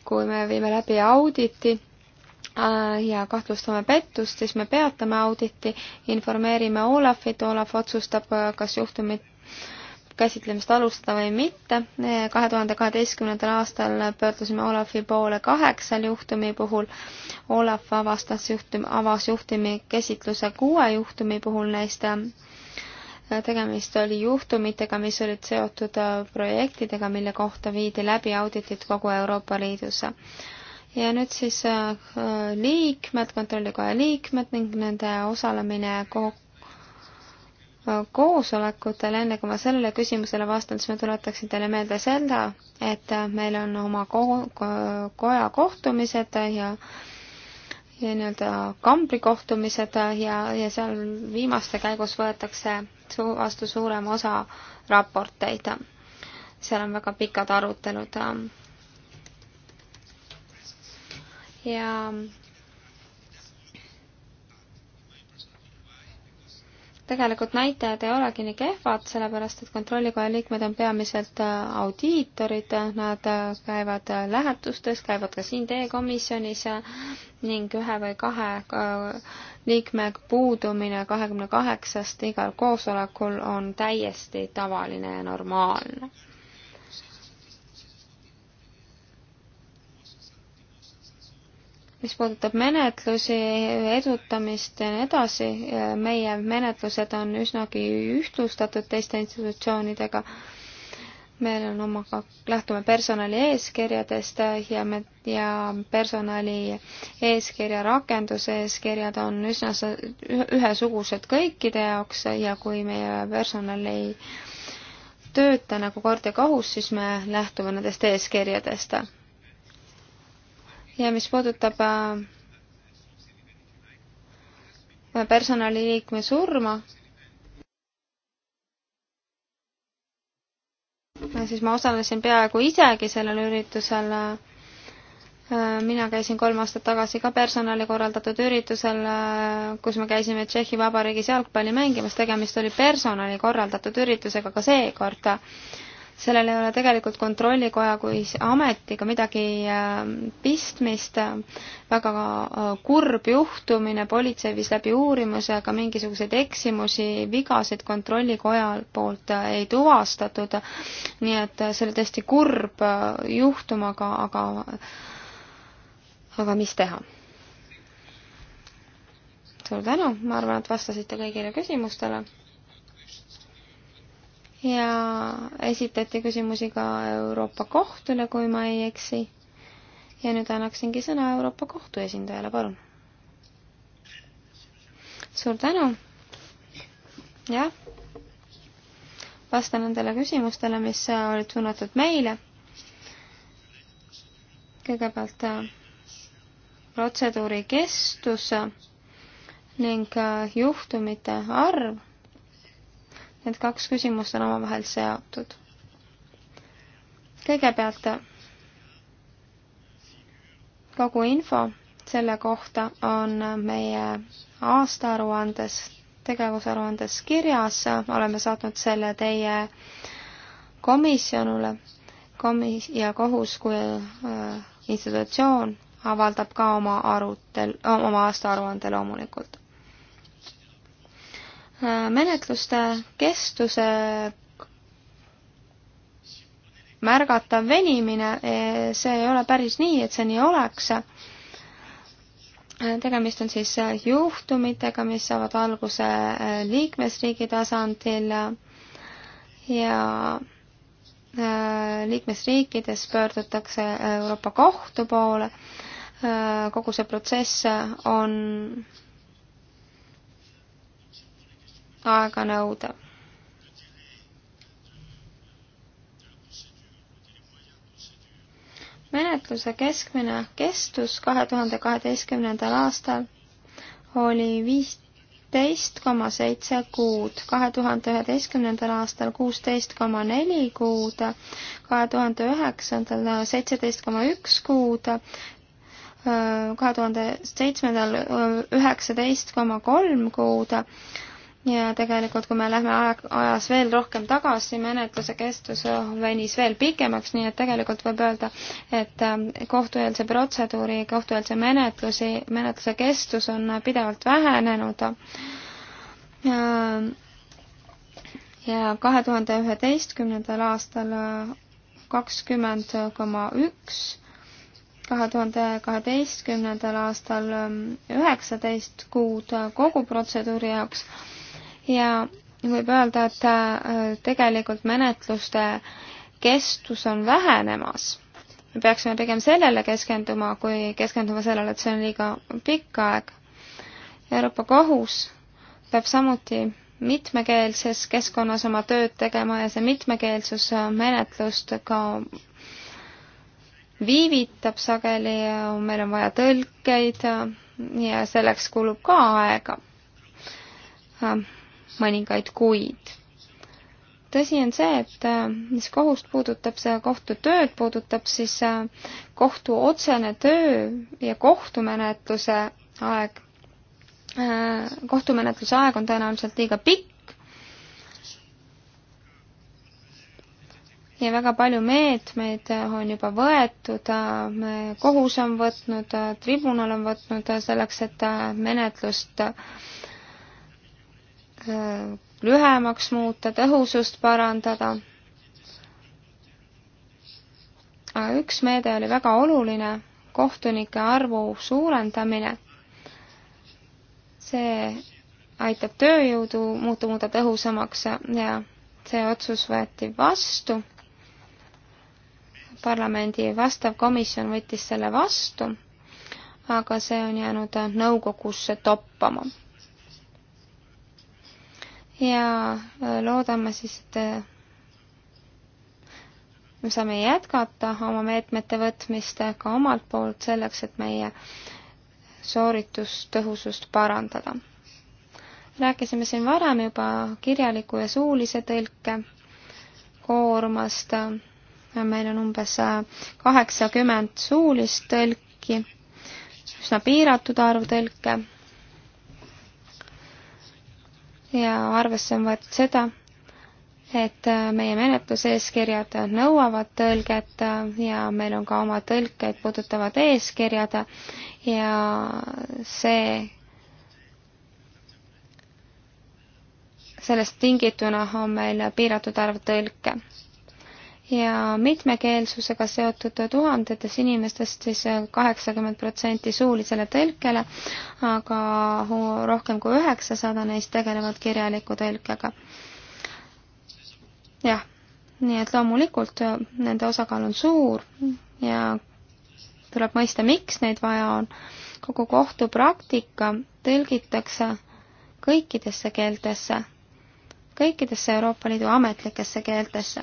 kui me viime läbi auditi Äh, ja kahtlustame pettust, siis me peatame auditi, informeerime Olafit, Olaf otsustab, äh, kas juhtumit käsitlemist alustada või mitte. Äh, kahe tuhande kaheteistkümnendal aastal pöördusime Olafi poole kaheksal juhtumi puhul. Olaf avastas juhtum, avas juhtumi käsitluse kuue juhtumi puhul neist tegemist oli juhtumitega, mis olid seotud projektidega, mille kohta viidi läbi auditid kogu Euroopa Liidus ja nüüd siis äh, äh, liikmed, kontrollikoja liikmed ning nende osalemine ko äh, koosolekutel, enne kui ma sellele küsimusele vastan, siis ma tuletaksin teile meelde seda, et meil on oma ko ko koja kohtumised ja ja nii-öelda kambrikohtumised ja, ja seal viimaste käigus võetakse su vastu suurem osa raporteid. seal on väga pikad arutelud ja tegelikult näitajad ei olegi nii kehvad, sellepärast et kontrollikoja liikmed on peamiselt äh, audiitorid, nad äh, käivad äh, lähetustes, käivad ka siin teie komisjonis ning ühe või kahe liikme puudumine kahekümne kaheksast igal koosolekul on täiesti tavaline ja normaalne. mis puudutab menetlusi, edutamist ja nii edasi, meie menetlused on üsnagi ühtlustatud teiste institutsioonidega. meil on oma, lähtume personali eeskirjadest äh, ja me, ja personali eeskirja rakenduseeskirjad on üsna ühesugused kõikide jaoks äh, ja kui meie personal ei tööta nagu kord ja kohus, siis me lähtume nendest eeskirjadest ja mis puudutab äh, personaliliikme surma, siis ma osalesin peaaegu isegi sellel üritusel. Äh, mina käisin kolm aastat tagasi ka personali korraldatud üritusel, äh, kus me käisime Tšehhi Vabariigis jalgpalli mängimas, tegemist oli personali korraldatud üritusega ka seekord sellel ei ole tegelikult Kontrollikoja kui ametiga midagi äh, pistmist, väga äh, kurb juhtumine, politsei viis läbi uurimuse, aga mingisuguseid eksimusi, vigasid Kontrollikoja poolt äh, ei tuvastatud, nii et see oli tõesti kurb juhtum, aga, aga aga mis teha? suur tänu, ma arvan, et vastasite kõigile küsimustele ja esitati küsimusi ka Euroopa Kohtule, kui ma ei eksi. ja nüüd annaksingi sõna Euroopa Kohtu esindajale, palun. suur tänu. jah, vastan nendele küsimustele, mis olid suunatud meile. kõigepealt äh, protseduuri kestus ning äh, juhtumite arv Need kaks küsimust on omavahel seotud. kõigepealt kogu info selle kohta on meie aastaaruandes, tegevusaruandes kirjas, oleme saatnud selle teie komisjonile komis- ja kohus kui äh, institutsioon avaldab ka oma arutel, oma aastaaruande loomulikult Äh, menetluste kestuse märgatav venimine, eh, see ei ole päris nii, et see nii oleks. Äh, tegemist on siis äh, juhtumitega, mis saavad alguse liikmesriigi tasandil ja liikmesriikides pöördutakse Euroopa Kohtu poole. kogu see protsess on aega nõuda. menetluse keskmine kestus kahe tuhande kaheteistkümnendal aastal oli viisteist koma seitse kuud, kahe tuhande üheteistkümnendal aastal kuusteist koma neli kuud, kahe tuhande üheksandal seitseteist koma üks kuud, kahe tuhande seitsmendal üheksateist koma kolm kuud, ja tegelikult, kui me lähme ajas veel rohkem tagasi, menetluse kestus venis veel pikemaks, nii et tegelikult võib öelda, et ähm, kohtueelse protseduuri, kohtueelse menetlusi, menetluse kestus on pidevalt vähenenud. ja kahe tuhande üheteistkümnendal aastal äh, kakskümmend koma üks kahe tuhande kaheteistkümnendal aastal ähm, üheksateist kuud kogu protseduuri jaoks ja võib öelda, et äh, tegelikult menetluste kestus on vähenemas. me peaksime pigem sellele keskenduma, kui keskenduma sellele, et see on liiga pikk aeg. Euroopa Kohus peab samuti mitmekeelses keskkonnas oma tööd tegema ja see mitmekeelsus äh, menetlust ka viivitab sageli ja meil on vaja tõlkeid äh, ja selleks kulub ka aega mõningaid kuid. tõsi on see, et äh, mis kohust puudutab, see kohtu tööd puudutab, siis äh, kohtu otsene töö ja kohtumenetluse aeg, äh, kohtumenetluse aeg on tõenäoliselt liiga pikk, ja väga palju meetmeid on juba võetud, kohus on võtnud, tribunal on võtnud selleks, et menetlust Äh, lühemaks muuta, tõhusust parandada. aga üks meede oli väga oluline, kohtunike arvu suurendamine. see aitab tööjõudu muuta, muuta tõhusamaks ja see otsus võeti vastu. parlamendi vastav komisjon võttis selle vastu, aga see on jäänud nõukogusse toppama ja äh, loodame siis, et äh, me saame jätkata oma meetmete võtmist ka omalt poolt selleks, et meie sooritustõhusust parandada. rääkisime siin varem juba kirjaliku ja suulise tõlke koormast. meil on umbes äh, kaheksakümmend suulist tõlki, üsna piiratud arv tõlke ja arvesse on võetud seda, et äh, meie menetluseeskirjad nõuavad tõlget äh, ja meil on ka oma tõlkeid puudutavad eeskirjad ja see sellest tingituna on meil piiratud arv tõlke ja mitmekeelsusega seotud tuhandetest inimestest siis kaheksakümmend protsenti suulisele tõlkele, aga rohkem kui üheksasada neist tegelevad kirjaliku tõlkega. jah, nii et loomulikult nende osakaal on suur ja tuleb mõista, miks neid vaja on. kogu kohtupraktika tõlgitakse kõikidesse keeltesse, kõikidesse Euroopa Liidu ametlikesse keeltesse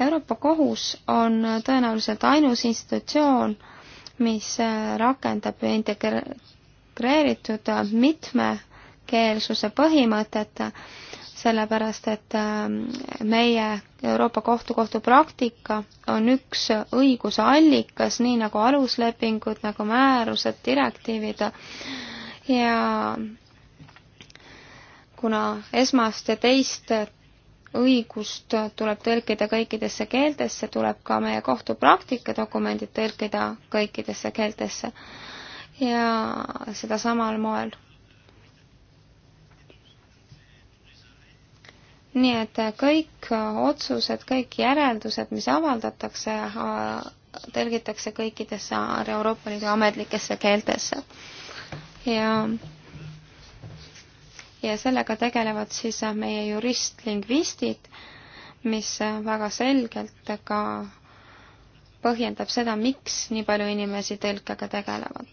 Euroopa Kohus on tõenäoliselt ainus institutsioon, mis äh, rakendab integreeritud mitmekeelsuse põhimõtet, sellepärast et äh, meie Euroopa Kohtu kohtupraktika on üks õiguse allikas, nii nagu aluslepingud, nagu määrused, direktiivid ja kuna esmast ja teist õigust tuleb tõlkida kõikidesse keeltesse, tuleb ka meie kohtupraktika dokumendid tõlkida kõikidesse keeltesse ja seda samal moel. nii et kõik otsused, kõik järeldused, mis avaldatakse, tõlgitakse kõikidesse Euroopa Liidu ametlikesse keeltesse ja ja sellega tegelevad siis meie jurist-lingvistid, mis väga selgelt ka põhjendab seda, miks nii palju inimesi tõlkega tegelevad.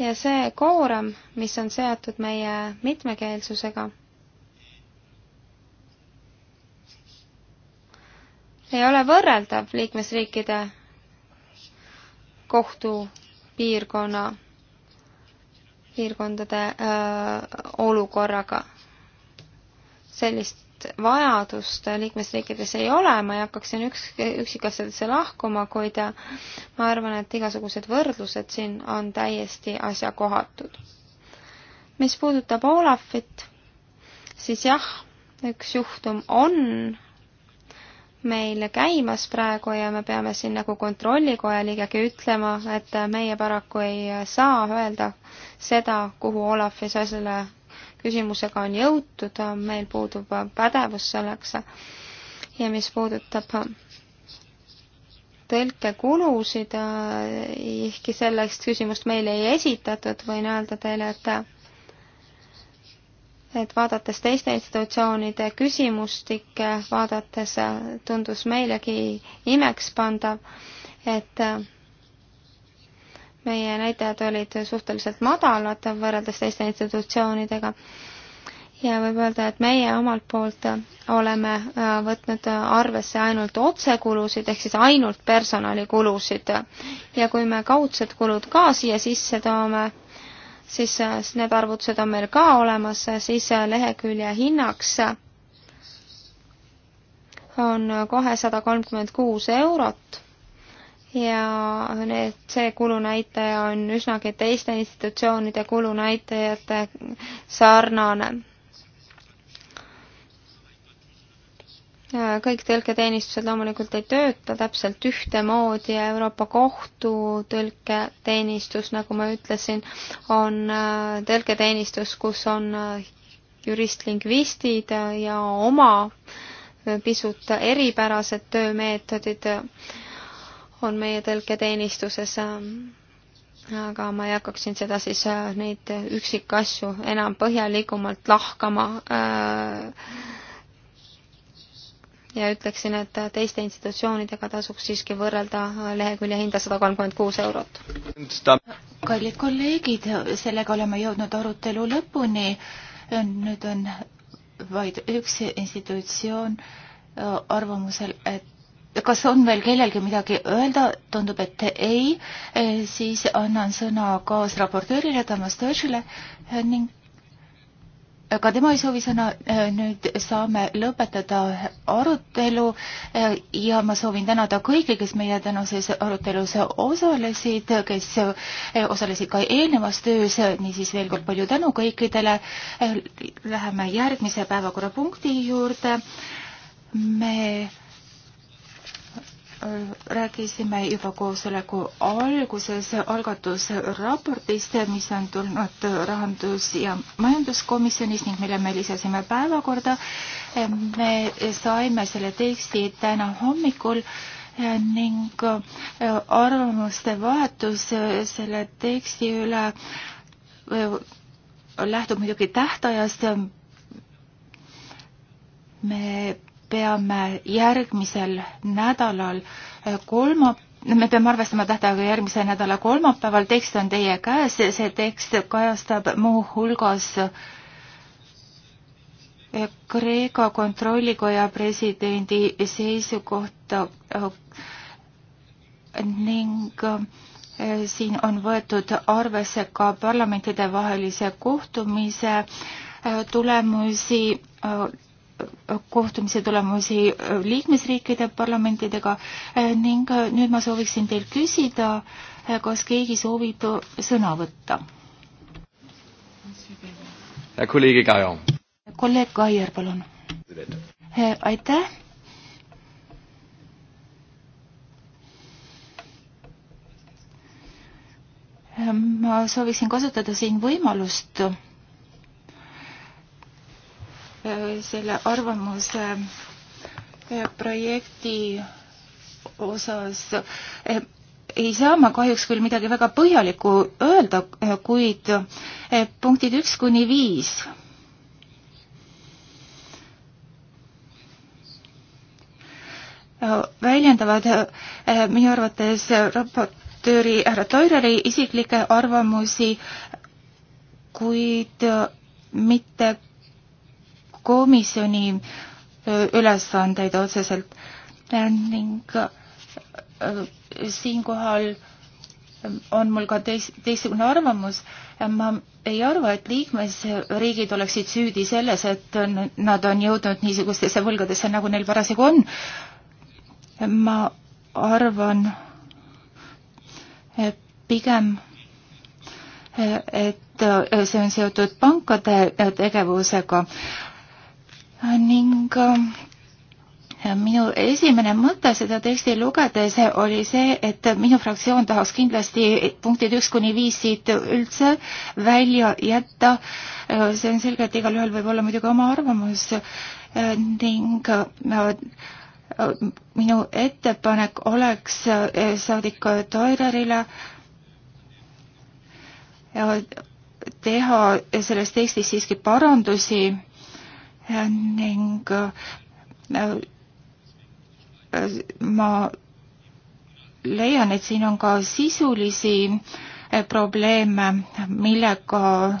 ja see koorem, mis on seotud meie mitmekeelsusega, ei ole võrreldav liikmesriikide kohtupiirkonna piirkondade olukorraga. sellist vajadust liikmesriikides ei ole, ma ei hakkaks siin üks, üksikasjadesse lahkuma, kuid äh, ma arvan, et igasugused võrdlused siin on täiesti asjakohatud. mis puudutab Olafit, siis jah, üks juhtum on meil käimas praegu ja me peame siin nagu kontrollikoja liigegi ütlema, et meie paraku ei saa öelda seda, kuhu Olafi selle küsimusega on jõutud, meil puudub pädevus selleks. ja mis puudutab tõlkekulusid, ehkki sellist küsimust meile ei esitatud, võin öelda teile, et et vaadates teiste institutsioonide küsimustikke, vaadates tundus meilegi imekspandav, et meie näitajad olid suhteliselt madalad võrreldes teiste institutsioonidega ja võib öelda, et meie omalt poolt oleme äh, võtnud arvesse ainult otsekulusid ehk siis ainult personalikulusid ja kui me kaudsed kulud ka siia sisse toome, siis äh, need arvutused on meil ka olemas, äh, siis äh, lehekülje hinnaks on kohe sada kolmkümmend kuus eurot ja need, see kulunäitaja on üsnagi teiste institutsioonide kulunäitajate sarnane Äh, kõik tõlketeenistused loomulikult ei tööta täpselt ühtemoodi ja Euroopa Kohtu tõlketeenistus, nagu ma ütlesin, on äh, tõlketeenistus, kus on äh, juristlingvistid ja oma pisut eripärased töömeetodid on meie tõlketeenistuses. aga ma ei hakkaks siin seda siis, neid üksikasju enam põhjalikumalt lahkama ja ütleksin, et teiste institutsioonidega tasuks siiski võrrelda lehekülje hinda sada kolmkümmend kuus eurot. kallid kolleegid, sellega oleme jõudnud arutelu lõpuni. nüüd on vaid üks institutsioon äh, arvamusel, et kas on veel kellelgi midagi öelda, tundub, et ei, äh, siis annan sõna kaasraportöörile Tamas Tõšile ning ka tema ei soovi sõna, äh, nüüd saame lõpetada arutelu äh, ja ma soovin tänada kõiki, kes meie tänases arutelus osalesid, kes äh, osalesid ka eelnevas töös, niisiis veel kord palju tänu kõikidele. Läheme järgmise päevakorrapunkti juurde. me rääkisime juba koosoleku alguses algatusraportist, mis on tulnud rahandus- ja majanduskomisjonis ning mille me lisasime päevakorda. me saime selle teksti täna hommikul ning arvamuste vahetus selle teksti üle lähtub muidugi tähtajast. me peame järgmisel nädalal eh, kolma, me peame arvestama tähtaega järgmise nädala kolmapäeval, tekst on teie käes, see tekst kajastab muuhulgas eh, Kreeka kontrollikoja presidendi seisukohta eh, ning siin on võetud arvesse ka parlamentidevahelise kohtumise tulemusi kohtumise tulemusi liikmesriikide parlamentidega eh, ning eh, nüüd ma sooviksin teil küsida, eh, kas keegi soovib sõna võtta? kolleeg Kaier. kolleeg Kaier, palun. aitäh. ma sooviksin kasutada siin võimalust selle arvamuse eh, projekti osas eh, ei saa ma kahjuks küll midagi väga põhjalikku öelda, eh, kuid punktid üks kuni viis väljendavad minu arvates raportööri härra Toireri isiklikke arvamusi, kuid mitte komisjoni ülesandeid otseselt äh, ning äh, siinkohal ähm, on mul ka teis, teistsugune arvamus. Äh, ma ei arva, et liikmesriigid oleksid süüdi selles, et nad on jõudnud niisugustesse võlgadesse, nagu neil parasjagu on. ma arvan pigem, et see on seotud pankade tegevusega ning äh, minu esimene mõte seda teksti lugedes oli see, et minu fraktsioon tahaks kindlasti punktid üks kuni viis siit üldse välja jätta. Äh, see on selge, et igalühel võib olla muidugi oma arvamus äh, ning minu ettepanek oleks saadik Toilerile teha selles tekstis siiski parandusi ning äh, ma leian, et siin on ka sisulisi äh, probleeme, millega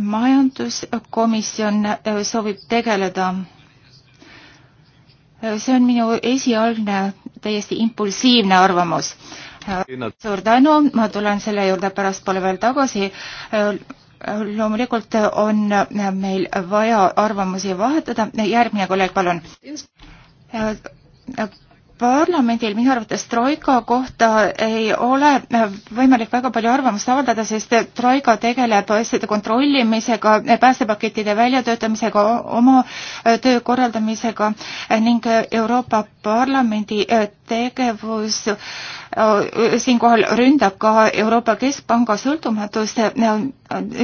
majanduskomisjon äh, soovib tegeleda. see on minu esialgne täiesti impulsiivne arvamus suur tänu, ma tulen selle juurde pärastpoole veel tagasi loomulikult on meil vaja arvamusi vahetada. järgmine kolleeg, palun. Äh, parlamendil minu arvates Troika kohta ei ole võimalik väga palju arvamust avaldada, sest Troika tegeleb asjade kontrollimisega, päästepakettide väljatöötamisega, oma töö korraldamisega ning Euroopa Parlamendi tegevus äh, siinkohal ründab ka Euroopa Keskpanga sõltumatust.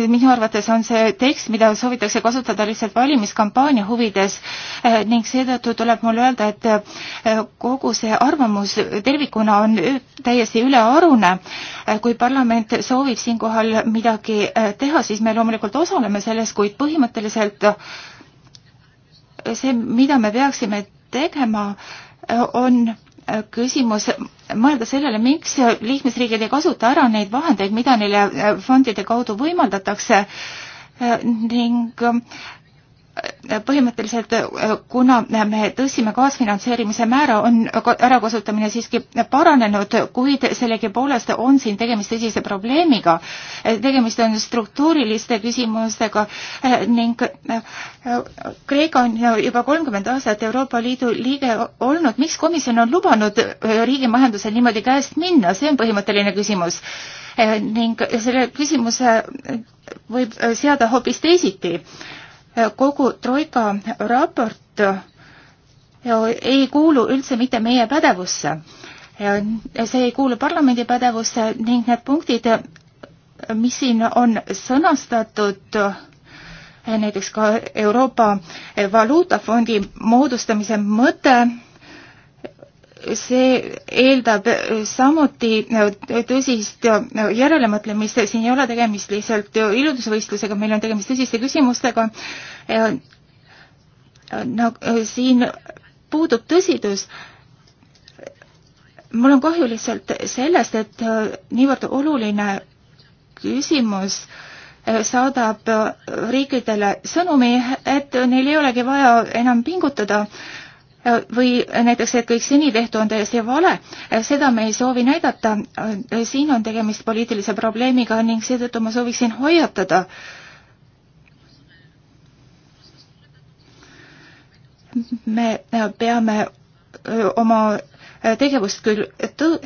minu arvates on see tekst, mida soovitakse kasutada lihtsalt valimiskampaania huvides äh, ning seetõttu tuleb mul öelda, et äh, kogu kogu see arvamus tervikuna on täiesti ülearune. kui parlament soovib siinkohal midagi äh, teha, siis me loomulikult osaleme selles, kuid põhimõtteliselt äh, see, mida me peaksime tegema, äh, on küsimus mõelda sellele, miks liikmesriigid ei kasuta ära neid vahendeid, mida neile fondide kaudu võimaldatakse ning põhimõtteliselt kuna me tõstsime kaasfinantseerimise määra, on ärakasutamine siiski paranenud, kuid sellegipoolest on siin tegemist tõsise probleemiga. tegemist on struktuuriliste küsimustega ning Kreeka on juba kolmkümmend aastat Euroopa Liidu liige olnud. miks komisjon on lubanud riigi majandusel niimoodi käest minna, see on põhimõtteline küsimus ning selle küsimuse võib seada hoopis teisiti kogu Troika raport ei kuulu üldse mitte meie pädevusse. see ei kuulu parlamendi pädevusse ning need punktid, mis siin on sõnastatud, näiteks ka Euroopa Valuutafondi moodustamise mõte, see eeldab äh, samuti äh, tõsist äh, järelemõtlemist, siin ei ole tegemist lihtsalt iludusvõistlusega, meil on tegemist tõsiste küsimustega. no siin puudub tõsidus. mul on kahju lihtsalt sellest, et niivõrd oluline küsimus saadab riikidele sõnumi, et neil ei olegi vaja enam pingutada või näiteks, et kõik seni tehtu on täiesti vale, seda me ei soovi näidata. siin on tegemist poliitilise probleemiga ning seetõttu ma sooviksin hoiatada. me peame oma tegevust küll tõ-,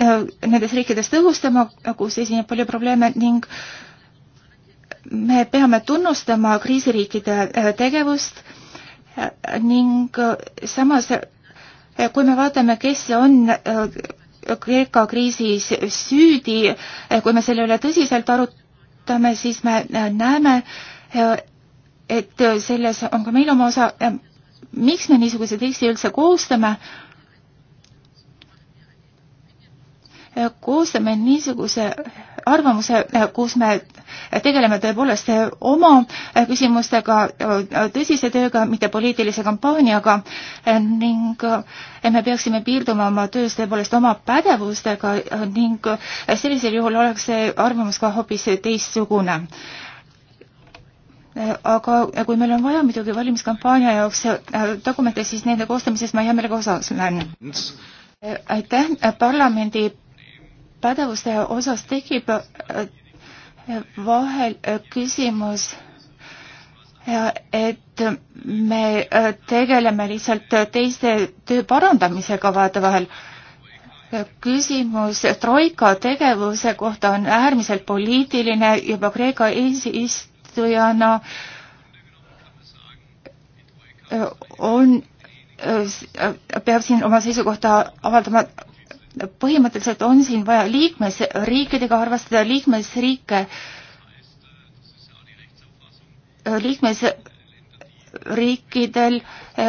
nendes riikides tõhustama, kus esineb palju probleeme ning me peame tunnustama kriisiriikide tegevust ning äh, samas, äh, kui me vaatame, kes on äh, Kreeka kriisis süüdi, kui me selle üle tõsiselt arutame, siis me näeme, et selles on ka meil oma osa, miks me niisuguse teksti üldse koostame, koostame niisuguse arvamuse, eh, kus me tegeleme tõepoolest eh, oma eh, küsimustega, tõsise tööga, mitte poliitilise kampaaniaga ning me peaksime piirduma oma töös tõepoolest oma pädevustega ning sellisel juhul oleks see arvamus ka hoopis teistsugune aga kui meil on vaja muidugi valimiskampaania jaoks dokumente, siis nende koostamises ma hea meelega osas lähen. aitäh, parlamendi pädevuste osas tekib äh, vahel äh, küsimus, et me äh, tegeleme lihtsalt teiste töö parandamisega vahetevahel. küsimus Troika tegevuse kohta on äärmiselt poliitiline, juba Kreeka eesistujana on, peab siin oma seisukohta avaldama põhimõtteliselt on siin vaja liikmesriikidega arvestada liikmesriike, liikmesriikidel,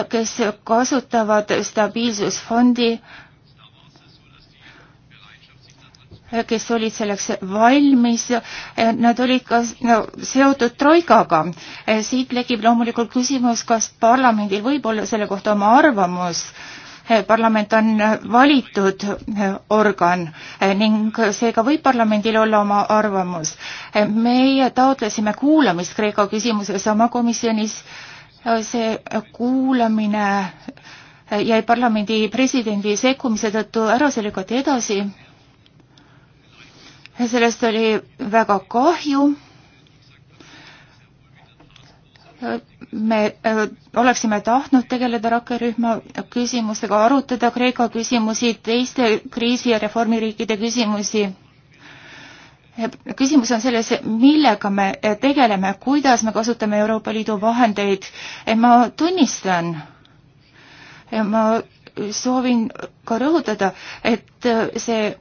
kes kasutavad stabiilsusfondi, kes olid selleks valmis, nad olid ka no, seotud Troikaga. siit tekib loomulikult küsimus, kas parlamendil võib olla selle kohta oma arvamus äh, parlament on valitud organ ning seega võib parlamendil olla oma arvamus. meie taotlesime kuulamist Kreeka küsimuses oma komisjonis. see kuulamine jäi parlamendi presidendi sekkumise tõttu ära, see lükati edasi. sellest oli väga kahju me äh, oleksime tahtnud tegeleda rakkerühma küsimustega, arutada Kreeka küsimusi, teiste kriisi- ja reformiriikide küsimusi. küsimus on selles, millega me tegeleme, kuidas me kasutame Euroopa Liidu vahendeid. ma tunnistan, ma soovin ka rõhutada, et see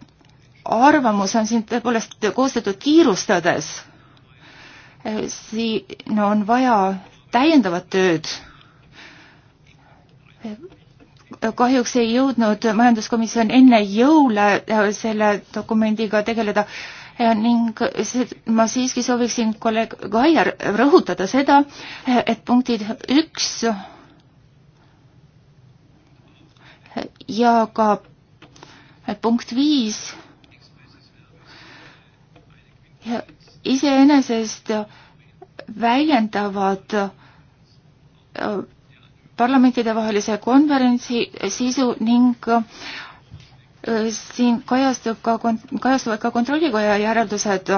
arvamus on siin tõepoolest koostatud kiirustades Äh, siin on vaja täiendavat tööd. Äh, kahjuks ei jõudnud majanduskomisjon enne jõule äh, selle dokumendiga tegeleda ning ma siiski sooviksin kolleeg Kaier rõhutada seda, et punktid üks ja ka punkt viis iseenesest väljendavad äh, parlamentidevahelise konverentsi sisu ning äh, siin kajastub ka, kajastuvad ka kontrollikoja järeldused.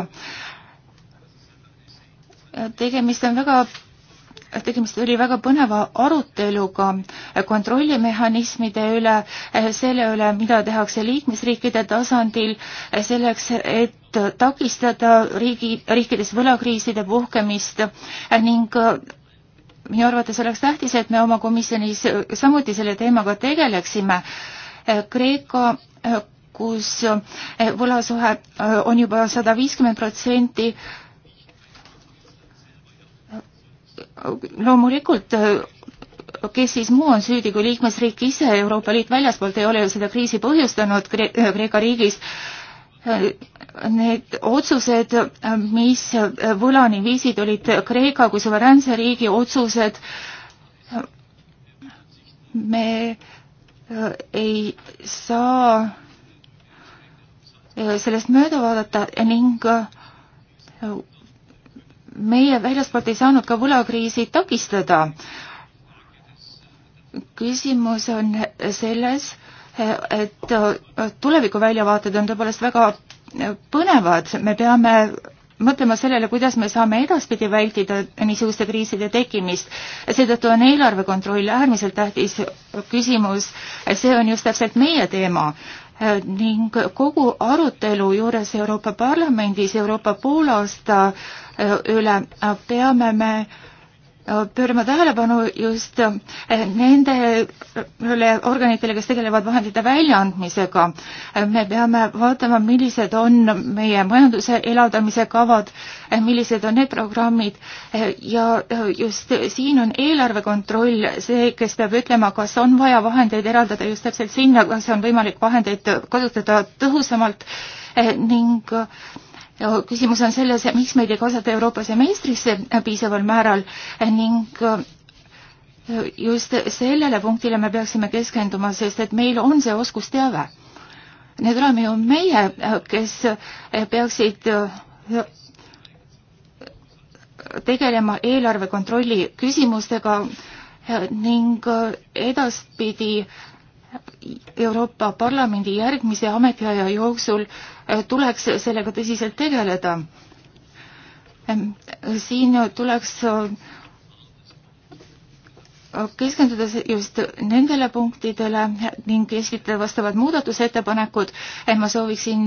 tegemist on väga tegemist oli väga põneva aruteluga kontrollimehhanismide üle, selle üle, mida tehakse liikmesriikide tasandil selleks, et takistada riigi, riikides võlakriiside puhkemist ning minu arvates oleks tähtis, et me oma komisjonis samuti selle teemaga tegeleksime. Kreeka kus võlasuhe on juba sada viiskümmend protsenti loomulikult kes siis muu on süüdi kui liikmesriik ise, Euroopa Liit väljaspoolt ei ole ju seda kriisi põhjustanud Kre Kreeka riigis. Need otsused, mis võlani viisid, olid Kreeka kui suveräänse riigi otsused. me ei saa sellest mööda vaadata ning meie väljaspoolt ei saanud ka võlakriisi takistada. küsimus on selles, et tulevikuväljavaated on tõepoolest väga põnevad, me peame mõtlema sellele, kuidas me saame edaspidi vältida niisuguste kriiside tekkimist. seetõttu on eelarve kontroll äärmiselt tähtis küsimus, see on just täpselt meie teema ning kogu arutelu juures Euroopa Parlamendis Euroopa poolaasta üle peame me äh, pöörama tähelepanu just äh, nendele organitele, kes tegelevad vahendite väljaandmisega. Äh, me peame vaatama, millised on meie majanduse elavdamise kavad, millised on need programmid ja just siin on eelarve kontroll see, kes peab ütlema, kas on vaja vahendeid eraldada just täpselt sinna, kas on võimalik vahendeid kasutada tõhusamalt ning küsimus on selles, miks meid ei kaasata Euroopa semestrisse piisaval määral ning äh, just sellele punktile me peaksime keskenduma, sest et meil on see oskusteave. Need oleme ju meie, äh, kes äh, peaksid tegelema eelarve kontrolli küsimustega ning edaspidi Euroopa Parlamendi järgmise ametiaja jooksul äh, tuleks sellega tõsiselt tegeleda. Ähm, siin tuleks äh, keskenduda just nendele punktidele ning esitada vastavad muudatusettepanekud. Äh, ma sooviksin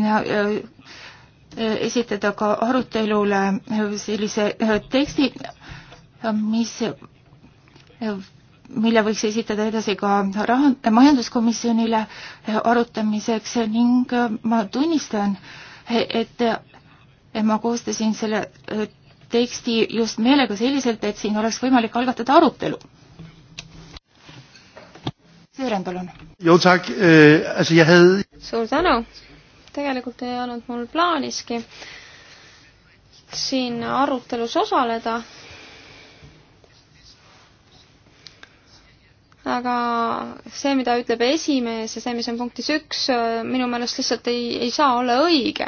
esitada ka arutelule sellise teksti, mis mille võiks esitada edasi ka raha, majanduskomisjonile arutamiseks ning ma tunnistan, et ma koostasin selle teksti just meelega selliselt, et siin oleks võimalik algatada arutelu. Sõõren, palun. Eh, suur tänu. tegelikult ei olnud mul plaaniski siin arutelus osaleda aga see, mida ütleb esimees ja see, mis on punktis üks, minu meelest lihtsalt ei, ei saa olla õige.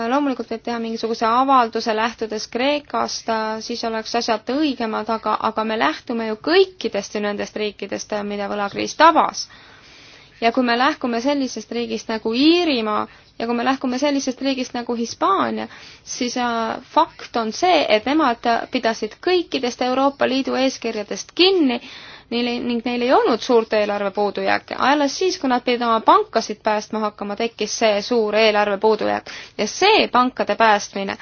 loomulikult võib teha mingisuguse avalduse, lähtudes Kreekast, siis oleks asjad õigemad, aga, aga me lähtume ju kõikidest ju nendest riikidest, mida võlakriis tabas ja kui me lähkume sellisest riigist nagu Iirimaa ja kui me lähkume sellisest riigist nagu Hispaania, siis äh, fakt on see, et nemad pidasid kõikidest Euroopa Liidu eeskirjadest kinni neil ei, ning neil ei olnud suurt eelarve puudujääki. alles siis, kui nad pidid oma pankasid päästma hakkama, tekkis see suur eelarve puudujääk ja see pankade päästmine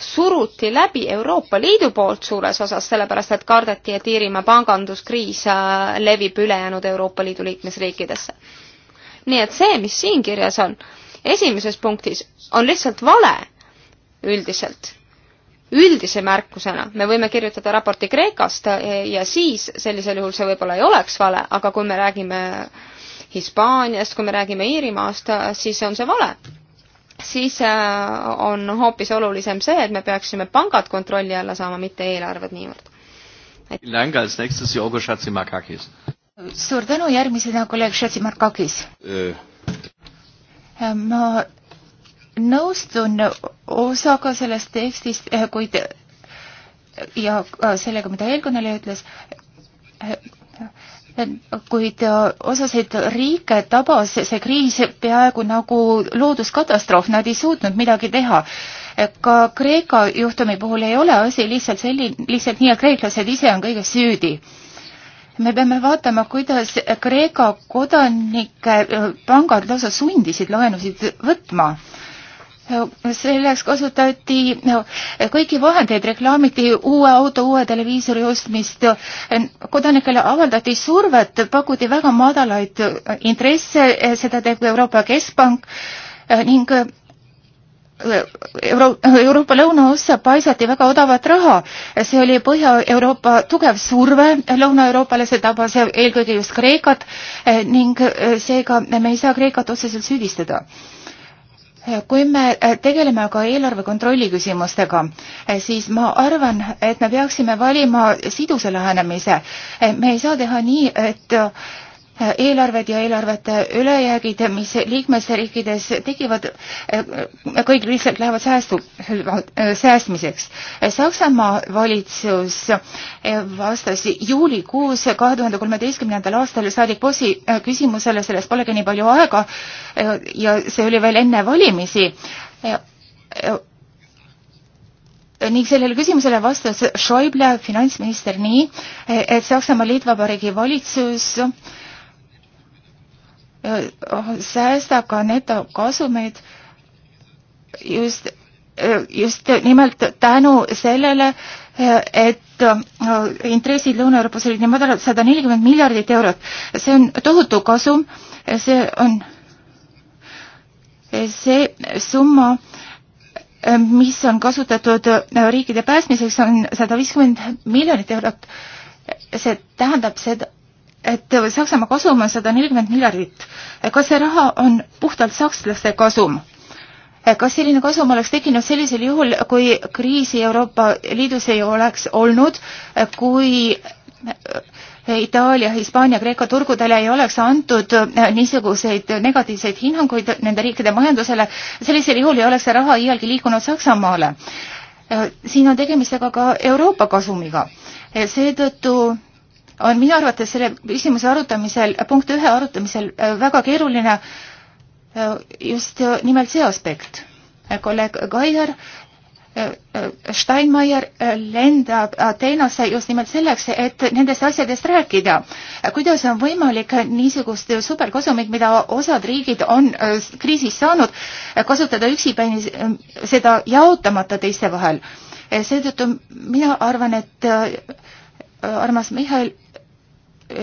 suruti läbi Euroopa Liidu poolt suures osas, sellepärast et kardeti, et Iirimaa panganduskriis äh, levib ülejäänud Euroopa Liidu liikmesriikidesse. nii et see, mis siin kirjas on, esimeses punktis on lihtsalt vale üldiselt üldise märkusena me võime kirjutada raporti Kreekast ja siis sellisel juhul see võib-olla ei oleks vale, aga kui me räägime Hispaaniast, kui me räägime Iirimaast, siis on see vale. siis äh, on hoopis olulisem see, et me peaksime pangad kontrolli alla saama, mitte eelarved niivõrd. suur tänu, järgmisena kolleeg Šatsimarkakis. Äh. Äh, ma nõustun osaga sellest tekstist, eh, kuid ja äh, sellega, mida eelkõneleja ütles, eh, kuid äh, osasid riike tabas see kriis peaaegu nagu looduskatastroof, nad ei suutnud midagi teha. ka Kreeka juhtumi puhul ei ole asi lihtsalt selline, lihtsalt nii, et kreeklased ise on kõiges süüdi me peame vaatama, kuidas Kreeka kodanike äh, pangad lausa sundisid laenusid võtma selleks kasutati kõiki vahendeid, reklaamiti uue auto, uue televiisori ostmist, kodanikele avaldati survet, pakuti väga madalaid intresse, seda teeb Euroopa Keskpank ning Euro Euroopa lõunaossa paisati väga odavat raha. see oli Põhja-Euroopa tugev surve Lõuna-Euroopale, see tabas eelkõige just Kreekat ning seega me ei saa Kreekat otseselt süüdistada kui me äh, tegeleme aga eelarve kontrolli küsimustega, äh, siis ma arvan, et me peaksime valima siduse lähenemise. Äh, me ei saa teha nii, et eelarved ja eelarvete ülejäägid, mis liikmesriikides tekivad, äh, kõik lihtsalt lähevad säästu, säästmiseks. Saksamaa valitsus äh, vastas juulikuus kahe tuhande kolmeteistkümnendal aastal saadik Bossi äh, küsimusele, sellest polegi nii palju aega ja see oli veel enne valimisi ning sellele küsimusele vastas Schäuble, finantsminister, nii, et Saksamaa Liitvabariigi valitsus äh, Äh, säästab ka netokasumeid just, äh, just nimelt tänu sellele, äh, et intressid Lõuna-Euroopas olid nii madalad, sada nelikümmend miljardit eurot. see on tohutu kasum, see on see summa, mis on kasutatud riikide päästmiseks, on sada viiskümmend miljonit eurot. see tähendab seda, et Saksamaa kasum on sada nelikümmend miljardit. kas see raha on puhtalt sakslaste kasum? kas selline kasum oleks tekkinud sellisel juhul, kui kriisi Euroopa Liidus ei oleks olnud, kui Itaalia, Hispaania, Kreeka turgudele ei oleks antud niisuguseid negatiivseid hinnanguid nende riikide majandusele, sellisel juhul ei oleks see raha iialgi liikunud Saksamaale. siin on tegemist aga ka Euroopa kasumiga. seetõttu on minu arvates selle küsimuse arutamisel, punkt ühe arutamisel äh, väga keeruline äh, just äh, nimelt see aspekt. kolleeg Kaier Steinmeier lendab Ateenasse just nimelt selleks, et nendest asjadest rääkida. kuidas on võimalik niisugust superkasumit, mida osad riigid on kriisis saanud, kasutada üksipäini seda jaotamata teiste vahel? seetõttu mina arvan, et armas Mihhail,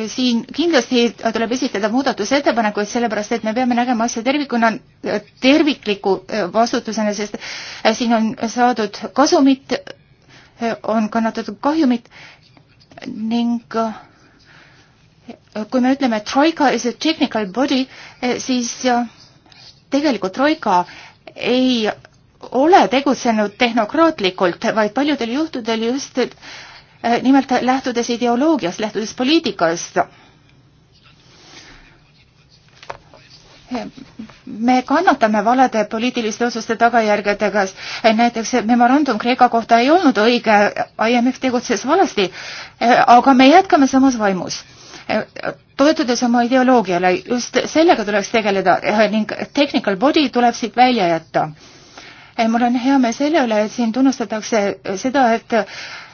siin kindlasti tuleb esitada muudatusettepanekuid, sellepärast et me peame nägema asja tervikuna, tervikliku äh, vastutusena, sest äh, siin on saadud kasumit, äh, on kannatatud kahjumit ning kui me ütleme, et troika is a technical body, siis tegelikult troika ei ole tegutsenud tehnokraatlikult, vaid paljudel juhtudel just Eh, nimelt lähtudes ideoloogiast, lähtudes poliitikast. Eh, me kannatame valede poliitiliste otsuste tagajärgede käes. Eh, näiteks memorandum Kreeka kohta ei olnud õige, IMF tegutses valesti, aga me jätkame samas vaimus toetudes oma ideoloogiale, just sellega tuleks tegeleda ning technical body tuleb siit välja jätta. mul on hea meel selle üle, et siin tunnustatakse seda, et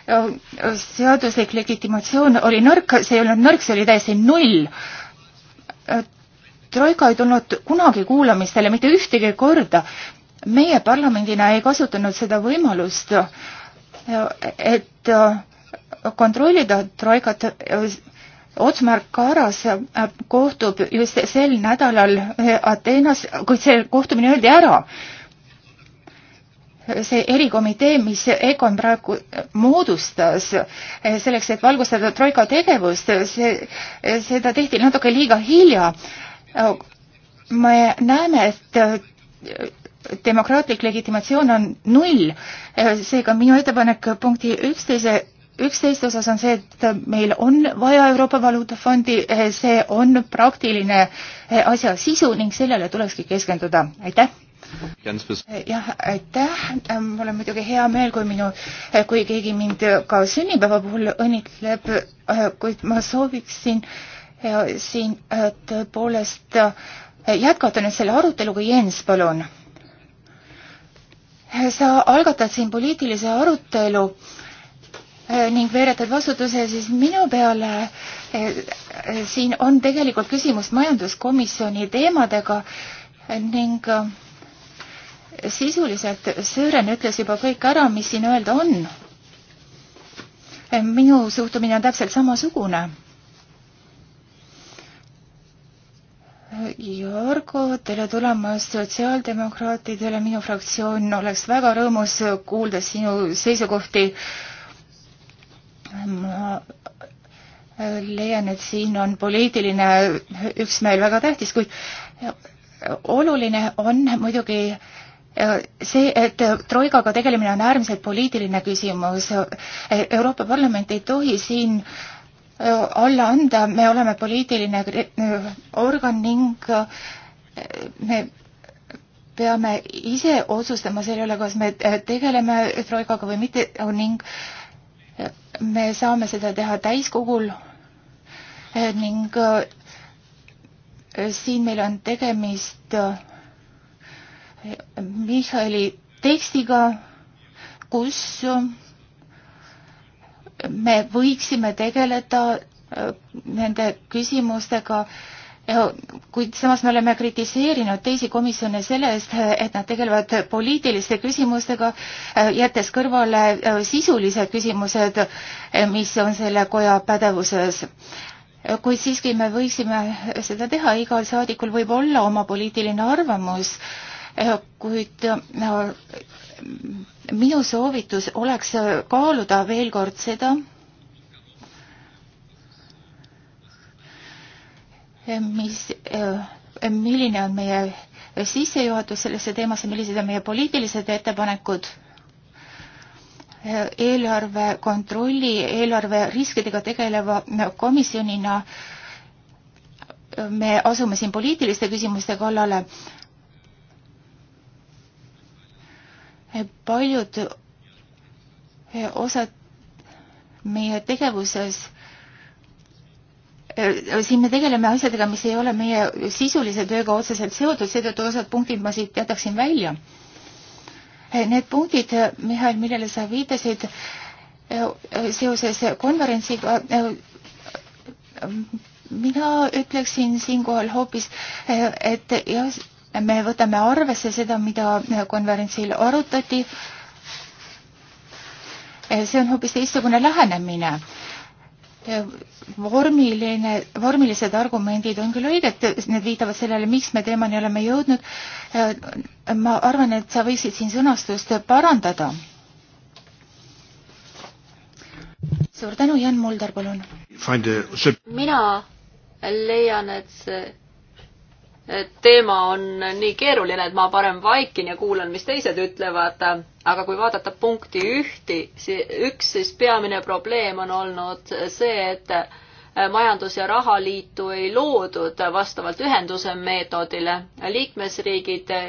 Äh, seaduslik legitimatsioon oli nõrk, see ei olnud nõrk, see oli täiesti null. Äh, troika ei tulnud kunagi kuulamistele mitte ühtegi korda. meie parlamendina ei kasutanud seda võimalust, äh, et kontrollida troikat. Otsmar Karas kohtub just sel nädalal Ateenas, kuid see kohtumine öeldi ära see erikomitee, mis EKOn praegu moodustas selleks, et valgustada Troika tegevust, see, seda tehti natuke liiga hilja. me näeme, et demokraatlik legitimatsioon on null, seega minu ettepanek punkti üksteise üksteist osas on see, et meil on vaja Euroopa Valuutafondi, see on praktiline asja sisu ning sellele tulekski keskenduda, aitäh! jah, aitäh, ähm, mul on muidugi hea meel, kui minu, äh, kui keegi mind äh, ka sünnipäeva puhul õnnitleb, äh, kuid ma sooviksin ja, siin tõepoolest jätkata nüüd selle aruteluga, Jens, palun. sa algatad siin poliitilise arutelu ning veeretad vastutuse siis minu peale. siin on tegelikult küsimus majanduskomisjoni teemadega ning sisuliselt Sõõren ütles juba kõik ära, mis siin öelda on. minu suhtumine on täpselt samasugune. Jorgo, tere tulemast sotsiaaldemokraatidele, minu fraktsioon oleks väga rõõmus kuulda sinu seisukohti. ma leian, et siin on poliitiline üksmeel väga tähtis, kuid oluline on muidugi äh, Äh, see, et äh, Troikaga tegelemine on äärmiselt poliitiline küsimus. Äh, Euroopa Parlament ei tohi siin alla anda, me oleme poliitiline organ ning me peame ise otsustama selle üle, kas me tegeleme Troikaga või mitte ning me saame seda teha täiskogul ning siin meil on tegemist äh, Michali tekstiga, kus me võiksime tegeleda äh, nende küsimustega, äh, kuid samas me oleme kritiseerinud teisi komisjone selle eest, et nad tegelevad poliitiliste küsimustega, äh, jättes kõrvale sisulised küsimused, mis on selle koja pädevuses kuid siiski me võiksime seda teha, igal saadikul võib olla oma poliitiline arvamus Eh, kuid eh, minu soovitus oleks kaaluda veel kord seda, eh, mis, milline on meie sissejuhatus sellesse teemasse, millised on meie poliitilised ettepanekud eelarve kontrolli, eelarve riskidega tegeleva komisjonina me asume siin poliitiliste küsimuste kallale paljud eh, osad meie tegevuses eh, siin me tegeleme asjadega, mis ei ole meie sisulise tööga otseselt seotud, seetõttu osad punktid ma siit jätaksin välja. Eh, need punktid, Mihhail, millele sa viitasid seoses konverentsiga, mm, mina ütleksin siinkohal hoopis, et jah, me võtame arvesse seda, mida konverentsil arutati. see on hoopis teistsugune lähenemine. vormiline, vormilised argumendid on küll õiged, need viitavad sellele, miks me teemani oleme jõudnud. ma arvan, et sa võiksid siin sõnastust parandada. suur tänu, Jan Mulder, palun. mina leian, et see teema on nii keeruline, et ma parem vaikin ja kuulan, mis teised ütlevad. aga kui vaadata punkti ühti, üks siis peamine probleem on olnud see, et äh, majandus- ja rahaliitu ei loodud vastavalt ühenduse meetodile. liikmesriigid äh,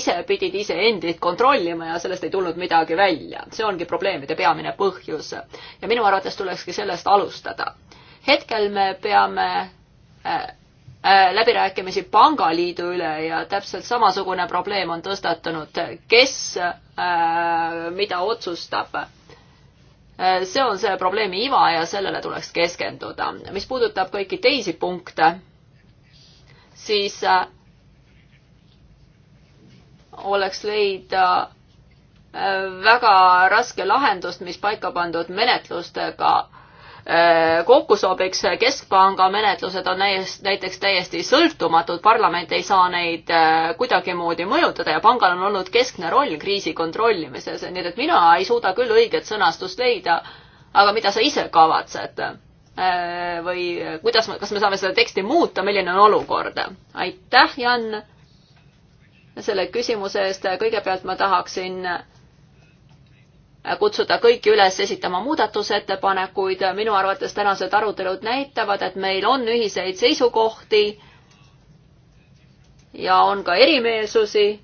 ise pidid iseendid kontrollima ja sellest ei tulnud midagi välja. see ongi probleemide peamine põhjus. ja minu arvates tulekski sellest alustada. hetkel me peame äh, Äh, läbirääkimisi pangaliidu üle ja täpselt samasugune probleem on tõstatunud, kes äh, mida otsustab. Äh, see on see probleemi iva ja sellele tuleks keskenduda. mis puudutab kõiki teisi punkte, siis oleks leida väga raske lahendust, mis paika pandud menetlustega Äh, kokku sobiks. keskpanga menetlused on näiteks täiesti sõltumatud, parlament ei saa neid äh, kuidagimoodi mõjutada ja pangal on olnud keskne roll kriisi kontrollimises, nii et mina ei suuda küll õiget sõnastust leida. aga mida sa ise kavatsed? Äh, või kuidas, kas me saame seda teksti muuta, milline on olukord? aitäh, Jan, selle küsimuse eest. kõigepealt ma tahaksin kutsuda kõiki üles esitama muudatusettepanekuid. minu arvates tänased arutelud näitavad, et meil on ühiseid seisukohti ja on ka erimeelsusi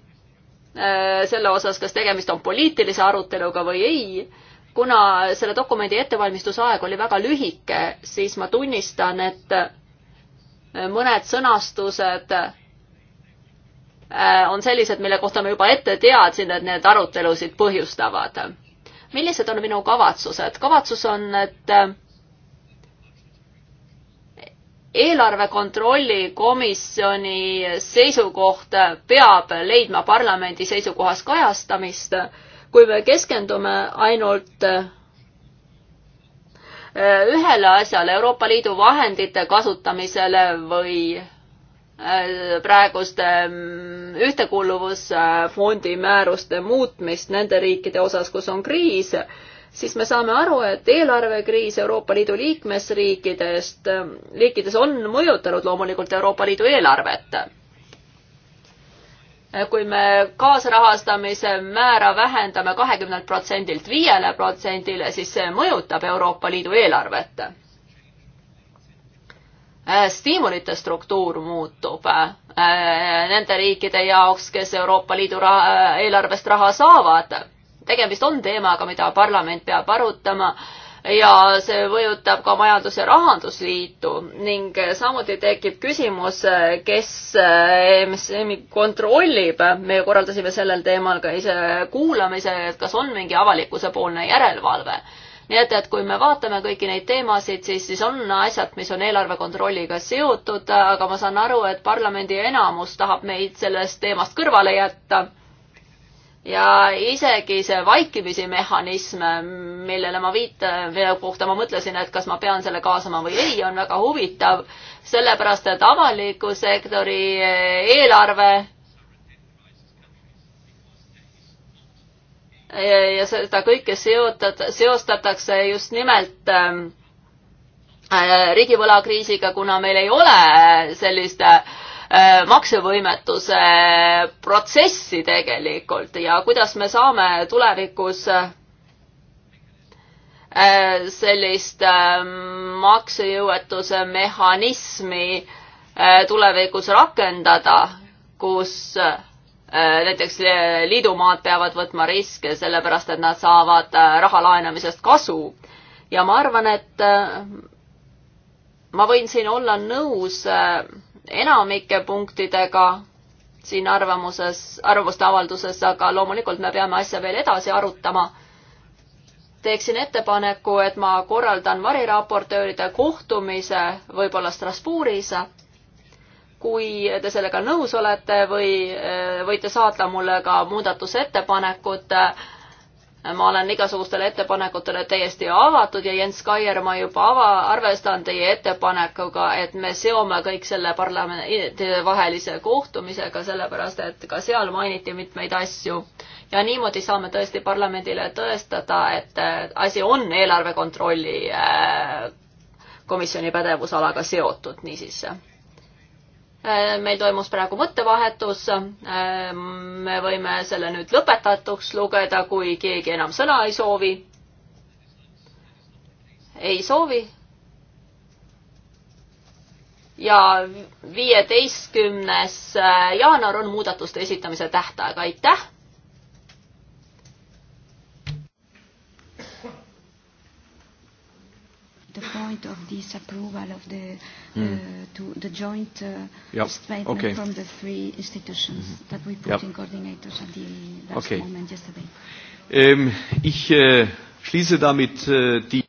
äh, selle osas, kas tegemist on poliitilise aruteluga või ei. kuna selle dokumendi ettevalmistusaeg oli väga lühike, siis ma tunnistan, et äh, mõned sõnastused äh, on sellised, mille kohta ma juba ette teadsin, et need arutelusid põhjustavad millised on minu kavatsused? kavatsus on, et äh, eelarve kontrolli komisjoni seisukoht peab leidma parlamendi seisukohas kajastamist. kui me keskendume ainult äh, ühele asjale, Euroopa Liidu vahendite kasutamisele või praeguste mm, ühtekuuluvusfondi määruste muutmist nende riikide osas, kus on kriis, siis me saame aru, et eelarvekriis Euroopa Liidu liikmesriikidest, riikides on mõjutanud loomulikult Euroopa Liidu eelarvet. kui me kaasrahastamise määra vähendame kahekümnelt protsendilt viiele protsendile, siis see mõjutab Euroopa Liidu eelarvet Äh, stiimulite struktuur muutub äh, nende riikide jaoks, kes Euroopa Liidu raha, äh, eelarvest raha saavad. tegemist on teemaga, mida parlament peab arutama ja see mõjutab ka Majandus- ja Rahandusliitu ning samuti tekib küsimus, kes MSM-i kontrollib. me korraldasime sellel teemal ka ise kuulamise, et kas on mingi avalikkusepoolne järelevalve nii et, et kui me vaatame kõiki neid teemasid, siis, siis on asjad, mis on eelarve kontrolliga seotud, aga ma saan aru, et parlamendi enamus tahab meid sellest teemast kõrvale jätta. ja isegi see vaikimisi mehhanism, millele ma viit-, mille kohta ma mõtlesin, et kas ma pean selle kaasama või ei, on väga huvitav, sellepärast et avaliku sektori eelarve ja seda kõike seotat-, seostatakse just nimelt ähm, äh, riigivõlakriisiga, kuna meil ei ole sellist äh, maksevõimetuse protsessi tegelikult ja kuidas me saame tulevikus äh, sellist ähm, maksejõuetuse mehhanismi tulevikus rakendada, kus Äh, näiteks äh, liidumaad peavad võtma riske, sellepärast et nad saavad äh, raha laenamisest kasu. ja ma arvan, et ma võin siin olla nõus enamike punktidega siin arvamuses, arvamuste avalduses, aga loomulikult me peame asja veel edasi arutama. teeksin ettepaneku, et ma korraldan variraportööride kohtumise võib-olla Strasbourgis kui te sellega nõus olete või eh, võite saata mulle ka muudatusettepanekud. ma olen igasugustele ettepanekutele täiesti avatud ja Jens Kaier, ma juba ava-, arvestan teie ettepanekuga, et me seome kõik selle parlamendivahelise kohtumisega, sellepärast et ka seal mainiti mitmeid asju. ja niimoodi saame tõesti parlamendile tõestada, et eh, asi on eelarve kontrolli eh, komisjoni pädevusalaga seotud, niisiis Äh, meil toimus praegu mõttevahetus, äh, me võime selle nüüd lõpetatuks lugeda, kui keegi enam sõna ei soovi. ei soovi. ja viieteistkümnes äh, jaanuar on muudatuste esitamise tähtaeg, aitäh the point of this approval of the mm. uh, to the joint uh, yep. statement okay. from the three institutions mm -hmm. that we put yep. in coordinators at the last okay. moment yesterday. Ähm, ich äh, schließe damit äh, die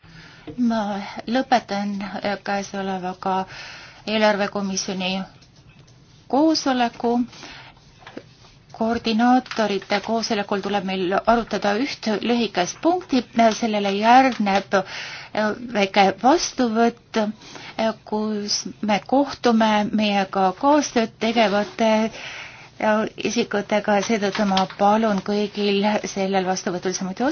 ma lõpetan uh, käesolevaga eelarvekomisjoni koosoleku koordinaatorite koosolekul tuleb meil arutada üht lühikest punkti, sellele järgneb äh, väike vastuvõtt, äh, kus me kohtume meiega koostööd tegevate äh, isikutega, seetõttu ma palun kõigil sellel vastuvõtul samuti osaleda.